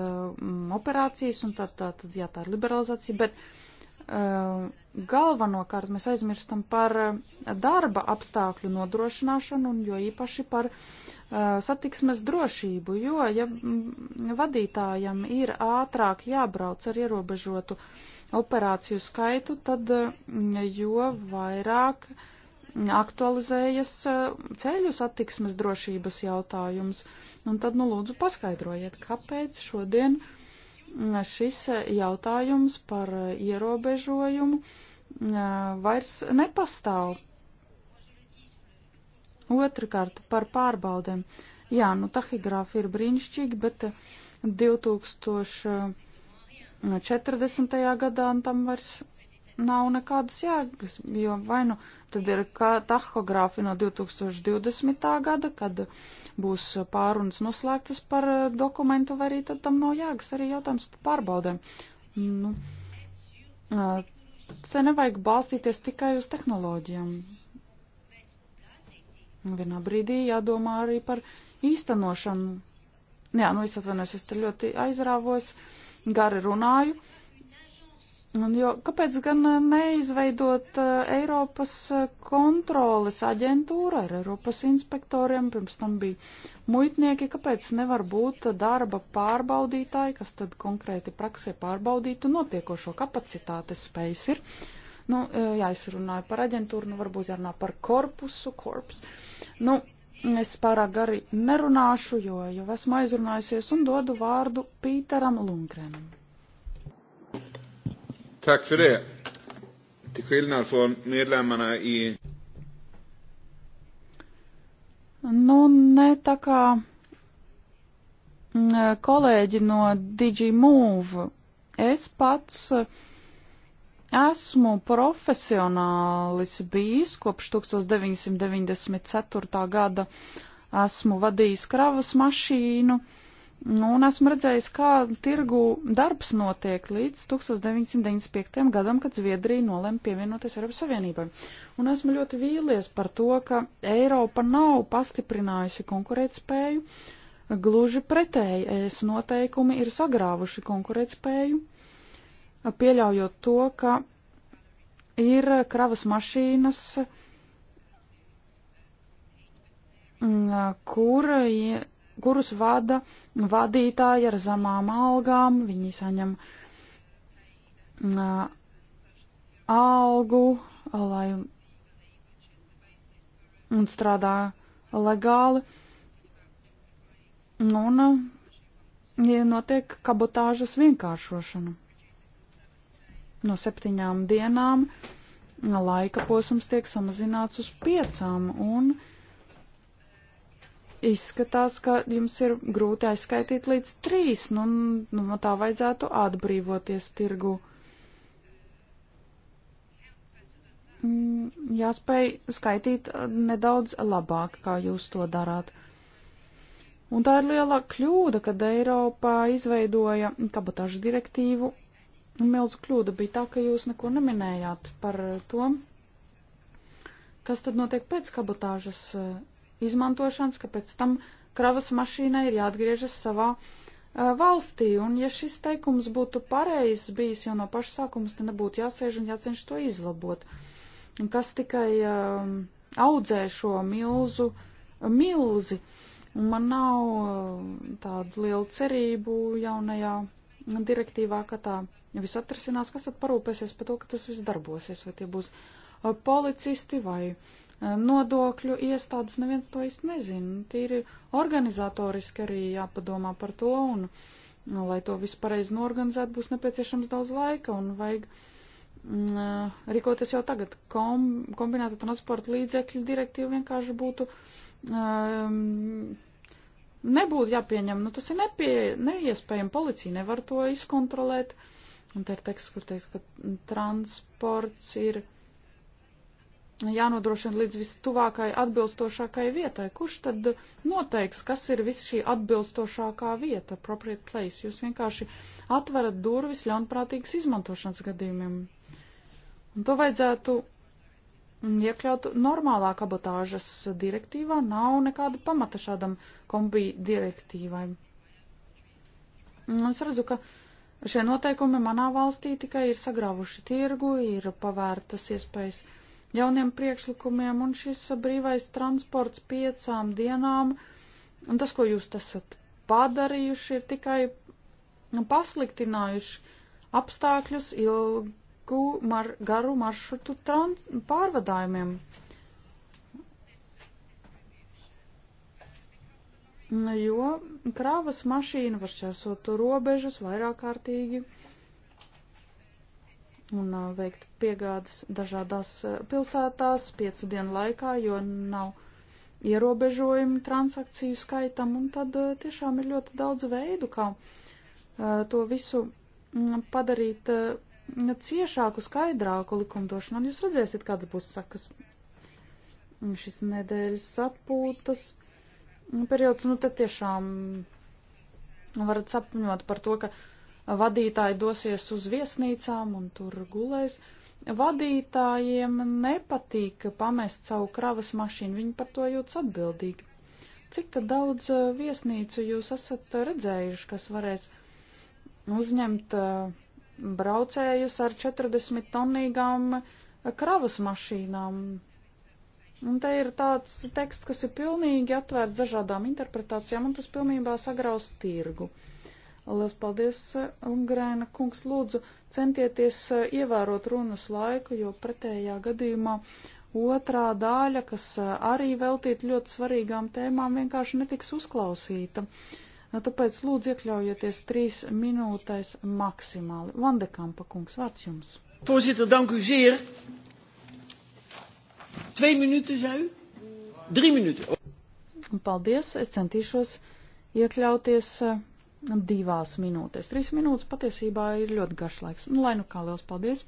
operācijas, un tad, tā, tad jā, tā ir liberalizācija, bet eh, galvenokārt mēs aizmirstam par darba apstākļu nodrošināšanu, un jo īpaši par satiksmes drošību, jo, ja vadītājam ir ātrāk jābrauc ar ierobežotu operāciju skaitu, tad jo vairāk uh, aktualizējas eh, ceļu satiksmes drošības jautājums. Un tad, nu, lūdzu, paskaidrojiet, kāpēc šodien eh, šis eh, jautājums par ierobežojumu vairs nepastāv. Otrakārt, par pārbaudēm. Jā, nu, tahigrāfi ir brīnišķīgi, bet 2040. gadā tam vairs nav nekādas jēgas, jo vai nu tad ir tahogrāfi no 2020. gada, kad būs pārunas noslēgtas par eh, dokumentu, vai arī tad tam nav jēgas arī jautājums par pārbaudēm. Nu, eh, te nevajag balstīties tikai uz tehnoloģijām. Vienā brīdī jādomā arī par īstenošanu. Jā, nu es atvainojos, es te ļoti aizrāvos, gari runāju. Jo, kāpēc gan eh, neizveidot eh, Eiropas eh, kontroles aģentūru ar Eiropas inspektoriem, pirms tam bija muitnieki, kāpēc nevar būt darba pārbaudītāji, kas tad konkrēti praksē pārbaudītu notiekošo kapacitātes spējas ir? Nu, jā, es runāju par aģentūru, nu varbūt jārunā par korpusu, korps. Nu, es pārāk gari nerunāšu, jo jau esmu aizrunājusies un dodu vārdu Pīteram Lungrenam. Tack för det. Till skillnad från medlemmarna i... Nu, ne tā kā mm, kolēģi no DigiMove, es pats eh, esmu profesionālis bijis kopš 1994. gada. Esmu vadījis kravas mašīnu, uh, Nu, un esmu redzējis, kā tirgu darbs notiek līdz 1995. gadam, kad Zviedrija nolēma pievienoties Eiropas Savienībai. Un esmu ļoti vīlies par to, ka Eiropa nav pastiprinājusi konkurētspēju, gluži pretēji ES noteikumi ir sagrāvuši konkurētspēju, pieļaujot to, ka ir kravas mašīnas, mm, kur kurus vada vadītāji ar zemām algām, viņi saņem uh, algu, lai un strādā legāli. Nu, un, un ja notiek kabotāžas vienkāršošana. No septiņām dienām laika posms tiek samazināts uz piecām, un uh, izskatās, ka jums ir grūti aizskaitīt līdz trīs, nu, nu no tā vajadzētu atbrīvoties tirgu. Mm, jāspēj skaitīt nedaudz labāk, kā jūs to darāt. Un tā ir liela kļūda, kad Eiropā izveidoja kabatāžu direktīvu. Un milzu kļūda bija tā, ka jūs neko neminējāt par to, kas tad notiek pēc kabatāžas izmantošanas, ka pēc tam kravas mašīnai ir jāatgriežas savā uh, valstī. Un ja šis teikums būtu pareizs bijis jau no paša sākuma, tad nebūtu jāsēž un jācenš to izlabot. Un kas tikai um, audzē šo milzu, milzi. Un man nav uh, tādu lielu cerību jaunajā direktīvā, ka tā viss atrasinās, kas tad parūpēsies par to, ka tas viss darbosies, vai tie būs policisti vai uh, nodokļu iestādes neviens to īsti nezina. Tīri organizatoriski arī jāpadomā par to, un, nu, lai to visu pareizi norganizētu, būs nepieciešams daudz laika, un vajag mm, rīkoties jau tagad. Kom, kombinēta transporta līdzekļu direktīva vienkārši būtu. Um, nebūtu jāpieņem, nu tas ir nepie, neiespējami, policija nevar to izkontrolēt. Un te ir teksts, kur teiks, ka transports ir jānodrošina līdz vistuvākai atbilstošākai vietai. Kurš tad noteiks, kas ir viss šī atbilstošākā vieta, appropriate place? Jūs vienkārši atverat durvis ļaunprātīgas izmantošanas gadījumiem. Un to vajadzētu iekļaut normālā kabotāžas direktīvā. Nav nekāda pamata šādam kombi direktīvai. Un es redzu, ka šie noteikumi manā valstī tikai ir sagrāvuši tirgu, ir pavērtas iespējas jauniem priekšlikumiem, un šis brīvais transports piecām dienām, un tas, ko jūs esat padarījuši, ir tikai pasliktinājuši apstākļus ilgu mar, garu maršrutu trans, pārvadājumiem. Jo krāvas mašīna var šķērsot robežas vairāk kārtīgi un veikt piegādes dažādās pilsētās piecu dienu laikā, jo nav ierobežojumi transakciju skaitam, un tad tiešām ir ļoti daudz veidu, kā to visu mm, padarīt ciešāku, skaidrāku likumdošanu, un jūs redzēsiet, kāds būs sakas šis nedēļas atpūtas periods, nu tad tiešām varat sapņot par to, ka vadītāji dosies uz viesnīcām un tur gulēs. Vadītājiem nepatīk pamest savu kravas mašīnu, viņi par to jūtas atbildīgi. Cik tad daudz eh, viesnīcu jūs esat redzējuši, kas varēs uzņemt eh, braucējus ar 40 tonnīgām eh, kravas mašīnām? Un te ir tāds teksts, kas ir pilnīgi atvērts dažādām interpretācijām, un tas pilnībā sagrauz tirgu. Uh, Lielas paldies, eh, Ungrēna kungs, lūdzu centieties eh, ievērot runas laiku, jo pretējā gadījumā otrā daļa, kas eh, arī veltīta ļoti svarīgām tēmām, vienkārši netiks uzklausīta. Nu, tāpēc lūdzu iekļaujieties trīs minūtēs maksimāli. Vandekampa kungs, vārds jums. Voorzitter, dank u zeer. Twee minuten, zei u? Drie minuten. Paldies, es centīšos iekļauties uh, divās minūtēs. Trīs minūtes patiesībā ir ļoti garš laiks. Nu, lai nu kā liels paldies!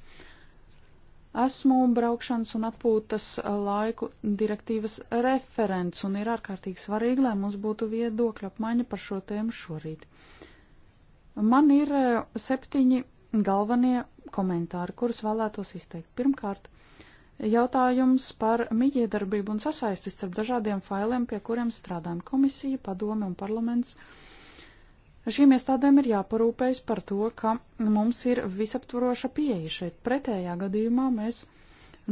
Esmu braukšanas un atpūtas laiku direktīvas referents un ir ārkārtīgi svarīgi, lai mums būtu viedokļa apmaiņa par šo tēmu šorīt. Man ir septiņi galvenie komentāri, kurus vēlētos izteikt. Pirmkārt, jautājums par mīģiedarbību un sasaistis starp dažādiem failiem, pie kuriem strādājam komisija, padome un parlaments. Uh, Šīm iestādēm ir jāparūpējas par to, ka mums ir visaptvaroša pieeja šeit. Pretējā gadījumā mēs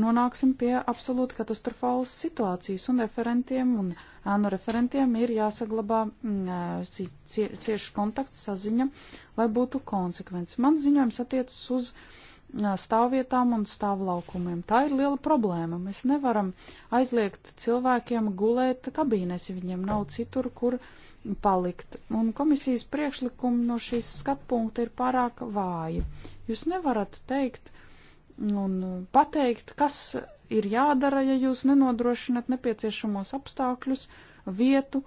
nonāksim pie absolūti katastrofālas situācijas, un referentiem un ēnu referentiem ir jāsaglabā mm, ciešs kontakts, saziņa, lai būtu konsekvences. Man ziņojums attiecas uz stāvvietām un stāvlaukumiem. Tā ir liela problēma. Mēs nevaram aizliegt cilvēkiem gulēt kabīnēs, ja viņiem nav citur, kur uh, palikt. Un komisijas priekšlikumi no šīs skatpunkta ir pārāk vāji. Jūs nevarat teikt un pateikt, kas ir jādara, ja jūs nenodrošinat nepieciešamos apstākļus, vietu,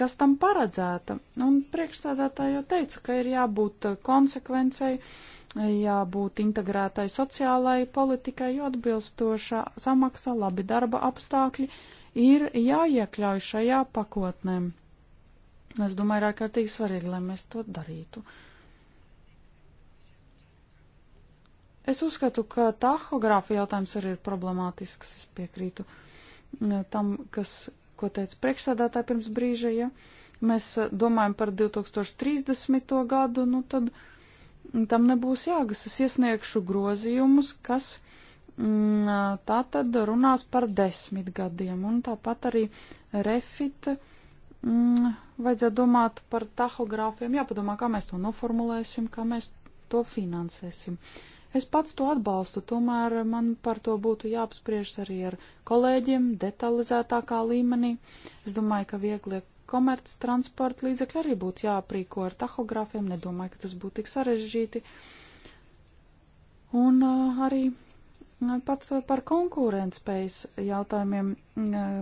kas tam paredzēta. Un priekšsēdētāji jau teica, ka ir jābūt konsekvencei, jābūt integrētai sociālai politikai, jo atbilstošā samaksa, labi darba apstākļi ir jāiekļauj šajā pakotnē. Es domāju, ir ārkārtīgi svarīgi, lai mēs to darītu. Es uzskatu, ka tahogrāfa jautājums arī ir problemātisks. Es piekrītu mm, tam, kas, ko teica priekšsēdētāji pirms brīža. Ja mēs domājam par 2030. gadu, nu tad tam nebūs jāgas. Es iesniegšu grozījumus, kas Mm, tā tad runās par desmit gadiem, un tāpat arī refit mm, vajadzētu domāt par tahogrāfiem, jāpadomā, kā mēs to noformulēsim, kā mēs to finansēsim. Es pats to atbalstu, tomēr man par to būtu jāapspriež arī ar kolēģiem detalizētākā līmenī. Es domāju, ka vieglie komerc transporta līdzekļi arī būtu jāaprīko ar tahogrāfiem, nedomāju, ka tas būtu tik sarežģīti. Un uh, arī Nu, pat eh, par konkurētspējas jautājumiem eh,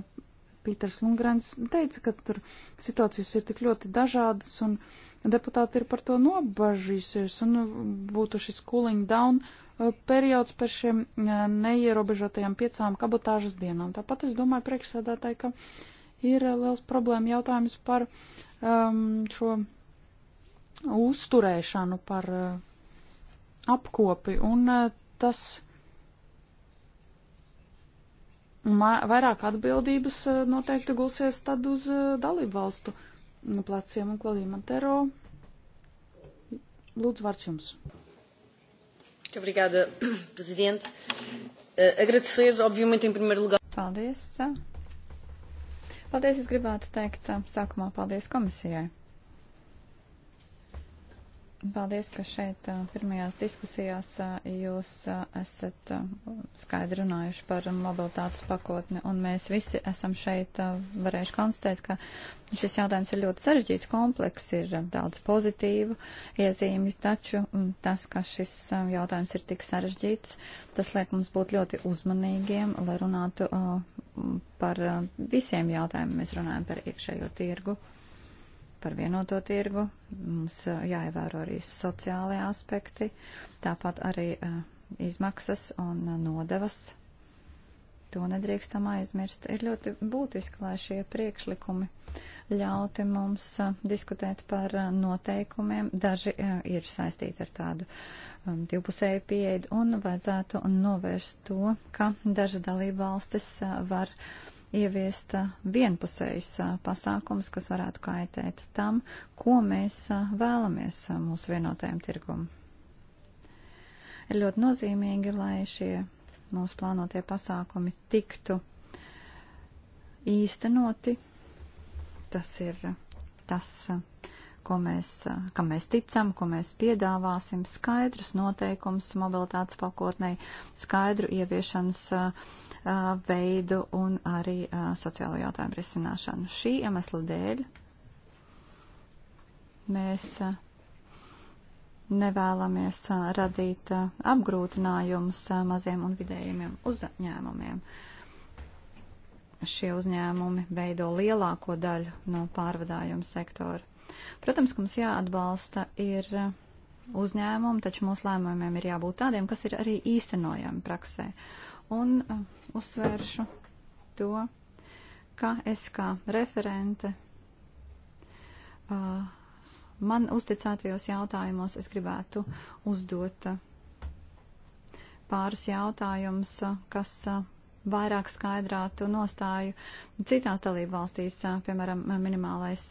Pīters Lungrens teica, ka tur situācijas ir tik ļoti dažādas un deputāti ir par to nobažīsies un eh, būtu šis cooling down periods par šiem neierobežotajām piecām kabotāžas dienām. Tāpat es domāju priekšsēdētāji, ka ir liels problēma jautājums par um, šo uzturēšanu, par uh, apkopi un uh, tas vairāk atbildības eh, noteikti gulsies tad uz eh, dalību valstu pleciem un klājiem. Antero, lūdzu, vārds jums. Obrigada, prezidente. Eh, agradecer, obviamente, em primeiro lugar. Paldies. Paldies, es gribētu teikt sākumā paldies komisijai. Paldies, ka šeit pirmajās diskusijās jūs esat skaidri runājuši par mobilitātes pakotni, un mēs visi esam šeit varējuši konstatēt, ka šis jautājums ir ļoti sarežģīts, kompleks, ir daudz pozitīvu iezīmju, taču tas, ka šis jautājums ir tik sarežģīts, tas liek mums būt ļoti uzmanīgiem, lai runātu par visiem jautājumiem. Mēs runājam par iekšējo tirgu par vienoto tirgu. Mums jāievēro arī sociālai aspekti, tāpat arī izmaksas un nodevas. To nedrīkstam aizmirst. Ir ļoti būtiski, lai šie priekšlikumi ļauti mums diskutēt par noteikumiem. Daži ir saistīti ar tādu divpusēju pieeju un vajadzētu novērst to, ka dažas dalība valstis var uh, ieviest vienpusējus pasākumus, kas varētu kaitēt tam, ko mēs vēlamies mūsu vienotajam tirgumam. Ir ļoti nozīmīgi, lai šie mūsu plānotie pasākumi tiktu īstenoti. Tas ir tas ko mēs, kam mēs ticam, ko mēs piedāvāsim, skaidrus noteikums mobilitātes pakotnei, skaidru ieviešanas veidu un arī sociālo jautājumu risināšanu. Šī iemesla dēļ mēs nevēlamies radīt apgrūtinājumus maziem un vidējiem uzņēmumiem šie uzņēmumi veido lielāko daļu no pārvadājuma sektora. Protams, ka mums jāatbalsta ir uh, uzņēmumi, taču mūsu lēmumiem ir jābūt tādiem, kas ir arī īstenojami praksē. Un uh, uzsvēršu to, ka es kā referente uh, man uzticētajos jautājumos es gribētu uzdot uh, pāris jautājumus, uh, kas. Uh, vairāk skaidrātu nostāju citās dalību valstīs, piemēram, minimālais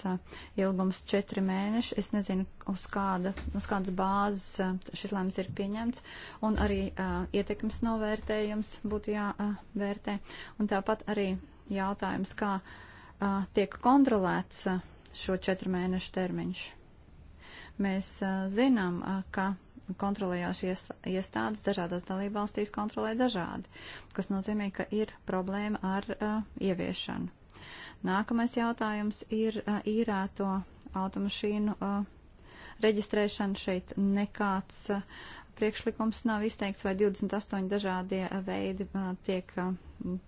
ilgums četri mēneši. Es nezinu, uz, kāda, uz kādas bāzes šis lēmums ir pieņemts, un arī uh, ietekmes novērtējums būtu jāvērtē, un tāpat arī jautājums, kā uh, tiek kontrolēts uh, šo četru mēnešu termiņš. Mēs uh, zinām, uh, ka kontrolējošas iestādes dažādās dalībvalstīs kontrolē dažādi, kas nozīmē, ka ir problēma ar uh, ieviešanu. Nākamais jautājums ir uh, īrēto automašīnu uh, reģistrēšana. Šeit nekāds uh, priekšlikums nav izteikts, vai 28 dažādie uh, veidi uh, tiek uh,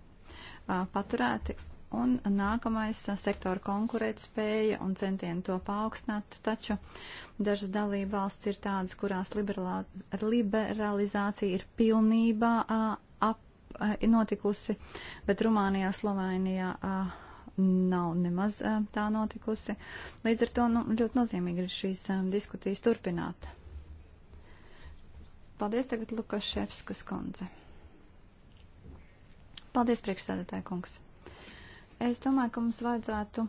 paturēti Un nākamais sektora konkurētspēja un centieni to paaugstināt, taču dažas dalība valsts ir tādas, kurās liberalizācija ir pilnībā a, ap, a, notikusi, bet Rumānijā, Slovenijā a, nav nemaz a, tā notikusi. Līdz ar to nu, ļoti nozīmīgi ir šīs a, diskutijas turpināt. Paldies tagad Lukaševskas kundze. Paldies, priekšstādātāja kungs. Es domāju, ka mums vajadzētu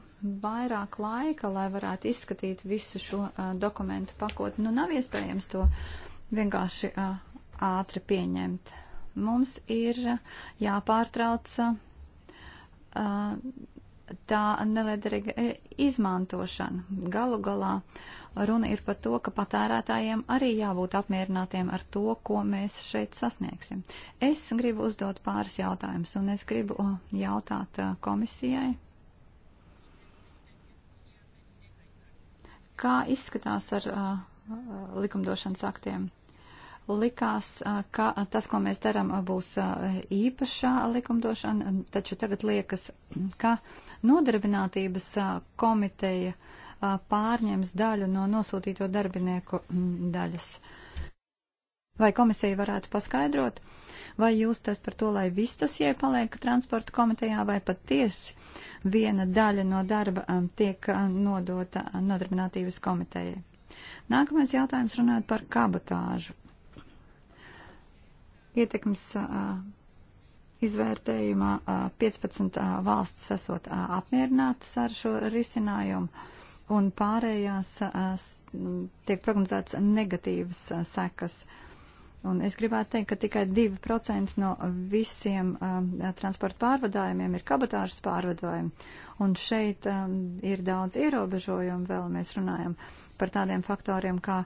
vairāk laika, lai varētu izskatīt visu šo uh, dokumentu pakotni. Nu, nav iespējams to vienkārši uh, ātri pieņemt. Mums ir uh, jāpārtrauc uh, tā neliederīga izmantošana galu galā. Uh, Runa ir par to, ka patērētājiem arī jābūt apmierinātiem ar to, ko mēs šeit sasniegsim. Es gribu uzdot pāris jautājumus, un es gribu uh, jautāt uh, komisijai. Kā izskatās ar uh, uh likumdošanas aktiem? likās, ka tas, ko mēs darām, būs īpašā likumdošana, taču tagad liekas, ka nodarbinātības komiteja pārņems daļu no nosūtīto darbinieku daļas. Vai komisija varētu paskaidrot, vai jūs tas par to, lai viss tas iepaliek transporta komitejā, vai patiesi viena daļa no darba tiek nodota nodarbinātības komitejai? Nākamais jautājums runājot par kabatāžu. Ietekmes izvērtējumā 15 valstis esot apmierinātas ar šo risinājumu un pārējās tiek prognozēts negatīvas sekas. Un es gribētu teikt, ka tikai 2% no visiem um, transporta pārvadājumiem ir kabatāžas pārvadājumi. Un šeit um, ir daudz ierobežojumu vēl. Mēs runājam par tādiem faktoriem kā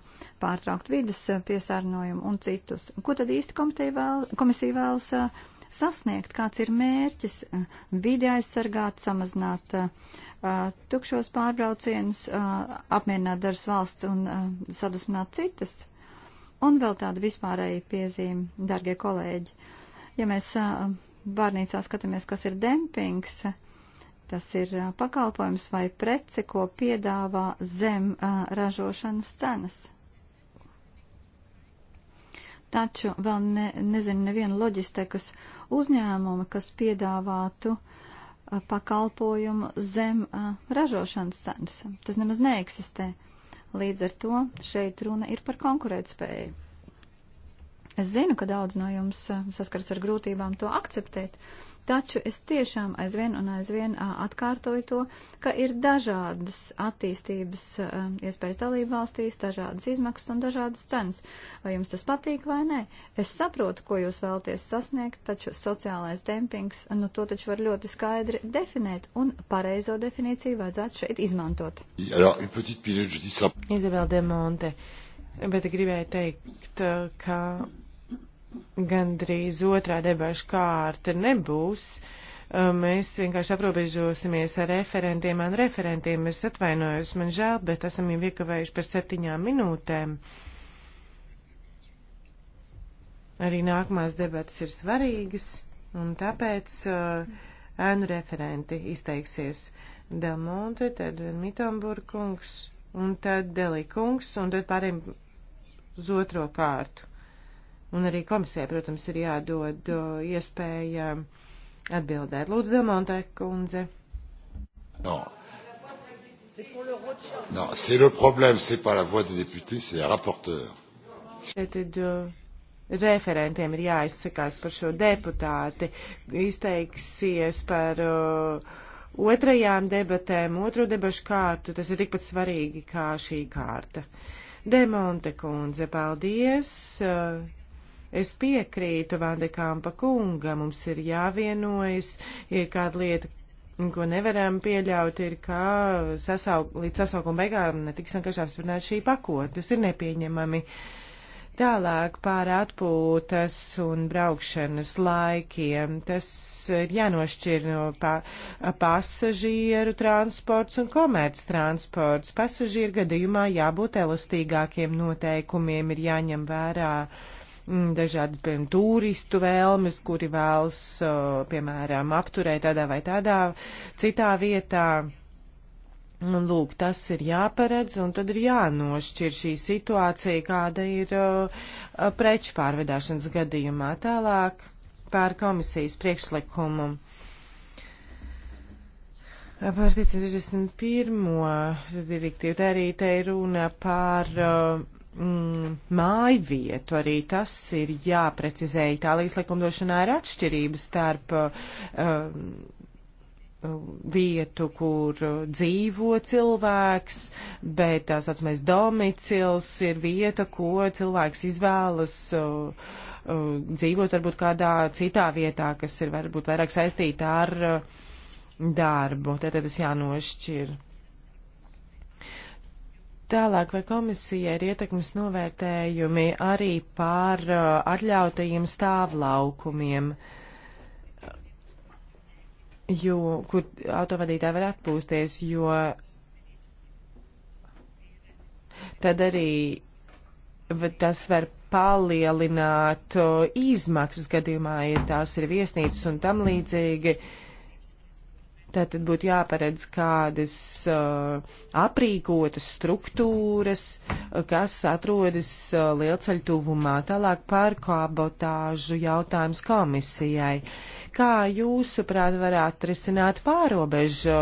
pārtraukt vidas piesārņojumu un citus. Ko tad īsti vēl, komisija vēlas uh, sasniegt, kāds ir mērķis eh, vidi aizsargāt, samazināt uh, tukšos pārbraucienus, uh, apmierināt dažas valsts un uh, sadusmināt citas. Un vēl tāda vispārēja piezīme, darbie kolēģi. Ja mēs uh, bārnīcā skatāmies, kas ir dempings, tas ir uh, pakalpojums vai prece, ko piedāvā zem uh, ražošanas cenas. Taču vēl ne, nezinu nevienu loģistikas uzņēmumi, kas piedāvātu pakalpojumu zem ražošanas cenas. Tas nemaz neeksistē. Līdz ar to šeit runa ir par konkurētspēju. Es zinu, ka daudz no jums saskars ar grūtībām to akceptēt, Taču es tiešām aizvien un aizvien atkārtoju to, ka ir dažādas attīstības iespējas dalību valstīs, dažādas izmaksas un dažādas cenas. Vai jums tas patīk vai nē? Es saprotu, ko jūs vēlaties sasniegt, taču sociālais dempings, nu to taču var ļoti skaidri definēt un pareizo definīciju vajadzētu šeit izmantot. Izabela Demonte, bet gribēju teikt, ka gandrīz otrā debašu kārta nebūs. Uh, mēs vienkārši aprobežosimies ar referentiem un referentiem. Es atvainojos, man žēl, bet esam jau iekavējuši par septiņām minūtēm. Arī nākamās debatas ir svarīgas, un tāpēc uh, ēnu referenti izteiksies Delmonte, tad Mitamburkungs, un tad Delikungs, un tad pārējiem uz otro kārtu. Un arī komisijai, protams, ir jādod iespēja atbildēt. Lūdzu, Delmonte kundze. No. Non, c'est le problème, c'est pas la voix des députés, c'est la rapporteur. Tātad referentiem ir jāizsakās par šo deputāti, izteiksies par uh, otrajām debatēm, otro debašu kārtu, tas ir tikpat svarīgi kā šī kārta. Demonte kundze, paldies! Uh, Es piekrītu Vandekāmpa kunga, mums ir jāvienojas, ir kāda lieta, ko nevaram pieļaut, ir, ka sasauk, līdz sasaukuma beigām netiks vienkārši apspriest šī pakota. Tas ir nepieņemami. Tālāk pār atpūtas un braukšanas laikiem. Tas ir jānošķir no pa, pasažieru transports un komerc transports. Pasažieru gadījumā jābūt elastīgākiem noteikumiem, ir jāņem vērā. Uh, Mm, dažādas, piemēram, turistu vēlmes, kuri vēlas, uh, piemēram, apturēt tādā vai tādā citā vietā. Un, lūk, tas ir jāparedz, un tad ir jānošķir šī situācija, kāda ir uh, preču pārvedāšanas gadījumā tālāk pār komisijas priekšlikumu. Par 561. direktīvu arī te ir runa par uh, mm, māju vietu. Arī tas ir jāprecizē. Itālijas likumdošanā ir atšķirības starp uh, um, vietu, kur uh, dzīvo cilvēks, bet tās atsmēs domicils ir vieta, ko cilvēks izvēlas. Uh, uh, dzīvot varbūt kādā citā vietā, kas ir varbūt vairāk saistīta ar uh, darbu. Tātad tas jānošķir. Tālāk, vai komisija ir ietekmes novērtējumi arī pār uh, atļautajiem stāvlaukumiem, jo, kur autovadītāji var atpūsties, jo tad arī tas var palielināt uh, izmaksas gadījumā, ja tās ir viesnīcas un tam līdzīgi. Uh, Tātad būtu jāparedz kādas uh, aprīkotas struktūras, uh, kas atrodas uh, lielceļu tuvumā. Tālāk par kabotāžu jautājums komisijai. Kā jūsuprāt varētu risināt pārobežu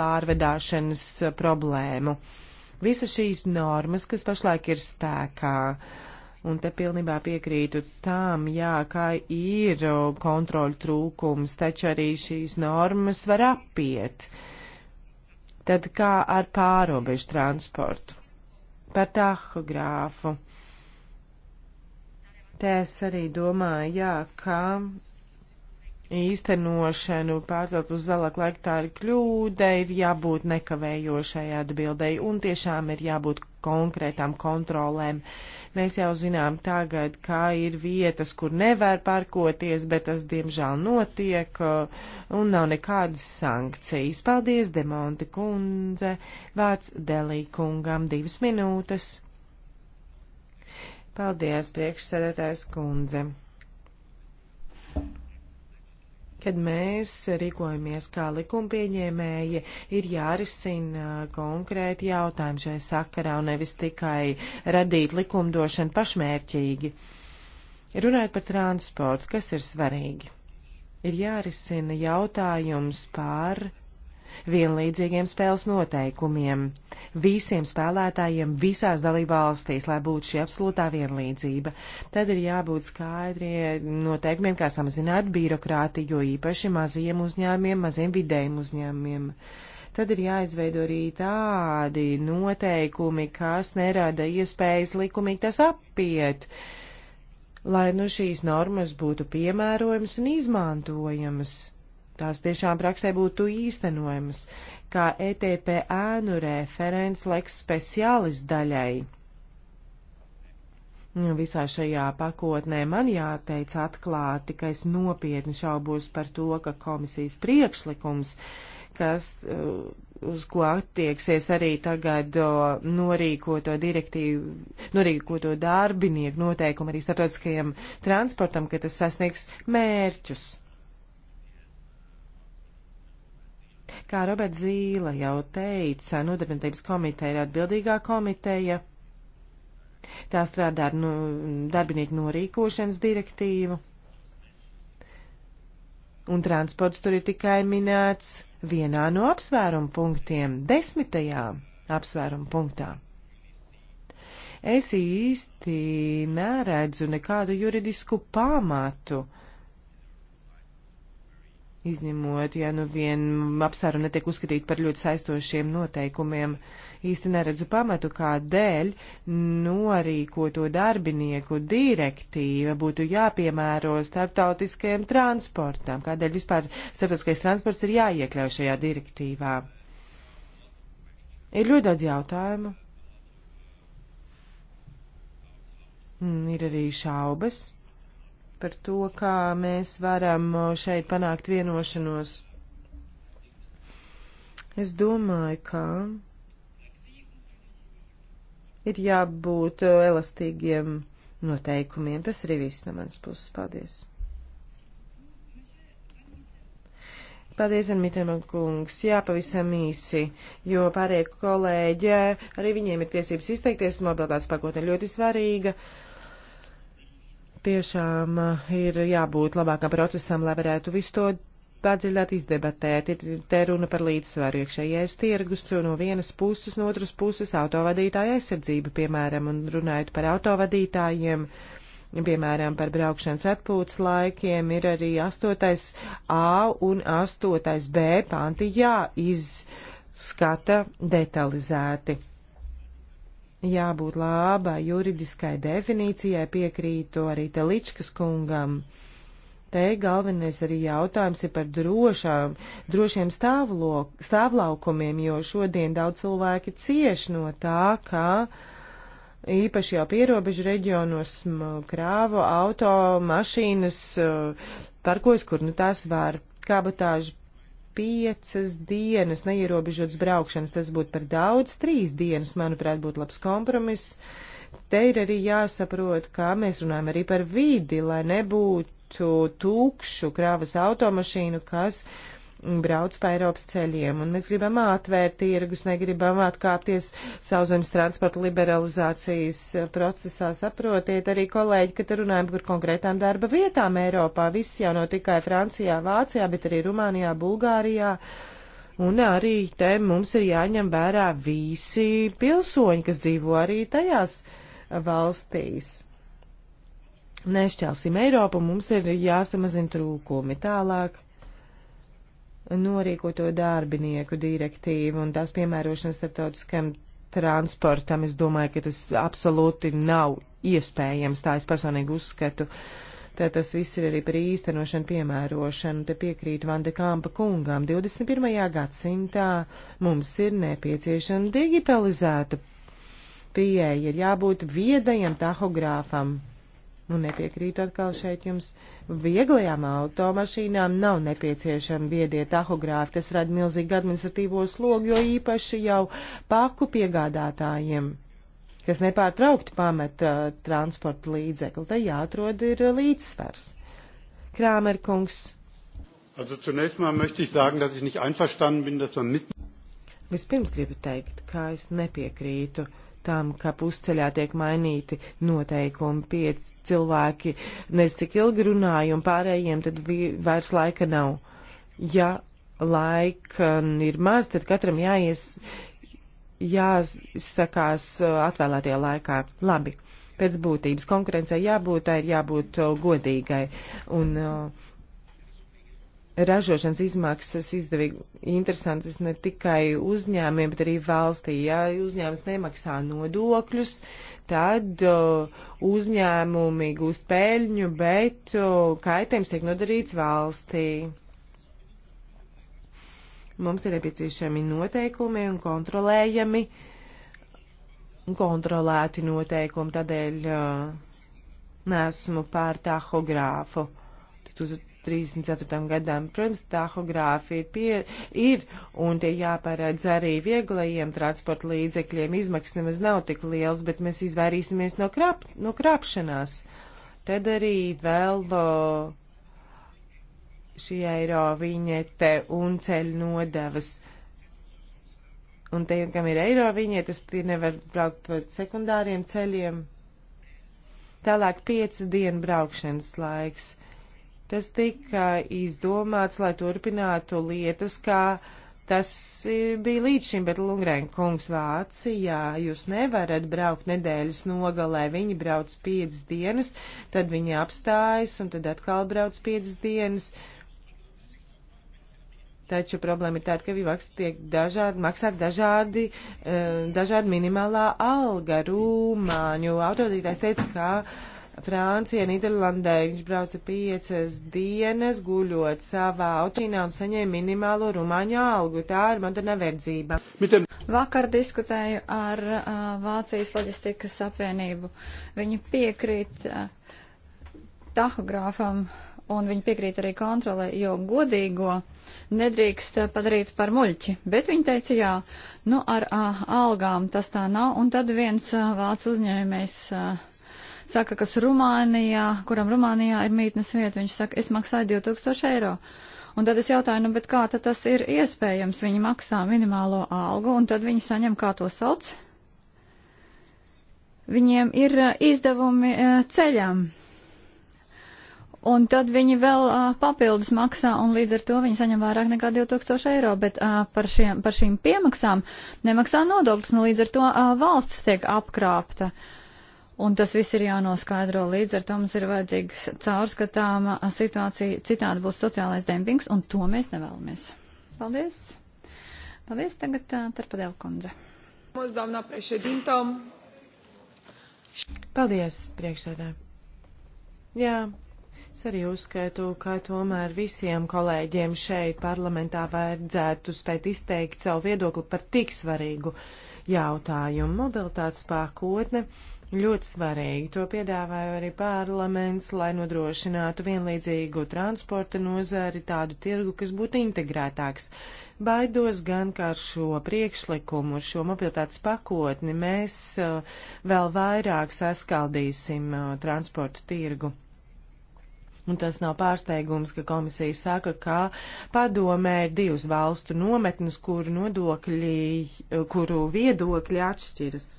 pārvedāšanas uh, problēmu? Visas šīs normas, kas pašlaik ir spēkā. Uh, Un te pilnībā piekrītu tām, jā, kā ir kontroļu trūkums, taču arī šīs normas var apiet. Tad kā ar pārobežu transportu? Par tahogrāfu. Te es arī domāju, jā, ka īstenošanu pārcelt uz vēlāk laiku, tā ir kļūda, ir jābūt nekavējošai atbildei un tiešām ir jābūt konkrētām kontrolēm. Mēs jau zinām tagad, kā ir vietas, kur nevar parkoties, bet tas diemžēl notiek un nav nekādas sankcijas. Paldies, Demonte kundze, vārds Delī kungam divas minūtes. Paldies, priekšsēdētājs kundze kad mēs rīkojamies kā likumpieņēmēji, ir jārisina konkrēti jautājumi šai sakarā un nevis tikai radīt likumdošanu pašmērķīgi. Runājot par transportu, kas ir svarīgi? Ir jārisina jautājums par vienlīdzīgiem spēles noteikumiem visiem spēlētājiem visās dalībvalstīs, lai būtu šī absolūtā vienlīdzība. Tad ir jābūt skaidriem noteikumiem, kā samazināt birokrātiju, jo īpaši maziem uzņēmiem, maziem vidējiem uzņēmiem. Tad ir jāizveido arī tādi noteikumi, kas nerada iespējas likumīgi tas apiet lai nu šīs normas būtu piemērojamas un izmantojamas tās tiešām praksē būtu īstenojamas, kā ETP ēnu referents leks speciālis daļai. Nu, visā šajā pakotnē man jāteic atklāti, ka es nopietni šaubos par to, ka komisijas priekšlikums, kas, uh, uz ko attieksies arī tagad norīkoto direktīvu, norīkoto darbinieku noteikumu arī starptautiskajam transportam, ka tas sasniegs mērķus Kā Roberts Zīle jau teica, nodarbinātības komiteja ir atbildīgā komiteja. Tā strādā ar nu, darbinieku norīkošanas direktīvu. Un transports tur ir tikai minēts vienā no apsvērumu punktiem, desmitajā apsvērumu punktā. Es īsti neredzu nekādu juridisku pamatu uh, Izņemot, ja nu vien apsvērumu netiek uzskatīt par ļoti saistošiem noteikumiem, īsti neredzu pamatu, kādēļ norīkoto darbinieku direktīva būtu jāpiemēro starptautiskajam transportam, kādēļ vispār starptautiskais transports ir jāiekļauj šajā direktīvā. Ir ļoti daudz jautājumu. Mm, ir arī šaubas par to, kā mēs varam šeit panākt vienošanos. Es domāju, ka ir jābūt elastīgiem noteikumiem. Tas arī viss no manas puses. Paldies! Paldies, Anmitēma kungs. Jā, pavisam īsi, jo pārējie kolēģi, arī viņiem ir tiesības izteikties, mobilitātes pakotne ļoti svarīga. Uh, tiešām eh, ir jābūt labākam procesam, lai varētu visu to padziļināt, izdebatēt. Ir te runa par līdzsvaru iekšējais tirgus no vienas puses, no otras puses autovadītāja aizsardzība, piemēram, un runājot par autovadītājiem. Piemēram, par braukšanas atpūtas laikiem ir arī 8. A un 8. B panti jāizskata detalizēti jābūt labai juridiskai definīcijai, piekrītu arī Teličkas kungam. Te galvenais arī jautājums ir par drošām, drošiem stāvlok, stāvlaukumiem, jo šodien daudz cilvēki cieš no tā, ka īpaši jau pierobežu reģionos krāvo auto, mašīnas uh, parkojas, kur nu tās var. Kabotāžu piecas dienas neierobežotas braukšanas, tas būtu par daudz, trīs dienas, manuprāt, būtu labs kompromiss. Te ir arī jāsaprot, kā mēs runājam arī par vidi, lai nebūtu tukšu krāvas automašīnu, kas uh, brauc pa Eiropas ceļiem. Un mēs gribam atvērt tirgus, negribam atkāpties sauzemes transporta liberalizācijas eh, procesā. Saprotiet arī, kolēģi, ka te runājam par konkrētām darba vietām Eiropā. Viss jau no tikai Francijā, Vācijā, bet arī Rumānijā, Bulgārijā. Un arī te mums ir jāņem vērā visi pilsoņi, kas dzīvo arī tajās valstīs. Nešķelsim Eiropu, mums ir jāsamazina trūkumi tālāk norīkoto darbinieku direktīvu un tās piemērošana starptautiskam transportam. Es domāju, ka tas absolūti nav iespējams, tā es personīgi uzskatu. Tad tas viss ir arī par īstenošanu, piemērošanu. Te piekrītu Vanda Kāmpa kungam. 21. gadsimtā mums ir nepieciešama digitalizēta pieeja, ir jābūt viedajam tahogrāfam. Nu, nepiekrītu atkal šeit jums. Vieglajām automašīnām nav nepieciešami viedie tahogrāfi. Tas rada milzīgu administratīvo slogu, jo īpaši jau paku piegādātājiem kas nepārtraukti pamet uh, transporta līdzekli. Te jāatrod ir uh, līdzsvars. Krāmerkungs. Also zunächst mal möchte ich sagen, dass ich nicht einverstanden bin, dass man mit. Vispirms gribu teikt, ka es nepiekrītu uh, tam, ka pusceļā tiek mainīti noteikumi. Pieci cilvēki nez cik ilgi runāja, un pārējiem tad vairs laika nav. Ja laika ir maz, tad katram jāies, jāsakās uh, atvēlētajā laikā. Labi, pēc būtības konkurencei jābūt, tai ir jābūt uh, godīgai. Un, uh, ražošanas izmaksas izdevīgi interesantas ne tikai uzņēmiem, bet arī valstī. Ja uzņēmums nemaksā nodokļus, tad uzņēmumi gūst peļņu, bet kaitējums tiek nodarīts valstī. Mums ir nepieciešami noteikumi un kontrolējami, kontrolēti noteikumi, tādēļ nesmu pār tahogrāfu. Tik uz 34. gadam. Protams, tahogrāfi ir, pie, ir un tie jāparedz arī vieglajiem transporta līdzekļiem. Izmaksas nemaz nav tik liels, bet mēs izvairīsimies no, krāp, no krāpšanās. Tad arī vēl šī eiro viņete un ceļu nodevas. Un te, kam ir eiro viņie, tas tie nevar braukt pa sekundāriem ceļiem. Tālāk 5 dienu braukšanas laiks Tas tika izdomāts, lai turpinātu lietas, kā tas bija līdz šim, bet Lungrēn kungs Vācijā, jūs nevarat braukt nedēļas nogalē, viņi brauc piecas dienas, tad viņi apstājas un tad atkal brauc piecas dienas. Taču problēma ir tāda, ka Vivaks tiek dažādi, maksāt dažādi, eh, dažādi minimālā alga. Rūmāņu autodītājs teica, ka Francijai, Nīderlandē. Viņš brauca piecas dienas guļot savā autīnā un saņēma minimālo rumāņu algu. Tā ir modernā verdzība. Vakar diskutēju ar uh, Vācijas loģistikas apvienību. Viņi piekrīt uh, tahogrāfam un viņi piekrīt arī kontrolē, jo godīgo nedrīkst uh, padarīt par muļķi. Bet viņi teica, jā, nu ar a, uh, algām tas tā nav, un tad viens a, uh, vācu uzņēmējs. A, saka, kas Rumānijā, kuram Rumānijā ir mītnes vieta, viņš saka, es maksāju 2000 eiro. Un tad es jautāju, nu, bet kā tad tas ir iespējams? Viņi maksā minimālo algu, un tad viņi saņem, kā to sauc? Viņiem ir eh, izdevumi eh, ceļām. Un tad viņi vēl uh, papildus maksā, un līdz ar to viņi saņem vairāk nekā 2000 eiro, bet uh, par, šiem, par šīm piemaksām nemaksā nodokļus, un līdz ar to uh, valsts tiek apkrāpta. Uh, Un tas viss ir jānoskaidro līdz ar to mums ir vajadzīgs caurskatāma situācija, citādi būs sociālais dempings, un to mēs nevēlamies. Paldies! Paldies tagad Tarpadēl kundze. Paldies, priekšsēdē. Jā, es arī uzskaitu, ka tomēr visiem kolēģiem šeit parlamentā vajadzētu spēt izteikt savu viedokli par tik svarīgu jautājumu mobilitātes pakotne. Ļoti svarīgi to piedāvāja arī parlaments, lai nodrošinātu vienlīdzīgu transporta nozari tādu tirgu, kas būtu integrētāks. Baidos gan, ka ar šo priekšlikumu, šo mobilitātes pakotni mēs uh, vēl vairāk saskaldīsim uh, transporta tirgu. Un tas nav pārsteigums, ka komisija saka, ka padomē ir divas valstu nometnes, kuru nodokļi, kuru viedokļi atšķiras.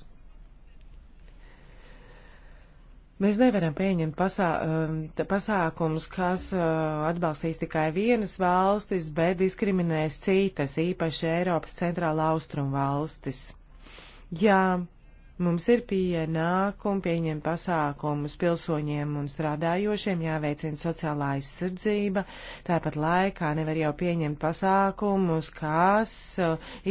Mēs nevaram pieņemt pasā, um, pasākums, kas uh, atbalstīs tikai vienas valstis, bet diskriminēs citas, īpaši Eiropas centrāla austrumu valstis. Jā, Mums ir pienākumi pieņemt pasākumus pilsoņiem un strādājošiem, jāveicina sociālā aizsardzība, tāpat laikā nevar jau pieņemt pasākumus, kas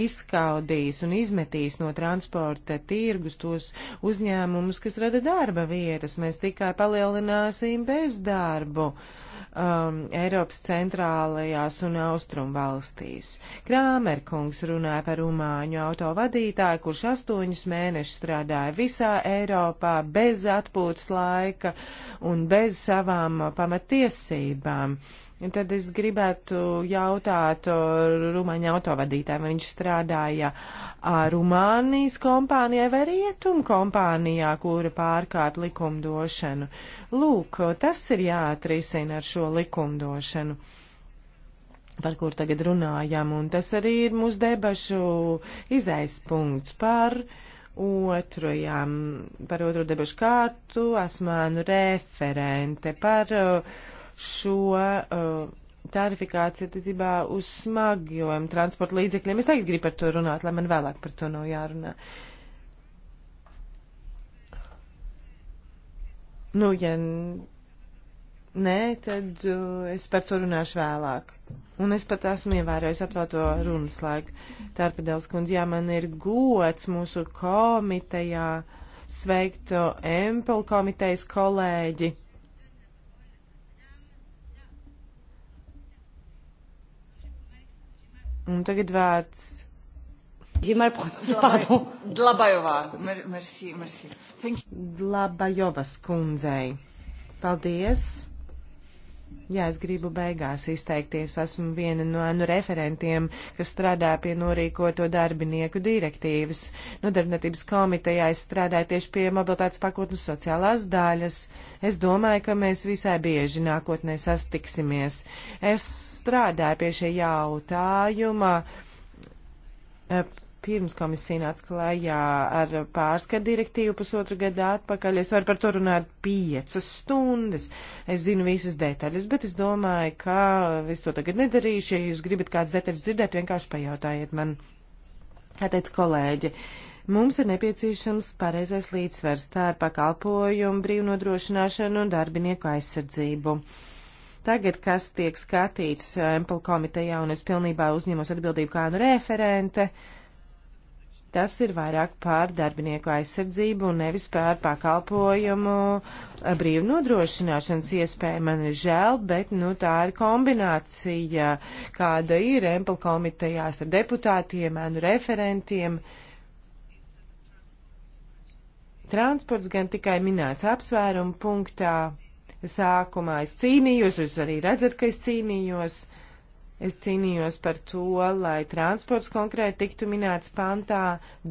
izskaudīs un izmetīs no transporta tirgus tos uzņēmumus, kas rada darba vietas. Mēs tikai palielināsim bezdarbu. Uh, um, Eiropas centrālajās un austrum valstīs. Krāmerkungs runāja par rumāņu autovadītāju, kurš astoņus mēnešus strādāja visā Eiropā bez atpūtas laika un bez savām pamatiesībām. Uh, Tad es gribētu jautāt Rumāņu autovadītājiem, vai viņš strādāja Rumānijas kompānijai vai Rietumu kompānijā, kura pārkāp likumdošanu. Lūk, tas ir jāatrisina ar šo likumdošanu par kur tagad runājam, un tas arī ir mūsu debašu izaizpunkts par otrajām, par otro debašu kārtu, esmu referente par uh, šo uh, tarifikāciju attiecībā uz smagajiem transporta līdzekļiem. Es tagad gribu par to runāt, lai man vēlāk par to nav jārunā. Nu, ja nē, tad uh, es par to runāšu vēlāk. Un es pat esmu ievērojis atvēlto runas laiku. Tārpedēls kundze, jā, man ir gods mūsu komitejā sveikt Empel komitejas kolēģi Un tagad vārds. Dlabajovā. Merci, merci. Thank you. Dlabajovas kundzei. Paldies. Jā, es gribu beigās izteikties. Esmu viena no nu, referentiem, kas strādā pie norīkoto darbinieku direktīvas. Nodarbinātības komitejā es strādāju tieši pie mobilitātes pakotnes sociālās daļas. Es domāju, ka mēs visai bieži nākotnē sastiksimies. Es strādāju pie šī jautājuma eh, pirms komisija nāca klajā ar pārskatu direktīvu pusotru gadu atpakaļ. Es varu par to runāt piecas stundas. Es zinu visas detaļas, bet es domāju, ka es to tagad nedarīšu. Ja jūs gribat kādas detaļas dzirdēt, vienkārši pajautājiet man, kā teica kolēģi. Mums ir nepieciešams pareizais līdzsvers starp pakalpojumu, brīvnodrošināšanu un darbinieku aizsardzību tagad, kas tiek skatīts MPL komitejā, un es pilnībā uzņemos atbildību kā nu referente. Uh, Tas ir vairāk pār darbinieku aizsardzību un nevis pār pakalpojumu eh, brīvu nodrošināšanas iespēju. Man ir žēl, bet nu, tā ir kombinācija, kāda ir Empel komitejās ar deputātiem, ēnu referentiem. Transports gan tikai minēts apsvērumu punktā. Sākumā es cīnījos, jūs arī redzat, ka es cīnījos. Uh, Es cīnījos par to, lai transports konkrēti tiktu minēts pantā.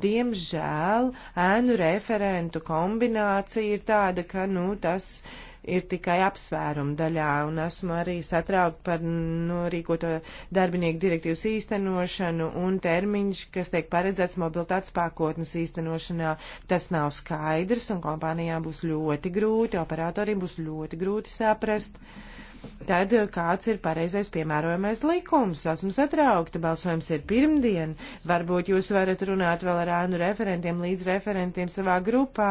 Diemžēl ēnu referentu kombinācija ir tāda, ka, nu, tas ir tikai apsvērumu daļā, un esmu arī satraukta par norīkoto darbinieku direktīvas īstenošanu un termiņš, kas tiek paredzēts mobilitātes pakotnes īstenošanā. Tas nav skaidrs, un kompānijām būs ļoti grūti, operatoriem būs ļoti grūti saprast. Mm Tad eh, kāds ir pareizais piemērojamais likums? Esmu satraukta, balsojums ir pirmdien. Varbūt jūs varat runāt vēl ar ānu referentiem, līdz referentiem savā grupā,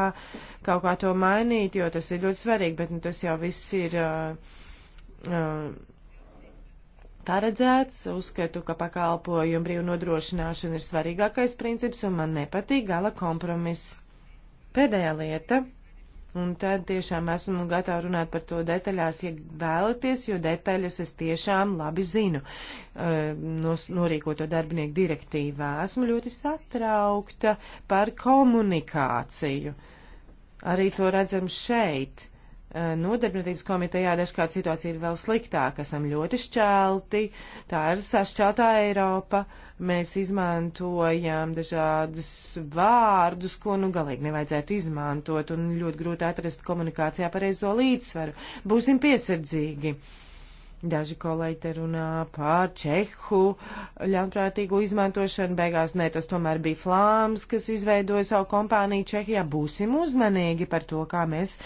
kaut kā to mainīt, jo tas ir ļoti svarīgi, bet nu, tas jau viss ir. Uh, uh, paredzēts. Uzskatu, ka pakalpojumu brīvu nodrošināšana ir svarīgākais princips, un man nepatīk gala kompromiss. Pēdējā lieta Un tad tiešām esmu gatava runāt par to detaļās, ja vēlaties, jo detaļas es tiešām labi zinu eh, no norīkoto darbinieku direktīvā. Esmu ļoti satraukta par komunikāciju. Arī to redzam šeit. Eh, Nodarbinātības komitejā dažkārt situācija ir vēl sliktāka. Esam ļoti šķelti. Tā ir sašķeltā Eiropa. Uh, mēs izmantojam dažādus vārdus, ko nu galīgi nevajadzētu izmantot, un ļoti grūti atrast komunikācijā pareizo līdzsvaru. Būsim piesardzīgi. Uh, Daži kolēģi te runā pār Čehu ļaunprātīgu izmantošanu. Beigās nē, tas tomēr bija Flāms, kas izveidoja savu kompāniju Čehijā. Būsim uzmanīgi par to, kā mēs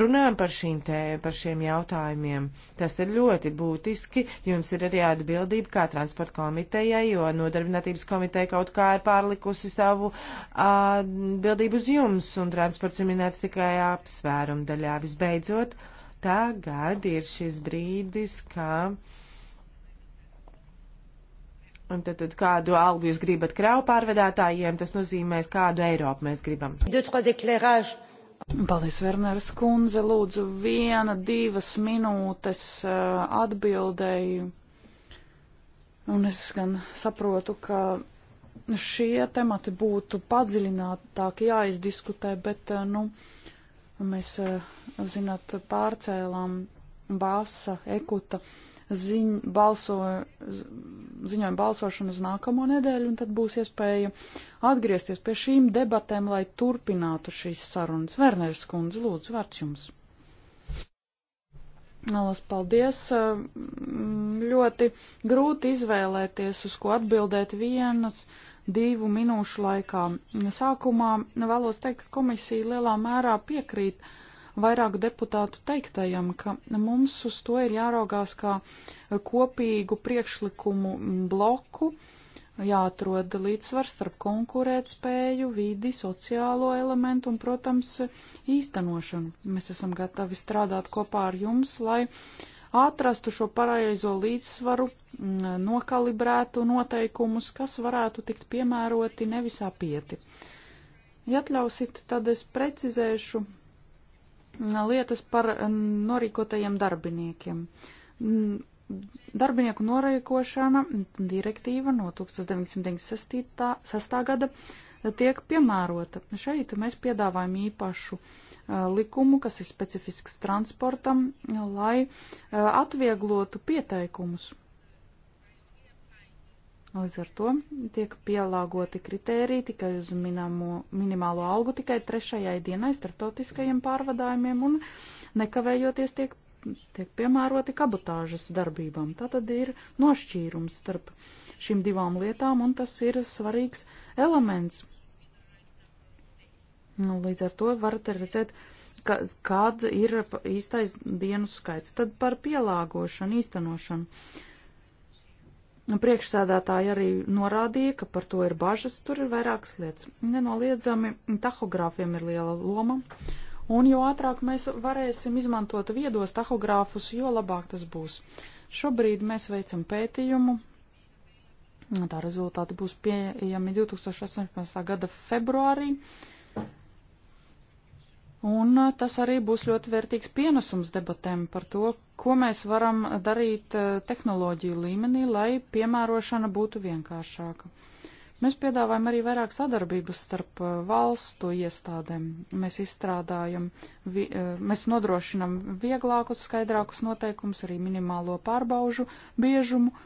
runājam par, te, par šiem jautājumiem. Tas ir ļoti būtiski. Jums ir arī atbildība kā transporta komitejai, jo nodarbinātības komiteja kaut kā ir pārlikusi savu atbildību uz jums, un transports ir minēts tikai apsvērumu daļā. Visbeidzot. Tagad ir šis brīdis, kā. Un tad, tad kādu algu jūs gribat kravu pārvedātājiem, tas nozīmēs, kādu Eiropu mēs gribam. Paldies, Verneres kundze, lūdzu viena, divas minūtes uh, atbildēju. Un es gan saprotu, ka šie temati būtu padziļinātāk jāizdiskutē, bet, uh, nu, uh, Mēs, eh, zināt, pārcēlām bāsa ekuta ziņ, balso, ziņojumu balsošanu uz nākamo nedēļu, un tad būs iespēja atgriezties pie šīm debatēm, lai turpinātu šīs sarunas. Verners kundze, lūdzu, vārds jums. Alas, paldies. Mm, ļoti grūti izvēlēties, uz ko atbildēt vienas divu minūšu laikā. Sākumā vēlos teikt, ka komisija lielā mērā piekrīt vairāku deputātu teiktajam, ka mums uz to ir jāraugās kā kopīgu priekšlikumu bloku, jāatrod līdzsvars starp konkurētspēju, vidi, sociālo elementu un, protams, īstenošanu. Mēs esam gatavi strādāt kopā ar jums, lai uh, atrastu šo pareizo līdzsvaru, nokalibrētu noteikumus, kas varētu tikt piemēroti nevis apieti. Ja atļausit, tad es precizēšu lietas par norīkotajiem darbiniekiem. Darbinieku norīkošana direktīva no 1996. gada tiek piemērota. Šeit mēs piedāvājam īpašu likumu, kas ir specifisks transportam, lai atvieglotu pieteikumus. Līdz ar to tiek pielāgoti kritēriji tikai uz minamo, minimālo algu tikai trešajai dienai starptautiskajiem pārvadājumiem un nekavējoties tiek, tiek piemēroti kabotāžas darbībām. Tā tad ir nošķīrums starp šīm divām lietām un tas ir svarīgs uh, elements. Nu, līdz ar to varat redzēt, ka, kāds ir īstais dienu skaits. Tad par pielāgošanu, īstenošanu. Priekšsēdētāji arī norādīja, ka par to ir bažas, tur ir vairākas lietas. Nenoliedzami tahogrāfiem ir liela loma, un jo ātrāk mēs varēsim izmantot viedos tahogrāfus, jo labāk tas būs. Šobrīd mēs veicam pētījumu Tā rezultāti būs pieejami 2018. gada februārī. Un tas arī būs ļoti vērtīgs pienesums debatēm par to, ko mēs varam darīt eh, tehnoloģiju līmenī, lai piemērošana būtu vienkāršāka. Mēs piedāvājam arī vairāk sadarbības starp eh, valstu iestādēm. Mēs izstrādājam, vi, eh, mēs nodrošinam vieglākus, skaidrākus noteikumus, arī minimālo pārbaužu biežumu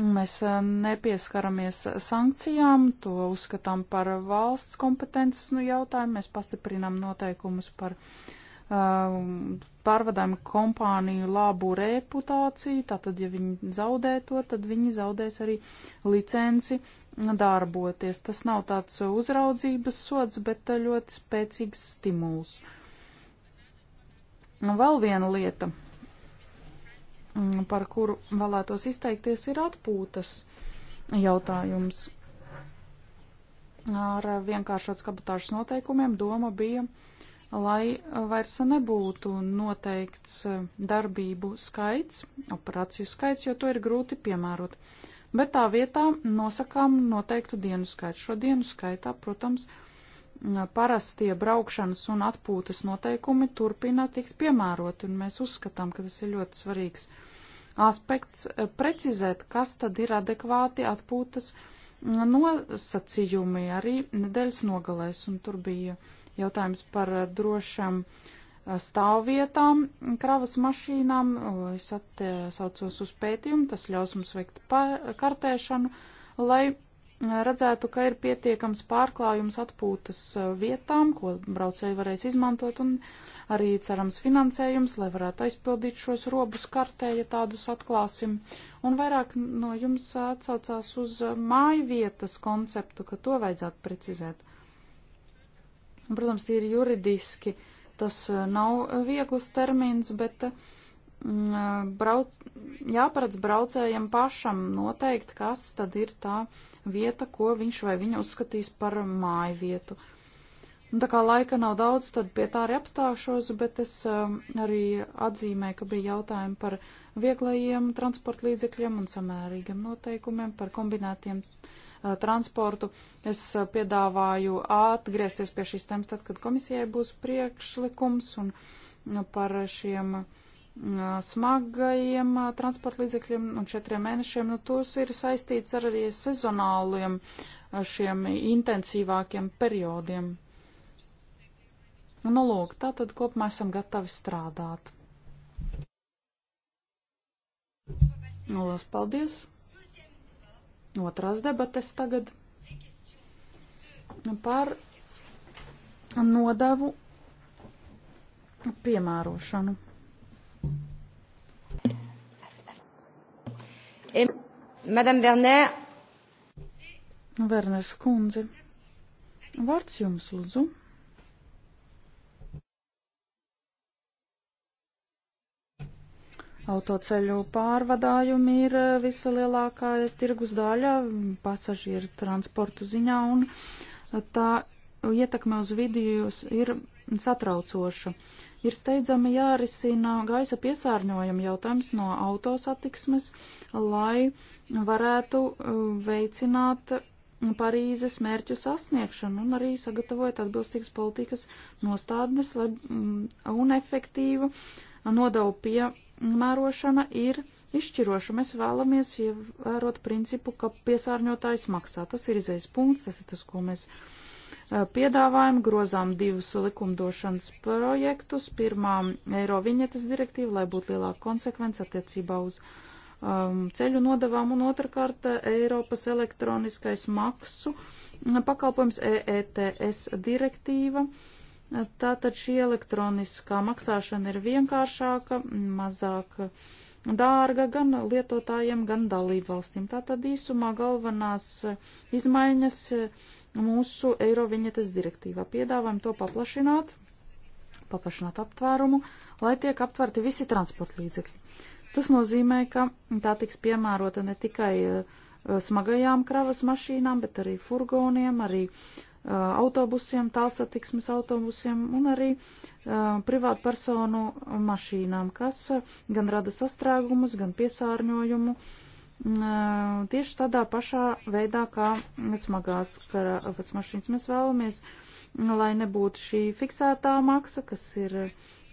Mēs eh, nepieskaramies sankcijām, to uzskatām par valsts kompetences nu, jautājumu. Mēs pastiprinām noteikumus par uh, pārvadājumu kompāniju labu reputāciju. Tātad, ja viņi zaudē to, tad viņi zaudēs arī licenci darboties. Tas nav tāds uzraudzības sods, bet ļoti spēcīgs stimuls. Vēl viena lieta Mm, par kuru vēlētos izteikties, ir atpūtas jautājums. Ar vienkāršots kabatāžas noteikumiem doma bija, lai vairs nebūtu noteikts eh, darbību skaits, operāciju skaits, jo to ir grūti piemērot. Bet tā vietā nosakām noteiktu dienu skaitu. Šo dienu skaitā, protams, ir parastie braukšanas un atpūtas noteikumi turpina tikt piemēroti, un mēs uzskatām, ka tas ir ļoti svarīgs aspekts eh, precizēt, kas tad ir adekvāti atpūtas mm, nosacījumi arī nedēļas nogalēs, un tur bija jautājums par eh, drošām eh, stāvvietām kravas mašīnām. Es atsaucos uz pētījumu, tas ļaus mums veikt kartēšanu, lai redzētu, ka ir pietiekams pārklājums atpūtas eh, vietām, ko braucēji varēs izmantot, un arī cerams finansējums, lai varētu aizpildīt šos robus kartē, ja tādus atklāsim. Un vairāk no jums atsaucās uz eh, māju vietas konceptu, ka to vajadzētu precizēt. Protams, ir juridiski, tas eh, nav viegls termins, bet uh, Mm, brauc, jāparedz braucējiem pašam noteikt, kas tad ir tā vieta, ko viņš vai viņa uzskatīs par māju vietu. Un tā kā laika nav daudz, tad pie tā arī apstāšos, bet es arī atzīmēju, ka bija jautājumi par vieglajiem transporta līdzekļiem un samērīgiem noteikumiem, par kombinētiem transportu. Es piedāvāju atgriezties pie šīs tēmas tad, kad komisijai būs priekšlikums un nu, par šiem uh, smagajiem transporta līdzekļiem un četriem mēnešiem, nu tos ir saistīts ar arī sezonāliem šiem intensīvākiem periodiem. Nu, lūk, tā tad kopumā esam gatavi strādāt. Nu, Lielas paldies! Otrās debates tagad nu, par nodevu piemērošanu. Et Madame Werner. Werners kundze. Vārds jums, lūdzu. Autoceļu pārvadājumi ir eh, vislielākā tirgus daļa pasažieru transportu ziņā, un tā ietekme uz vidījus ir satraucoša. Uh, ir steidzami jārisina gaisa piesārņojuma jautājums no autosatiksmes, lai varētu uh, veicināt Parīzes mērķu sasniegšanu un arī sagatavojot atbilstīgas politikas nostādnes lai, mm, un efektīvu nodevu piemērošana ir izšķiroša. Mēs vēlamies ievērot principu, ka piesārņotājs maksā. Tas ir izējas punkts, tas ir tas, ko mēs uh, Uh, piedāvājumu, grozām divus likumdošanas projektus. Pirmā eiro viņetes direktīva, lai būtu lielāka konsekvence attiecībā uz um, ceļu nodevām, un otrkārt uh, Eiropas elektroniskais maksu uh, pakalpojums EETS direktīva. Tātad šī elektroniskā maksāšana ir vienkāršāka, mazāk dārga gan lietotājiem, gan dalībvalstīm. Tātad īsumā galvenās izmaiņas mūsu Eiroviņetes direktīvā. Piedāvājam to paplašināt, paplašināt aptvērumu, lai tiek aptverti visi transporta līdzekļi. Tas nozīmē, ka tā tiks piemērota ne tikai uh, smagajām kravas mašīnām, bet arī furgoniem, arī uh, autobusiem, tālsatiksmes autobusiem un arī uh, privātpersonu mašīnām, kas gan rada sastrēgumus, gan piesārņojumu tieši tādā pašā veidā, kā smagās karavas mašīnas mēs vēlamies, lai nebūtu šī fiksētā maksa, kas ir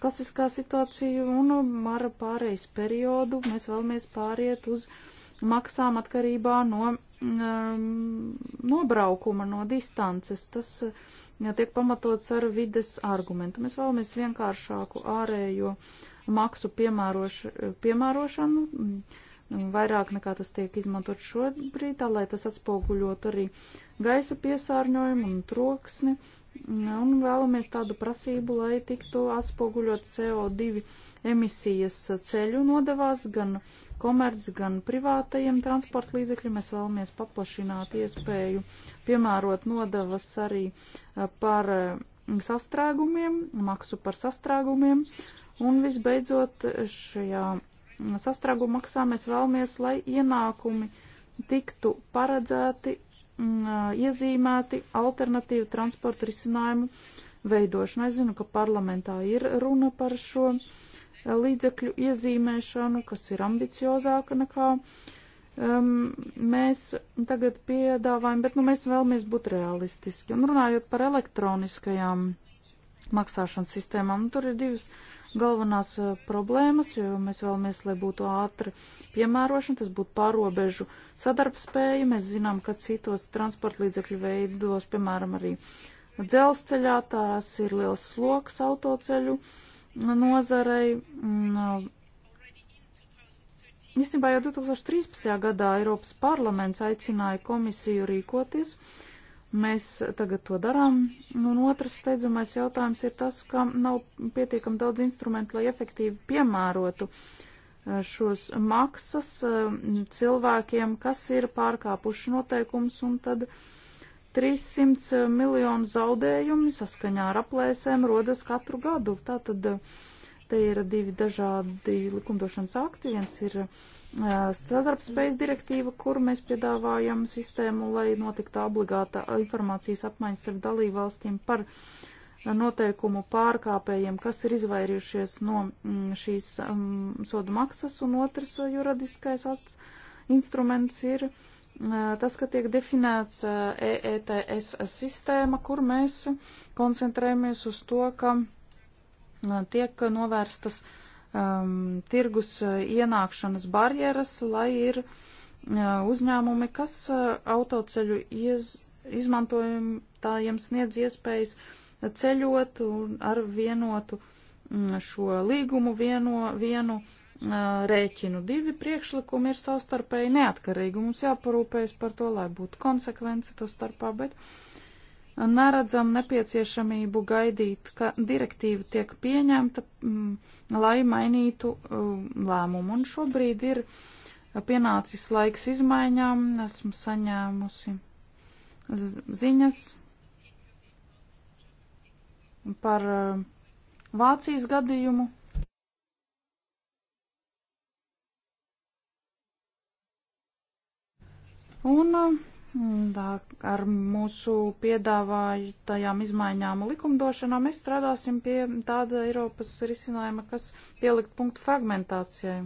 klasiskā situācija, un ar pārejas periodu mēs vēlamies pāriet uz maksām atkarībā no um, nobraukuma, no distances. Tas jā, tiek pamatots ar vides argumentu. Mēs vēlamies vienkāršāku ārējo maksu piemēroš piemērošanu vairāk nekā tas tiek izmantot šobrīd, tā lai tas atspoguļot arī gaisa piesārņojumu un troksni. Un vēlamies tādu prasību, lai tiktu atspoguļot CO2 emisijas ceļu nodevās gan komerc, gan privātajiem transporta līdzekļiem. Mēs vēlamies paplašināt iespēju piemērot nodevas arī eh, par eh, sastrēgumiem, maksu par sastrēgumiem. Un visbeidzot, eh, šajā sastrēgu maksā mēs vēlamies, lai ienākumi tiktu paredzēti, mm, iezīmēti alternatīvu transportu risinājumu veidošanai. Es zinu, ka parlamentā ir runa par šo līdzekļu iezīmēšanu, kas ir ambiciozāka nekā um, mēs tagad piedāvājam, bet nu, mēs vēlamies būt realistiski. Un runājot par elektroniskajām maksāšanas sistēmām, nu, tur ir divas galvenās eh, problēmas, jo mēs vēlamies, lai būtu ātri piemērošana, tas būtu pārobežu sadarbspēja. Mēs zinām, ka citos transporta līdzekļu veidos, piemēram, arī dzelzceļā, tās ir liels sloks autoceļu nozarei. Eh, īstenībā jau 2013. gadā Eiropas parlaments aicināja komisiju rīkoties. Uh, Mēs tagad to darām. Un otrs steidzamais jautājums ir tas, ka nav pietiekam daudz instrumentu, lai efektīvi piemērotu uh, šos maksas uh, cilvēkiem, kas ir pārkāpuši noteikums un tad 300 miljonu zaudējumi saskaņā ar aplēsēm rodas katru gadu. Tātad uh, te ir divi dažādi likumdošanas akti. Viens ir uh, sadarbspējas direktīva, kur mēs piedāvājam sistēmu, lai notiktu obligāta informācijas apmaiņas starp dalībvalstīm par noteikumu pārkāpējiem, kas ir izvairījušies no mm, šīs mm, sodu maksas, un otrs juridiskais instruments ir tas, ka tiek definēts EETS sistēma, kur mēs koncentrējamies uz to, ka tiek novērstas uh, um, tirgus uh, ienākšanas barjeras, lai ir uh, uzņēmumi, kas uh, autoceļu iez, izmantojumtājiem sniedz iespējas ceļot ar vienotu mm, šo līgumu, vieno, vienu uh, rēķinu. Divi priekšlikumi ir savstarpēji neatkarīgi. Mums jāparūpējas par to, lai būtu konsekvence to starpā, bet uh, neredzam nepieciešamību gaidīt, ka direktīva tiek pieņemta, m, mm, lai mainītu mm, lēmumu. Un šobrīd ir pienācis laiks izmaiņām. Esmu saņēmusi ziņas par mm, Vācijas gadījumu. Un uh, Tā, ar mūsu piedāvātajām izmaiņām likumdošanā mēs strādāsim pie tāda Eiropas risinājuma, kas pielikt punktu fragmentācijai.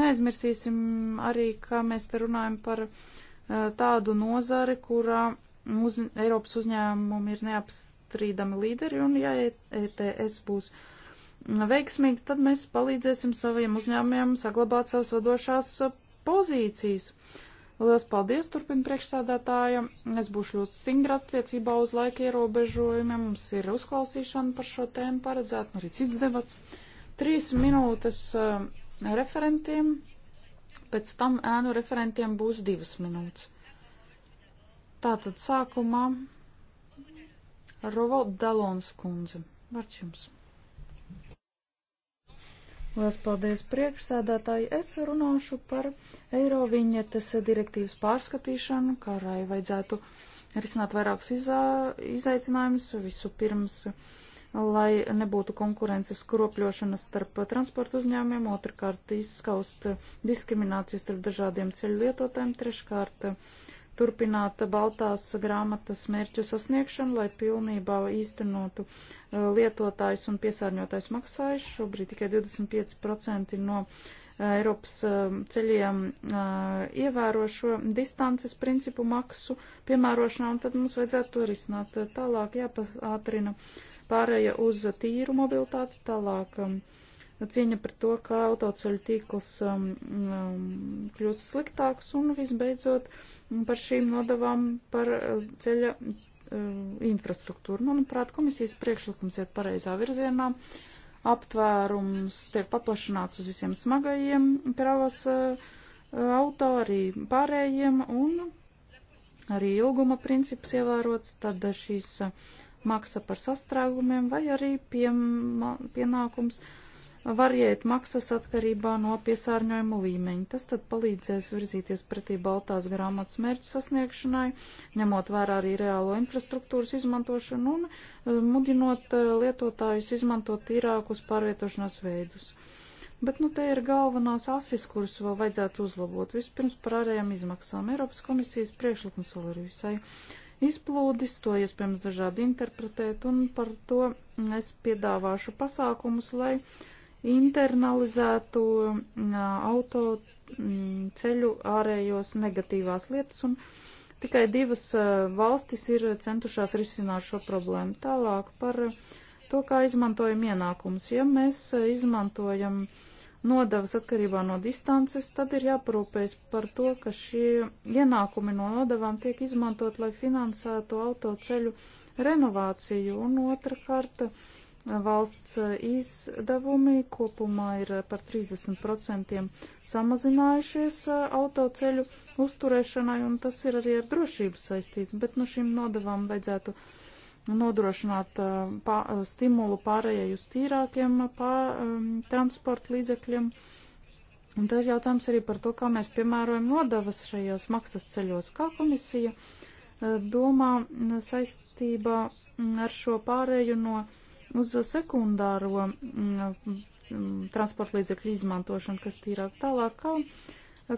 Neaizmirsīsim arī, ka mēs te runājam par eh, tādu nozari, kurā uz, Eiropas uzņēmumi ir neapstrīdami līderi, un ja ETS būs veiksmīgi, tad mēs palīdzēsim saviem uzņēmumiem saglabāt savas vadošās eh, pozīcijas. Uh, Lielas paldies, turpina priekšsādātāja. Es būšu ļoti stingra attiecībā uz laika ierobežojumiem. Mums ir uzklausīšana par šo tēmu paredzēta, arī cits debats. Trīs minūtes uh, referentiem, pēc tam ēnu referentiem būs divas minūtes. Tātad sākumā Rovo Dalons kundze. Vārds jums. Lielas paldies priekšsēdētāji. Es runāšu par eiro viņetes direktīvas pārskatīšanu, kā arī vajadzētu risināt vairākus izā, izaicinājumus. Visu pirms, lai nebūtu konkurences kropļošanas starp transporta uzņēmumiem, otrkārt izskaust diskrimināciju starp dažādiem ceļu lietotājiem, treškārt turpināt Baltās grāmatas mērķu sasniegšanu, lai pilnībā īstenotu uh, lietotājs un piesārņotājs maksājs. Šobrīd tikai 25% no uh, Eiropas um, ceļiem uh, ievēro šo distances principu maksu piemērošanā, un tad mums vajadzētu to risināt tālāk, jāpātrina pārēja uz tīru mobilitāti, tālāk. Um, Nu, cieņa par to, kā autoceļu tīkls um, um, kļūst sliktāks un visbeidzot par šīm nodavām par uh, ceļa um, infrastruktūru. Manuprāt, komisijas priekšlikums iet pareizā virzienā. Aptvērums tiek paplašināts uz visiem smagajiem kravas uh, auto, arī pārējiem un arī ilguma princips ievērots, tad šīs uh, maksa par sastrēgumiem vai arī piem, pienākums uh, variēt maksas atkarībā no piesārņojuma līmeņa. Tas tad palīdzēs virzīties pretī Baltās grāmatas mērķu sasniegšanai, ņemot vērā arī reālo infrastruktūras izmantošanu un eh, mudinot eh, lietotājus izmantot tīrākus pārvietošanās veidus. Bet nu te ir galvenās asis, kuras vēl vajadzētu uzlabot. Vispirms par ārējām izmaksām. Eiropas komisijas priekšlikums vēl ir visai izplūdis, to iespējams dažādi interpretēt, un par to es piedāvāšu pasākumus, lai uh, internalizēto mm, auto mm, ceļu ārējos negatīvās lietas, un tikai divas eh, valstis ir centušās risināt šo problēmu. Tālāk par to, kā izmantojam ienākumus. Ja mēs eh, izmantojam nodevas atkarībā no distances, tad ir jāparūpējas par to, ka šie ienākumi no nodevām tiek izmantot, lai finansētu autoceļu renovāciju, un otra karta Valsts eh, izdevumi kopumā ir eh, par 30% samazinājušies eh, autoceļu uzturēšanai, un tas ir arī ar drošību saistīts, bet no nu, šīm nodevām vajadzētu nodrošināt pā, stimulu pārējai uz tīrākiem pā, transporta līdzekļiem. Un tas jautājums arī par to, kā mēs piemērojam nodevas šajos maksas ceļos, kā komisija domā saistībā ar šo pārēju no uz sekundāro mm, mm, transporta līdzekļu izmantošanu, kas tīrāk tālāk.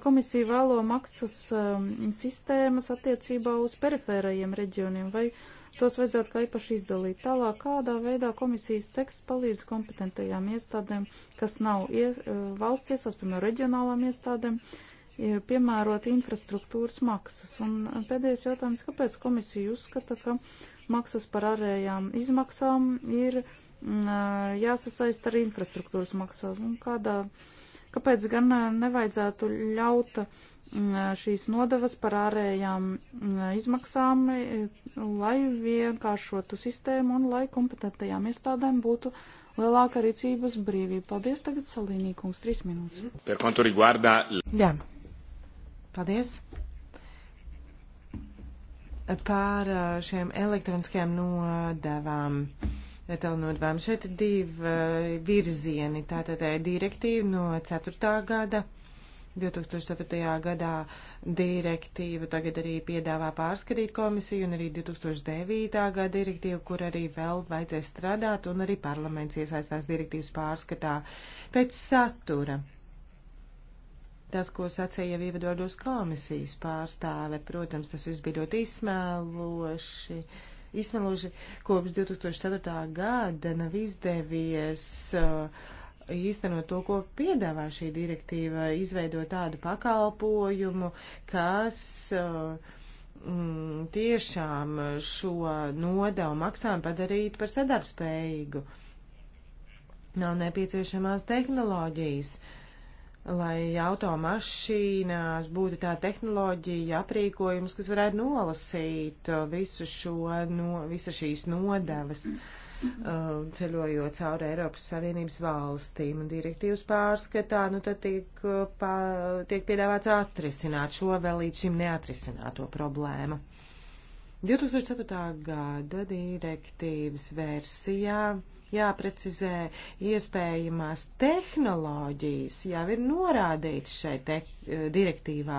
Komisija vēlo maksas mm, sistēmas attiecībā uz perifērajiem reģioniem vai tos vajadzētu kā īpaši izdalīt. Tālāk, kādā veidā komisijas teksts palīdz kompetentajām iestādēm, kas nav ies, eh, valsts iestādes, piemēram, reģionālām iestādēm, e, piemērot infrastruktūras maksas. Un pēdējais jautājums, kāpēc komisija uzskata, ka maksas par ārējām izmaksām ir mm, jāsasaista ar infrastruktūras maksām. Un kādā, kāpēc gan nevajadzētu ļaut mm, šīs nodevas par ārējām mm, izmaksām, lai vienkāršotu sistēmu un lai kompetentajām iestādēm būtu lielāka rīcības brīvība. Paldies tagad, Salīnīkums, trīs minūtes. Jā. Paldies pār šiem elektroniskajām nodevām. Metāla nodevām šeit ir divi virzieni. Tātad tā ir direktīva no 4. gada. 2004. gadā direktīvu tagad arī piedāvā pārskatīt komisiju un arī 2009. gada direktīvu, kur arī vēl vajadzēs strādāt un arī parlaments iesaistās direktīvas pārskatā pēc satura tas, ko sacīja jau ievadodos komisijas pārstāve. Protams, tas viss bija ļoti izsmēloši. Izsmēloši kopš 2004. gada nav izdevies uh, īstenot to, ko piedāvā šī direktīva, izveidot tādu pakalpojumu, kas uh, mm, tiešām šo nodevu maksājumu padarītu par sadarbspējīgu. Nav nepieciešamās tehnoloģijas. Uh, lai automašīnās būtu tā tehnoloģija, aprīkojums, kas varētu nolasīt uh, visu šo, no, visa šīs nodevas, uh, ceļojot cauri Eiropas Savienības valstīm un direktīvas pārskatā, nu tad tiek, uh, pa, tiek piedāvāts atrisināt šo vēl līdz šim neatrisināto problēmu. 2004. gada direktīvas versijā jāprecizē iespējamās tehnoloģijas, jau ir norādīts šeit eh, direktīvā,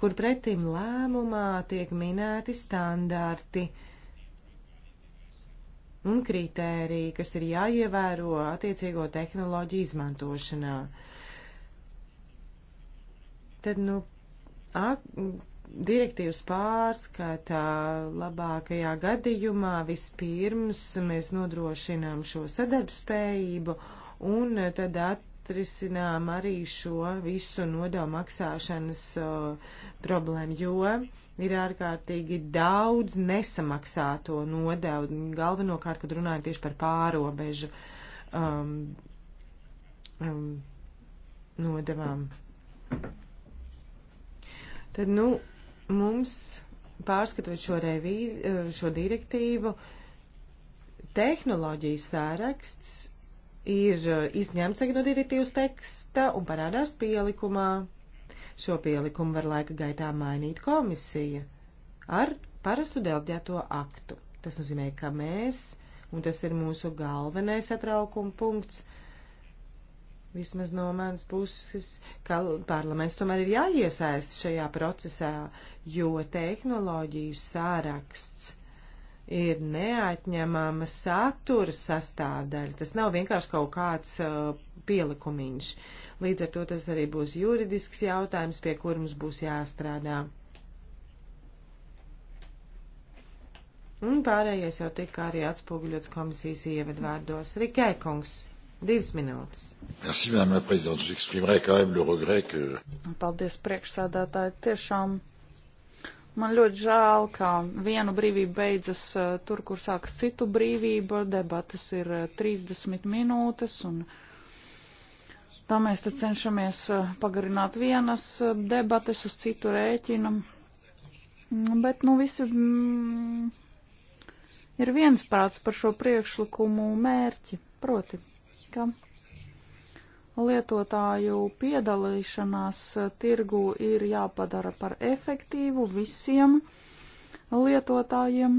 kur pretim lēmumā tiek minēti standarti un kritēriji, kas ir jāievēro attiecīgo tehnoloģiju izmantošanā. Tad, nu, ak, direktīvas pārskatā labākajā gadījumā vispirms mēs nodrošinām šo sadarbspējību un tad atrisinām arī šo visu nodevu maksāšanas uh, problēmu, jo ir ārkārtīgi daudz nesamaksāto nodevu, galvenokārt, kad runājam tieši par pārobežu um, um, nodevām. Tad, nu, mums, pārskatot šo, revīz, eh, šo direktīvu, tehnoloģijas sāraksts ir eh, izņemts no direktīvas teksta un parādās pielikumā. Šo pielikumu var laika gaitā mainīt komisija ar parastu delģēto aktu. Tas nozīmē, ka mēs, un tas ir mūsu galvenais atraukuma punkts, uh, Vismaz no manas puses, ka parlaments tomēr ir jāiesaist šajā procesā, jo tehnoloģiju sāraksts ir neatņemama satura sastāvdaļa. Tas nav vienkārši kaut kāds uh, pielikumiņš. Līdz ar to tas arī būs juridisks jautājums, pie kur mums būs jāstrādā. Un pārējais jau tika arī atspoguļots komisijas ievadvārdos. Rikē kungs. Divas minūtes. Merci, Madame la Présidente. J'exprimerai quand même le regret, ka. Paldies, priekšsādātāji. Tiešām man ļoti žēl, ka vienu brīvību beidzas eh, tur, kur sākas citu brīvību. Debatas ir 30 eh, minūtes un. Tā mēs te cenšamies eh, pagarināt vienas debates uz citu rēķinu. Mm, bet, nu, visi mm, ir viensprāts par šo priekšlikumu mērķi, proti ka lietotāju piedalīšanās tirgu ir jāpadara par efektīvu visiem lietotājiem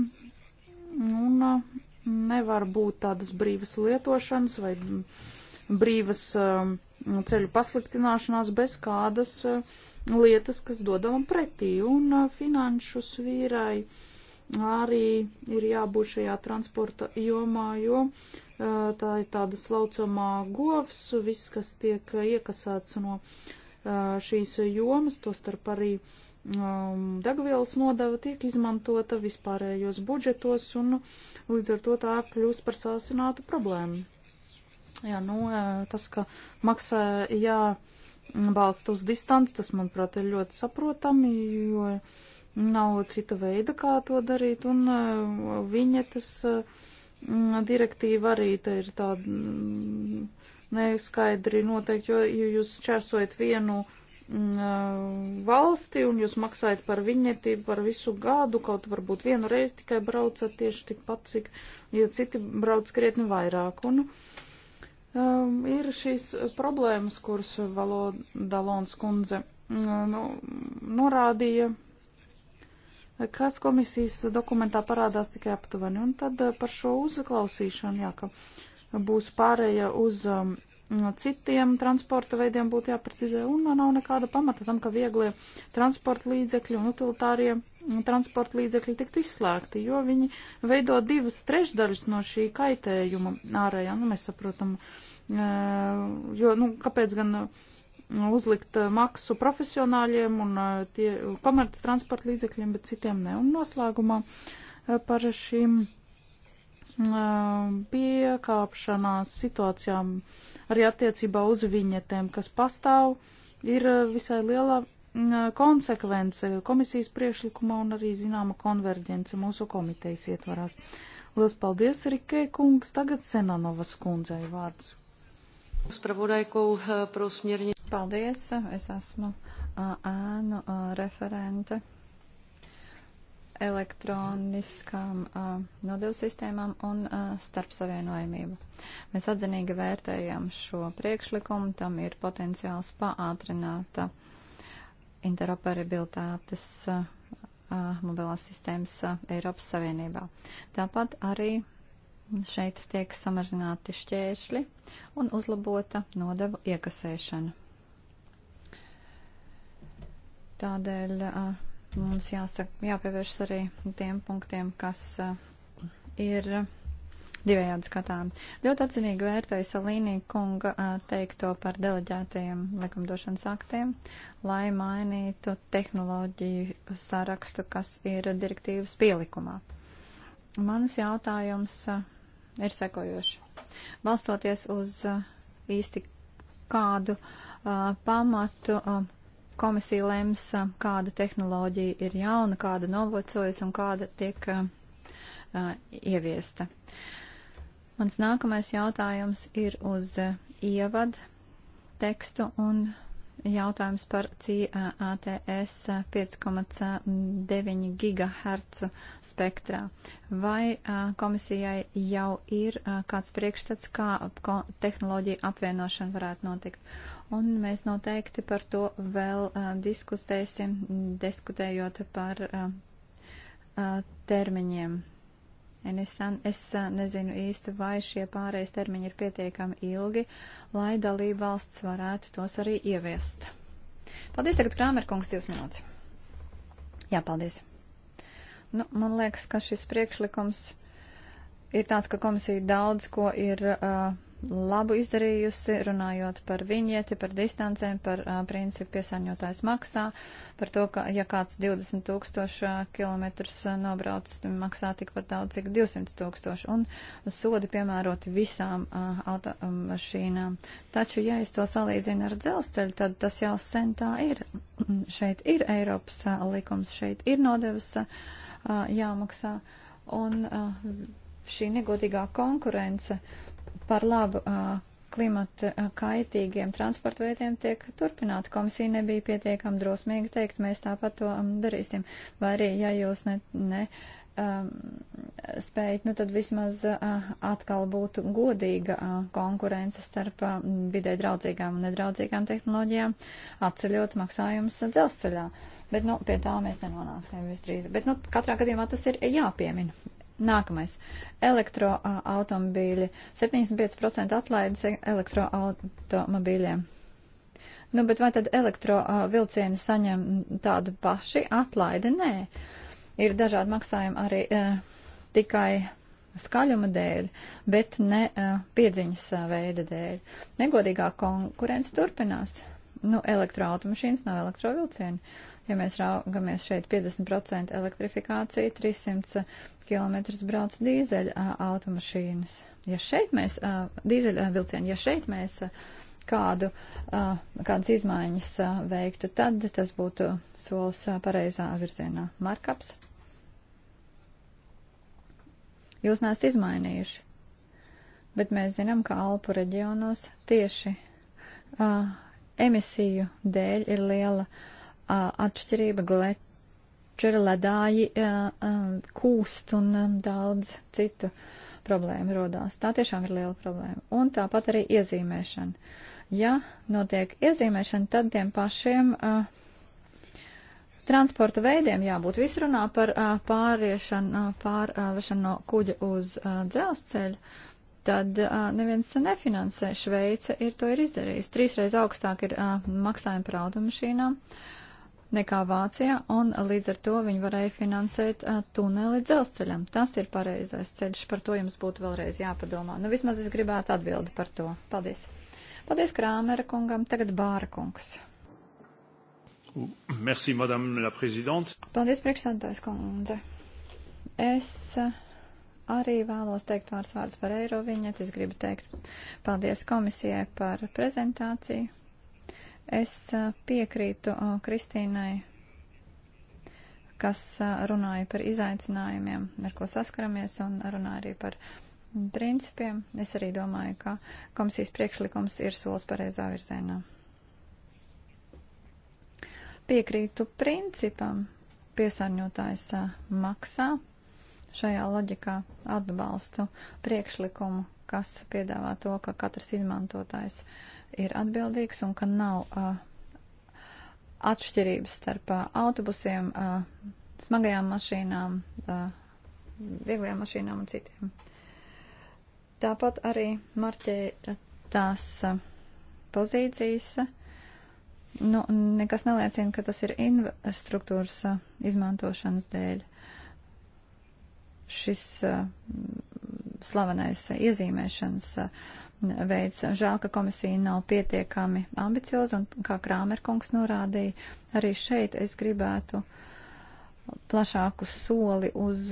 un uh, nevar būt tādas brīvas lietošanas vai brīvas um, ceļu pasliktināšanās bez kādas uh, lietas, kas dodama pretī. Un uh, finanšu svīrai arī ir jābūt šajā transporta jomā, jo Tā ir tāda slaucamā govs, viss, kas tiek iekasēts no šīs jomas, to starp arī degvielas nodeva tiek izmantota vispārējos budžetos, un līdz ar to tā kļūst par sāsinātu problēmu. Jā, nu, tas, ka maksā jābalsta uz distanci, tas, manuprāt, ir ļoti saprotami, jo nav cita veida, kā to darīt, un viņetas. Uh, Mm, direktīva arī tā ir tāda mm, neskaidri noteikti, jo ja jūs čērsojat vienu mm, valsti un jūs maksājat par viņeti par visu gadu, kaut varbūt vienu reizi tikai braucat tieši tikpat, cik, ja citi brauc krietni vairāk. Un, um, ir šīs problēmas, kuras Valodalons kundze nu, norādīja, kas komisijas dokumentā parādās tikai aptuveni. Un tad eh, par šo uzklausīšanu, jā, ka būs pārēja uz um, citiem transporta veidiem būtu jāprecizē, un nav nekāda pamata tam, ka vieglie transporta līdzekļi un utilitārie mm, transporta līdzekļi tiktu izslēgti, jo viņi veido divas trešdaļas no šī kaitējuma ārējā, nu mēs saprotam, eh, jo, nu, kāpēc gan uzlikt eh, maksu profesionāļiem un eh, tie komerc transporta līdzekļiem, bet citiem ne. Un noslēgumā eh, par šīm piekāpšanās situācijām arī attiecībā uz viņetēm, kas pastāv, ir visai liela mm, konsekvence komisijas priešlikumā un arī zināma konverģence mūsu komitejas ietvarās. Lielas paldies, Rikē kungs, tagad Senanovas kundzei vārds. Eh, Paldies, es esmu ēnu referente elektroniskām nodevu sistēmām un starpsavienojumību. Mēs atzinīgi vērtējam šo priekšlikumu, tam ir potenciāls paātrināt interoperabilitātes mobilās sistēmas Eiropas Savienībā. Tāpat arī Šeit tiek samazināti šķēršļi un uzlabota nodevu iekasēšana. Tādēļ mums jāsaka, jāpievērš arī tiem punktiem, kas ir divējādi skatām. Ļoti atzinīgi vērtēju Salīnī kunga teikto par deleģētajiem likumdošanas aktiem, lai mainītu tehnoloģiju sarakstu, kas ir direktīvas pielikumā. Mans jautājums ir sekojoši. Balstoties uz uh, īsti kādu uh, pamatu, uh, komisija lems, uh, kāda tehnoloģija ir jauna, kāda novocojas un kāda tiek uh, uh, ieviesta. Mans nākamais jautājums ir uz ievadu tekstu un jautājums par CATS 5,9 gigahercu spektrā. Vai komisijai jau ir kāds priekšstats, kā tehnoloģija apvienošana varētu notikt? Un mēs noteikti par to vēl diskutēsim, diskutējot par termiņiem. Un es, es nezinu īsti, vai šie pārējais termiņi ir pietiekami ilgi, lai dalība valsts varētu tos arī ieviest. Paldies, tagad Krāmerkungs, divas minūtes. Jā, paldies. Nu, man liekas, ka šis priekšlikums ir tāds, ka komisija daudz ko ir uh, labu izdarījusi, runājot par viņieti, par distancēm, par uh, principu piesārņotājs maksā, par to, ka ja kāds 20 tūkstoši kilometrus nobrauc, maksā tikpat daudz, cik 200 tūkstoši, un sodi piemēroti visām uh, automašīnām. Taču, ja es to salīdzinu ar dzelzceļu, tad tas jau sen tā ir. šeit ir Eiropas uh, likums, šeit ir nodevas uh, jāmaksā, un uh, šī negodīgā konkurence. Uh, par labu klimata kaitīgiem transporta veidiem tiek turpināta. Komisija nebija pietiekami drosmīga teikt, mēs tāpat to darīsim. Vai arī, ja jūs ne, ne um, spējat, nu tad vismaz uh, atkal būtu godīga uh, konkurence starp uh, vidē draudzīgām un nedraudzīgām tehnoloģijām, atceļot maksājumus dzelzceļā. Bet, nu, pie tā mēs nenonāksim visdrīz. Bet, nu, katrā gadījumā tas ir jāpiemina. Nākamais. Elektroautomobīļi. 75% atlaides elektroautomobīļiem. Nu, bet vai tad elektrovilcieni saņem tādu paši atlaidi? Nē. Ir dažādi maksājumi arī eh, tikai skaļuma dēļ, bet ne eh, piedziņas e, veida dēļ. Negodīgā konkurence turpinās. Nu, elektroautomašīnas nav elektrovilcieni. Ja mēs raugamies šeit 50% elektrifikācija, 300 eh, km brauc dīzeļa eh, automašīnas. Ja šeit mēs, eh, dīzeļa vilcieni, ja šeit mēs kādu, kādas izmaiņas veiktu, tad tas būtu solis pareizā virzienā. Markaps? Jūs neesat izmainījuši, bet mēs zinām, ka Alpu reģionos tieši emisiju dēļ ir liela uh, atšķirība glečera ledāji kūst un daudz citu problēmu rodās. Tā tiešām ir liela problēma. Un tāpat arī iezīmēšana. Ja notiek iezīmēšana, tad tiem pašiem uh, transporta veidiem jābūt. Viss runā par uh, pāriešanu, uh, pārvešanu no kuģa uz uh, dzelzceļu. Tad uh, neviens nefinansē. Šveice ir to ir izdarījis. Trīsreiz augstāk ir uh, maksājumi par automašīnām. Uh, nekā Vācijā, un līdz ar to viņi varēja finansēt uh, tuneli dzelzceļam. Tas ir pareizais ceļš, par to jums būtu vēlreiz jāpadomā. Nu, vismaz es gribētu atbildi par to. Paldies. Paldies Krāmera kungam, tagad Bāra kungs. Merci, madame la présidente. Paldies, priekšsēdētājs kundze. Es uh, arī vēlos teikt pāris vārdus par Eiroviņet. Es gribu teikt paldies komisijai par prezentāciju Es piekrītu Kristīnai, kas runāja par izaicinājumiem, ar ko saskaramies, un runāja arī par principiem. Es arī domāju, ka komisijas priekšlikums ir solis pareizā virzienā. Piekrītu principam, piesārņotājs maksā. Šajā loģikā atbalstu priekšlikumu, kas piedāvā to, ka katrs izmantotājs uh, ir atbildīgs un ka nav uh, atšķirības starp uh, autobusiem, uh, smagajām mašīnām, uh, vieglajām mašīnām un citiem. Tāpat arī marķē tās uh, pozīcijas. Nu, nekas neliecina, ka tas ir infrastruktūras uh, izmantošanas dēļ. Šis uh, slavenais iezīmēšanas uh, veids. Žēl, ka komisija nav pietiekami ambicioza, un kā Krāmerkungs norādīja, arī šeit es gribētu plašāku soli uz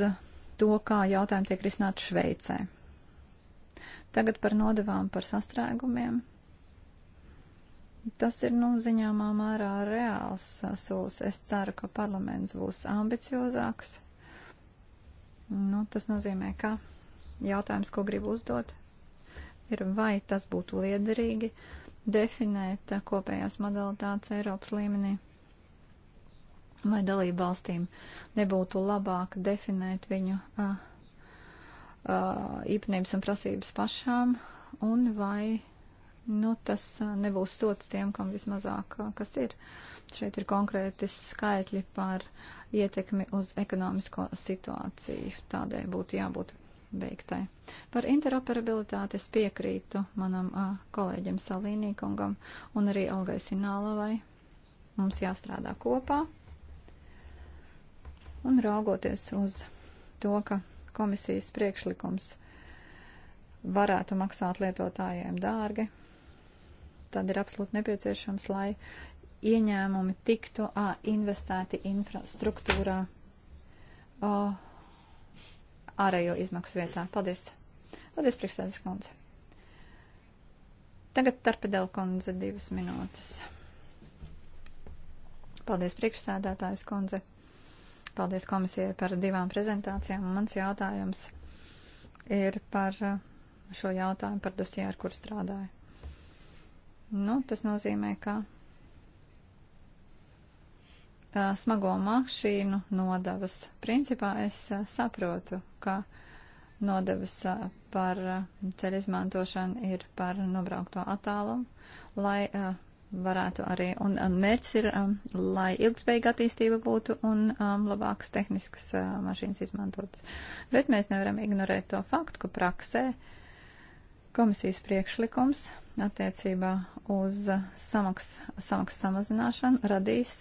to, kā jautājumi tiek risināti Šveicē. Tagad par nodevām par sastrēgumiem. Tas ir, nu, ziņāmā mērā reāls solis. Es ceru, ka parlaments būs ambiciozāks. Nu, tas nozīmē, ka jautājums, ko gribu uzdot, ir, vai tas būtu liederīgi definēt kopējās modalitātes Eiropas līmenī. Vai dalību valstīm nebūtu labāk definēt viņu a, a, īpatnības un prasības pašām, un vai nu, tas nebūs sots tiem, kam vismazāk kas ir. Šeit ir konkrēti skaitļi par ietekmi uz ekonomisko situāciju. Tādai būtu jābūt veiktai. Par interoperabilitāti es piekrītu manam a, kolēģim Salīnīkungam un arī Algai Sinālavai. Mums jāstrādā kopā un raugoties uz to, ka komisijas priekšlikums varētu maksāt lietotājiem dārgi, tad ir absolūti nepieciešams, lai ieņēmumi tiktu a, investēti infrastruktūrā. A, ārējo izmaksu vietā. Paldies! Paldies, priekšstādes kundze! Tagad Tarpedēla kundze divas minūtes. Paldies, priekšsēdētājs kundze! Paldies komisijai par divām prezentācijām. Mans jautājums ir par uh, šo jautājumu par dosiju, ar kur strādāju. Nu, tas nozīmē, ka smago mašīnu nodevas. Principā es saprotu, ka nodevas par ceļu izmantošanu ir par nobraukto attālumu, lai varētu arī, un mērķis ir, lai ilgspējīga attīstība būtu un labākas tehniskas mašīnas izmantotas. Bet mēs nevaram ignorēt to faktu, ka praksē komisijas priekšlikums attiecībā uz samaks, samaks samazināšanu radīs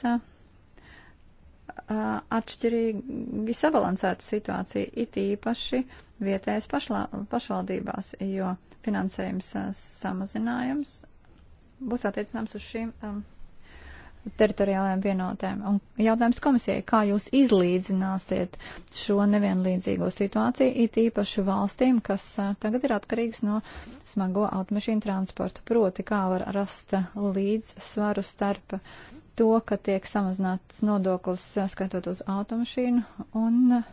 atšķirīgi sabalansēta situācija, it īpaši vietējais pašlā, pašvaldībās, jo finansējums samazinājums būs attiecināms uz šīm um, teritoriālajām vienotēm. Un jautājums komisijai, kā jūs izlīdzināsiet šo nevienlīdzīgo situāciju, it īpaši valstīm, kas uh, tagad ir atkarīgas no smago automašīnu transportu, proti kā var rast līdzsvaru starp uh, to, ka tiek samazināts nodoklis eh, skatot uz automašīnu un eh,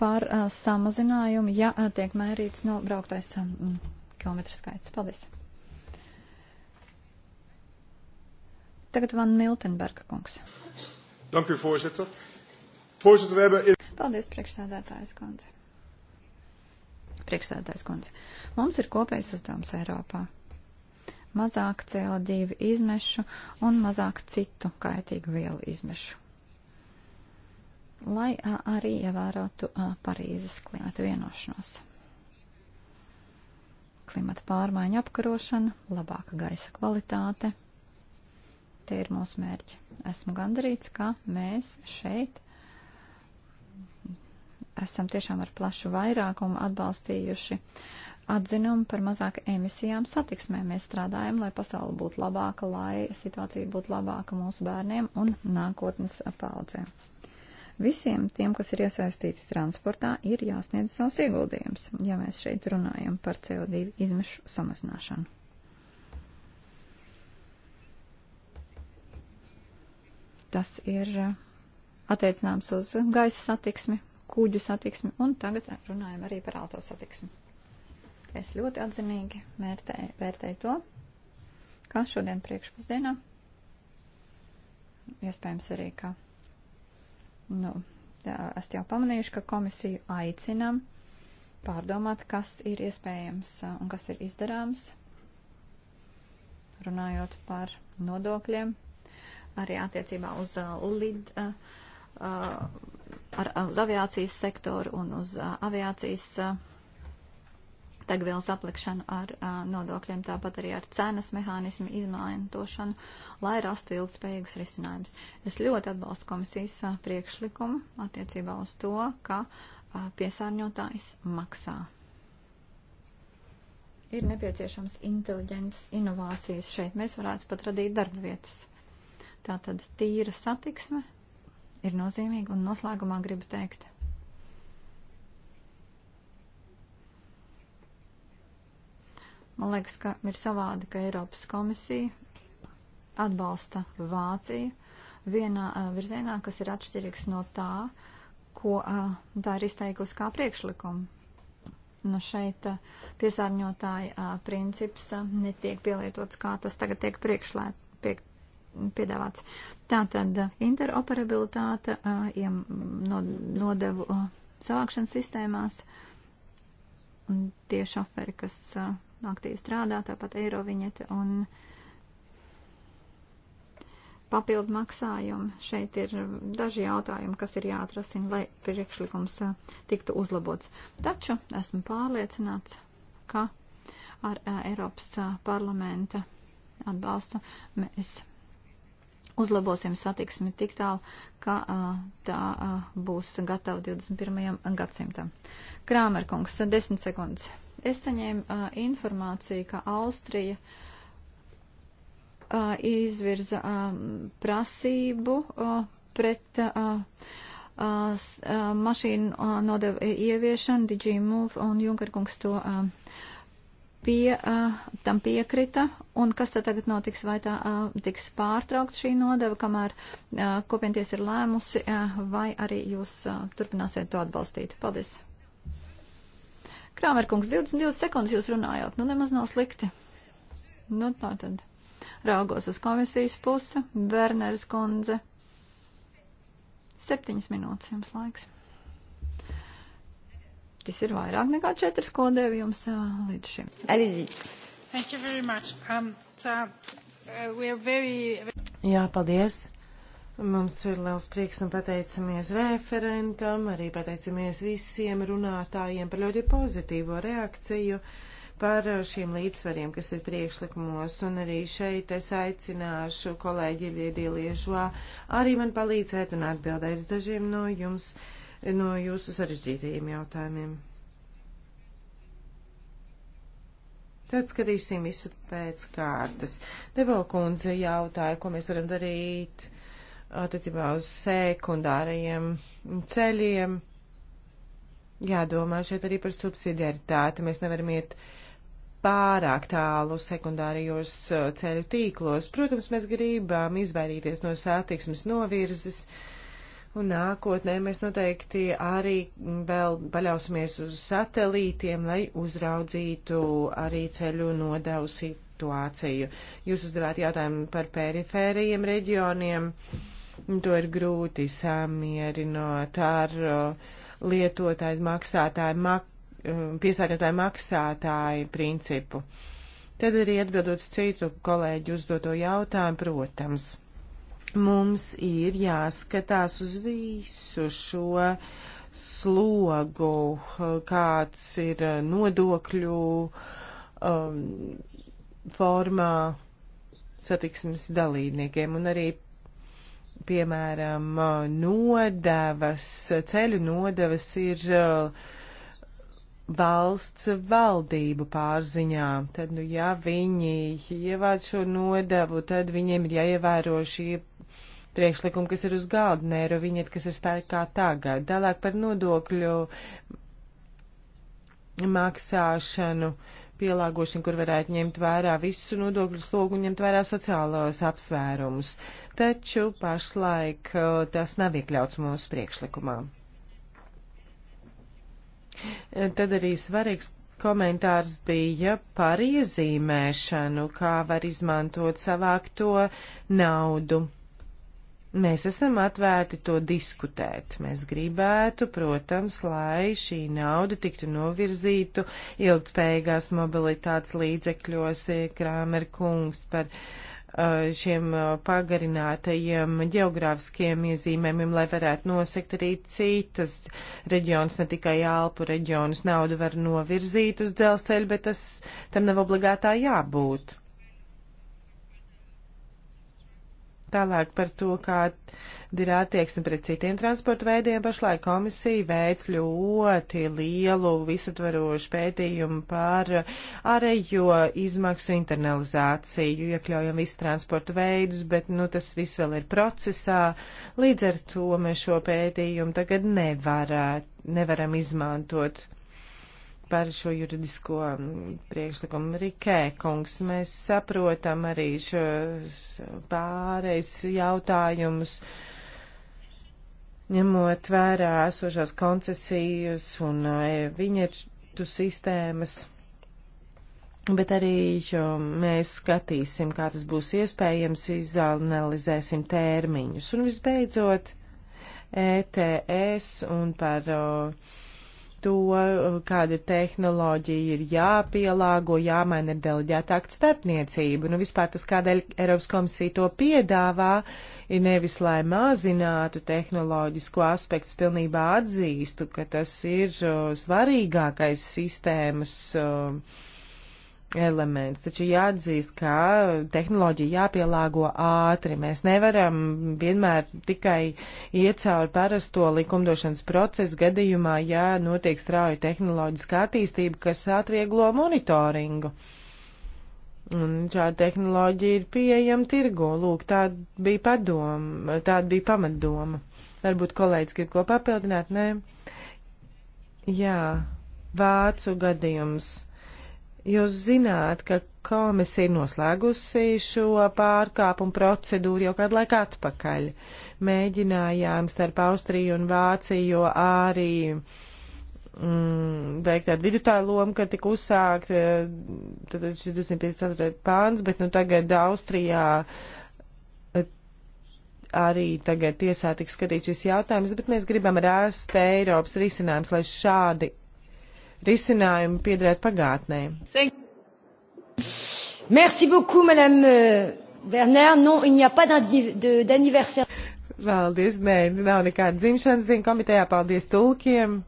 par uh, samazinājumu, ja uh, tiek mērīts nobrauktais um, kilometru skaits. Paldies! Tagad Van Miltenberga kungs. Dank u, voorzitter. Voorzitter, we hebben... Paldies, priekšsēdētājs kundze. Priekšsēdētājs kundze. Mums ir kopējs uzdevums Eiropā mazāk CO2 izmešu un mazāk citu kaitīgu vielu izmešu. Lai arī ievērotu Parīzes klimata vienošanos. Klimata pārmaiņu apkarošana, labāka gaisa kvalitāte. Tie ir mūsu mērķi. Esmu gandarīts, ka mēs šeit esam tiešām ar plašu vairākumu atbalstījuši uh, atzinumu par mazāk emisijām satiksmē. Mēs strādājam, lai pasauli būtu labāka, lai situācija būtu labāka mūsu bērniem un nākotnes paudzēm. Visiem tiem, kas ir iesaistīti transportā, ir jāsniedz savs ieguldījums, ja mēs šeit runājam par CO2 izmešu samazināšanu. Tas ir eh, attiecināms uz gaisa satiksmi, kūģu satiksmi, un tagad runājam arī par auto satiksmi. Es ļoti atzinīgi mērtēju, vērtēju to, kā šodien priekšpusdienā, iespējams arī, ka, nu, esat jau pamanījuši, ka komisiju aicinam pārdomāt, kas ir iespējams uh, un kas ir izdarāms, runājot par nodokļiem, arī attiecībā uz uh, lid, uh, uh ar, uz aviācijas sektoru un uz uh, aviācijas uh, degvielas aplikšanu ar a, nodokļiem, tāpat arī ar cenas mehānismu izmantošanu, lai rastu ilgspējīgus risinājumus. Es ļoti atbalstu komisijas a, priekšlikumu attiecībā uz to, ka a, piesārņotājs maksā. Ir nepieciešams inteliģentas inovācijas. Šeit mēs varētu pat radīt darba vietas. Tātad tīra satiksme ir nozīmīga un noslēgumā gribu teikt – Man liekas, ka ir savādi, ka Eiropas komisija atbalsta Vāciju vienā uh, virzienā, kas ir atšķirīgs no tā, ko uh, tā ir izteikusi kā priekšlikumu. Nu šeit uh, piesārņotāja uh, princips uh, netiek pielietots, kā tas tagad tiek priekšlēt, pie, piedāvāts. Tātad uh, interoperabilitāte uh, ja no, nodevu uh, savākšanas sistēmās. Tie šoferi, kas uh, aktīvi strādā, tāpat eiroviņete un papildu maksājumi. Šeit ir daži jautājumi, kas ir jāatrasina, lai priekšlikums tiktu uzlabots. Taču esmu pārliecināts, ka ar Eiropas parlamenta atbalstu mēs uzlabosim satiksmi tik tālu, ka tā būs gatava 21. gadsimtam. Krāmerkungs, 10 sekundes. Es saņēmu uh, informāciju, ka Austrija uh, izvirza um, prasību uh, pret uh, uh, mašīnu uh, nodevu ieviešanu, DigiMove un Junkerkungs to uh, pie, uh, tam piekrita, un kas tad tagad notiks, vai tā uh, tiks pārtraukt šī nodeva, kamēr uh, kopienties ir lēmusi, uh, vai arī jūs uh, turpināsiet to atbalstīt. Paldies! Krāmerkungs, 22 sekundes jūs runājāt, nu nemaz nav slikti. Nu tā tad. Raugos uz komisijas pusi, Werneris kundze. Septiņas minūtes jums laiks. Tas ir vairāk nekā četras, ko devu jums līdz šim. Elīzi. Thank you very much. Um, so, uh, we are very... Jā, paldies. Mums ir liels prieks un pateicamies referentam, arī pateicamies visiem runātājiem par ļoti pozitīvo reakciju par šiem līdzsvariem, kas ir priekšlikumos. Un arī šeit es aicināšu kolēģi Liedieliežā arī man palīdzēt un atbildēt uz dažiem no jums, no jūsu sarežģītajiem jautājumiem. Tad skatīsim visu pēc kārtas. Devo kundze jautāja, ko mēs varam darīt attiecībā uz sekundārajiem ceļiem. Jādomā šeit arī par subsidiaritāti. Mēs nevaram iet pārāk tālu sekundārijos uh, ceļu tīklos. Protams, mēs gribam izvairīties no satiksmes novirzes. Un nākotnē mēs noteikti arī vēl paļausimies uz satelītiem, lai uzraudzītu arī ceļu nodevu situāciju. Jūs uzdevāt jautājumu par perifērajiem reģioniem. Uh, un to ir grūti samierinot ar uh, lietotāju maksātāju, mak, um, piesārņotāju maksātāju principu. Tad arī atbildot uz citu kolēģu uzdoto jautājumu, protams, mums ir jāskatās uz visu šo slogu, kāds ir uh, nodokļu um, formā satiksmes dalībniekiem un arī piemēram, nodevas, ceļu nodevas ir uh, valsts valdību pārziņā. Tad, nu, ja viņi ievāc šo nodevu, tad viņiem ir jāievēro šie priekšlikumi, kas ir uz galda, nē, ir viņiet, kas ir spēkā tagad. Tālāk par nodokļu maksāšanu, pielāgošanu, kur varētu ņemt vērā visu nodokļu slogu un ņemt vērā sociālos apsvērumus. Uh, taču pašlaik tas nav iekļauts mūsu priekšlikumā. Tad arī svarīgs komentārs bija par iezīmēšanu, kā var izmantot savākto naudu. Mēs esam atvērti to diskutēt. Mēs gribētu, protams, lai šī nauda tiktu novirzītu ilgtspējīgās mobilitātes līdzekļos, Krāmer kungs par uh, šiem pagarinātajiem geogrāfiskiem iezīmēm, lai varētu nosekt arī citas reģionus, ne tikai Alpu reģionus. Naudu var novirzīt uz dzelzceļu, bet tas tam nav obligātā jābūt. Tālāk par to, kāda ir attieksme pret citiem transporta veidiem. Pašlaik komisija veic ļoti lielu visatvarošu pētījumu par ārējo izmaksu internalizāciju. Iekļaujam visu transporta veidus, bet nu, tas viss vēl ir procesā. Līdz ar to mēs šo pētījumu tagad nevarā, nevaram izmantot par šo juridisko mm, priekšlikumu Rikē, kungs. Mēs saprotam arī šos pārejas jautājumus, ņemot vērā esošās koncesijas un e, viņietu sistēmas. Bet arī mēs skatīsim, kā tas būs iespējams, izanalizēsim tērmiņus. Un visbeidzot, ETS un par uh, to, uh, kāda tehnoloģija ir jāpielāgo, jāmaina ir deleģēta akta starpniecība. Nu, vispār tas, kādēļ Eiropas komisija to piedāvā, ir nevis, lai mazinātu tehnoloģisko aspektu, pilnībā atzīstu, ka tas ir o, uh, svarīgākais sistēmas. O, uh, elements. Taču jāatzīst, ka tehnoloģija jāpielāgo ātri. Mēs nevaram vienmēr tikai iet cauri parasto likumdošanas procesu gadījumā, ja notiek strauja tehnoloģiska attīstība, kas atvieglo monitoringu. Un šāda tehnoloģija ir pieejama tirgo. Lūk, tāda bija padoma, tāda bija pamatdoma. Varbūt kolēģis grib ko papildināt, nē? Jā, vācu gadījums Jūs zināt, ka komisija ir noslēgusi šo pārkāpumu procedūru jau kādu laiku atpakaļ. Mēģinājām starp Austriju un Vāciju arī mm, veikt tādu vidutāju lomu, ka tika uzsākt eh, tad šis 254. pāns, bet nu tagad Austrijā eh, arī tagad tiesā tiks skatīt šis jautājums, bet mēs gribam rast Eiropas risinājums, lai šādi risinājumi piederēt pagātnē. Merci beaucoup, madame euh, Werner. Non, il n'y a pas d'anniversaire. Paldies, nē, nav nekāda dzimšanas diena komitejā. Paldies tulkiem.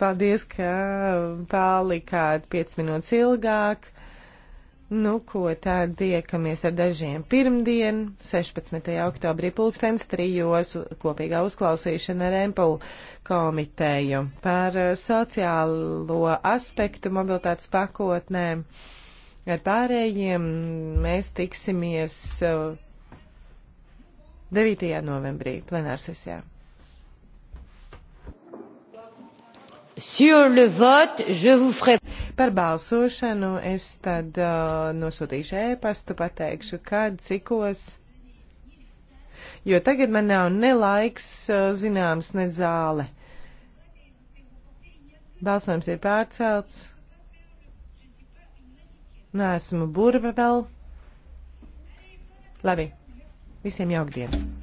Paldies, ka um, palikāt 5 minūtes ilgāk. Nu, ko tad tiekamies ar dažiem pirmdien, 16. oktobrī pulkstens trijos, kopīgā uzklausīšana ar Empulu komiteju par eh, sociālo aspektu mobilitātes pakotnēm. Ar pārējiem mēs tiksimies 9. Eh, novembrī plenārsesijā. Sur le vote, je vous ferai. Par balsošanu es tad uh, nosūtīšu ēpastu, pateikšu, kad, cikos. Jo tagad man nav ne laiks uh, zināms, ne zāle. Balsojums ir pārcelts. Nē, esmu burva vēl. Labi. Visiem jaukdienu.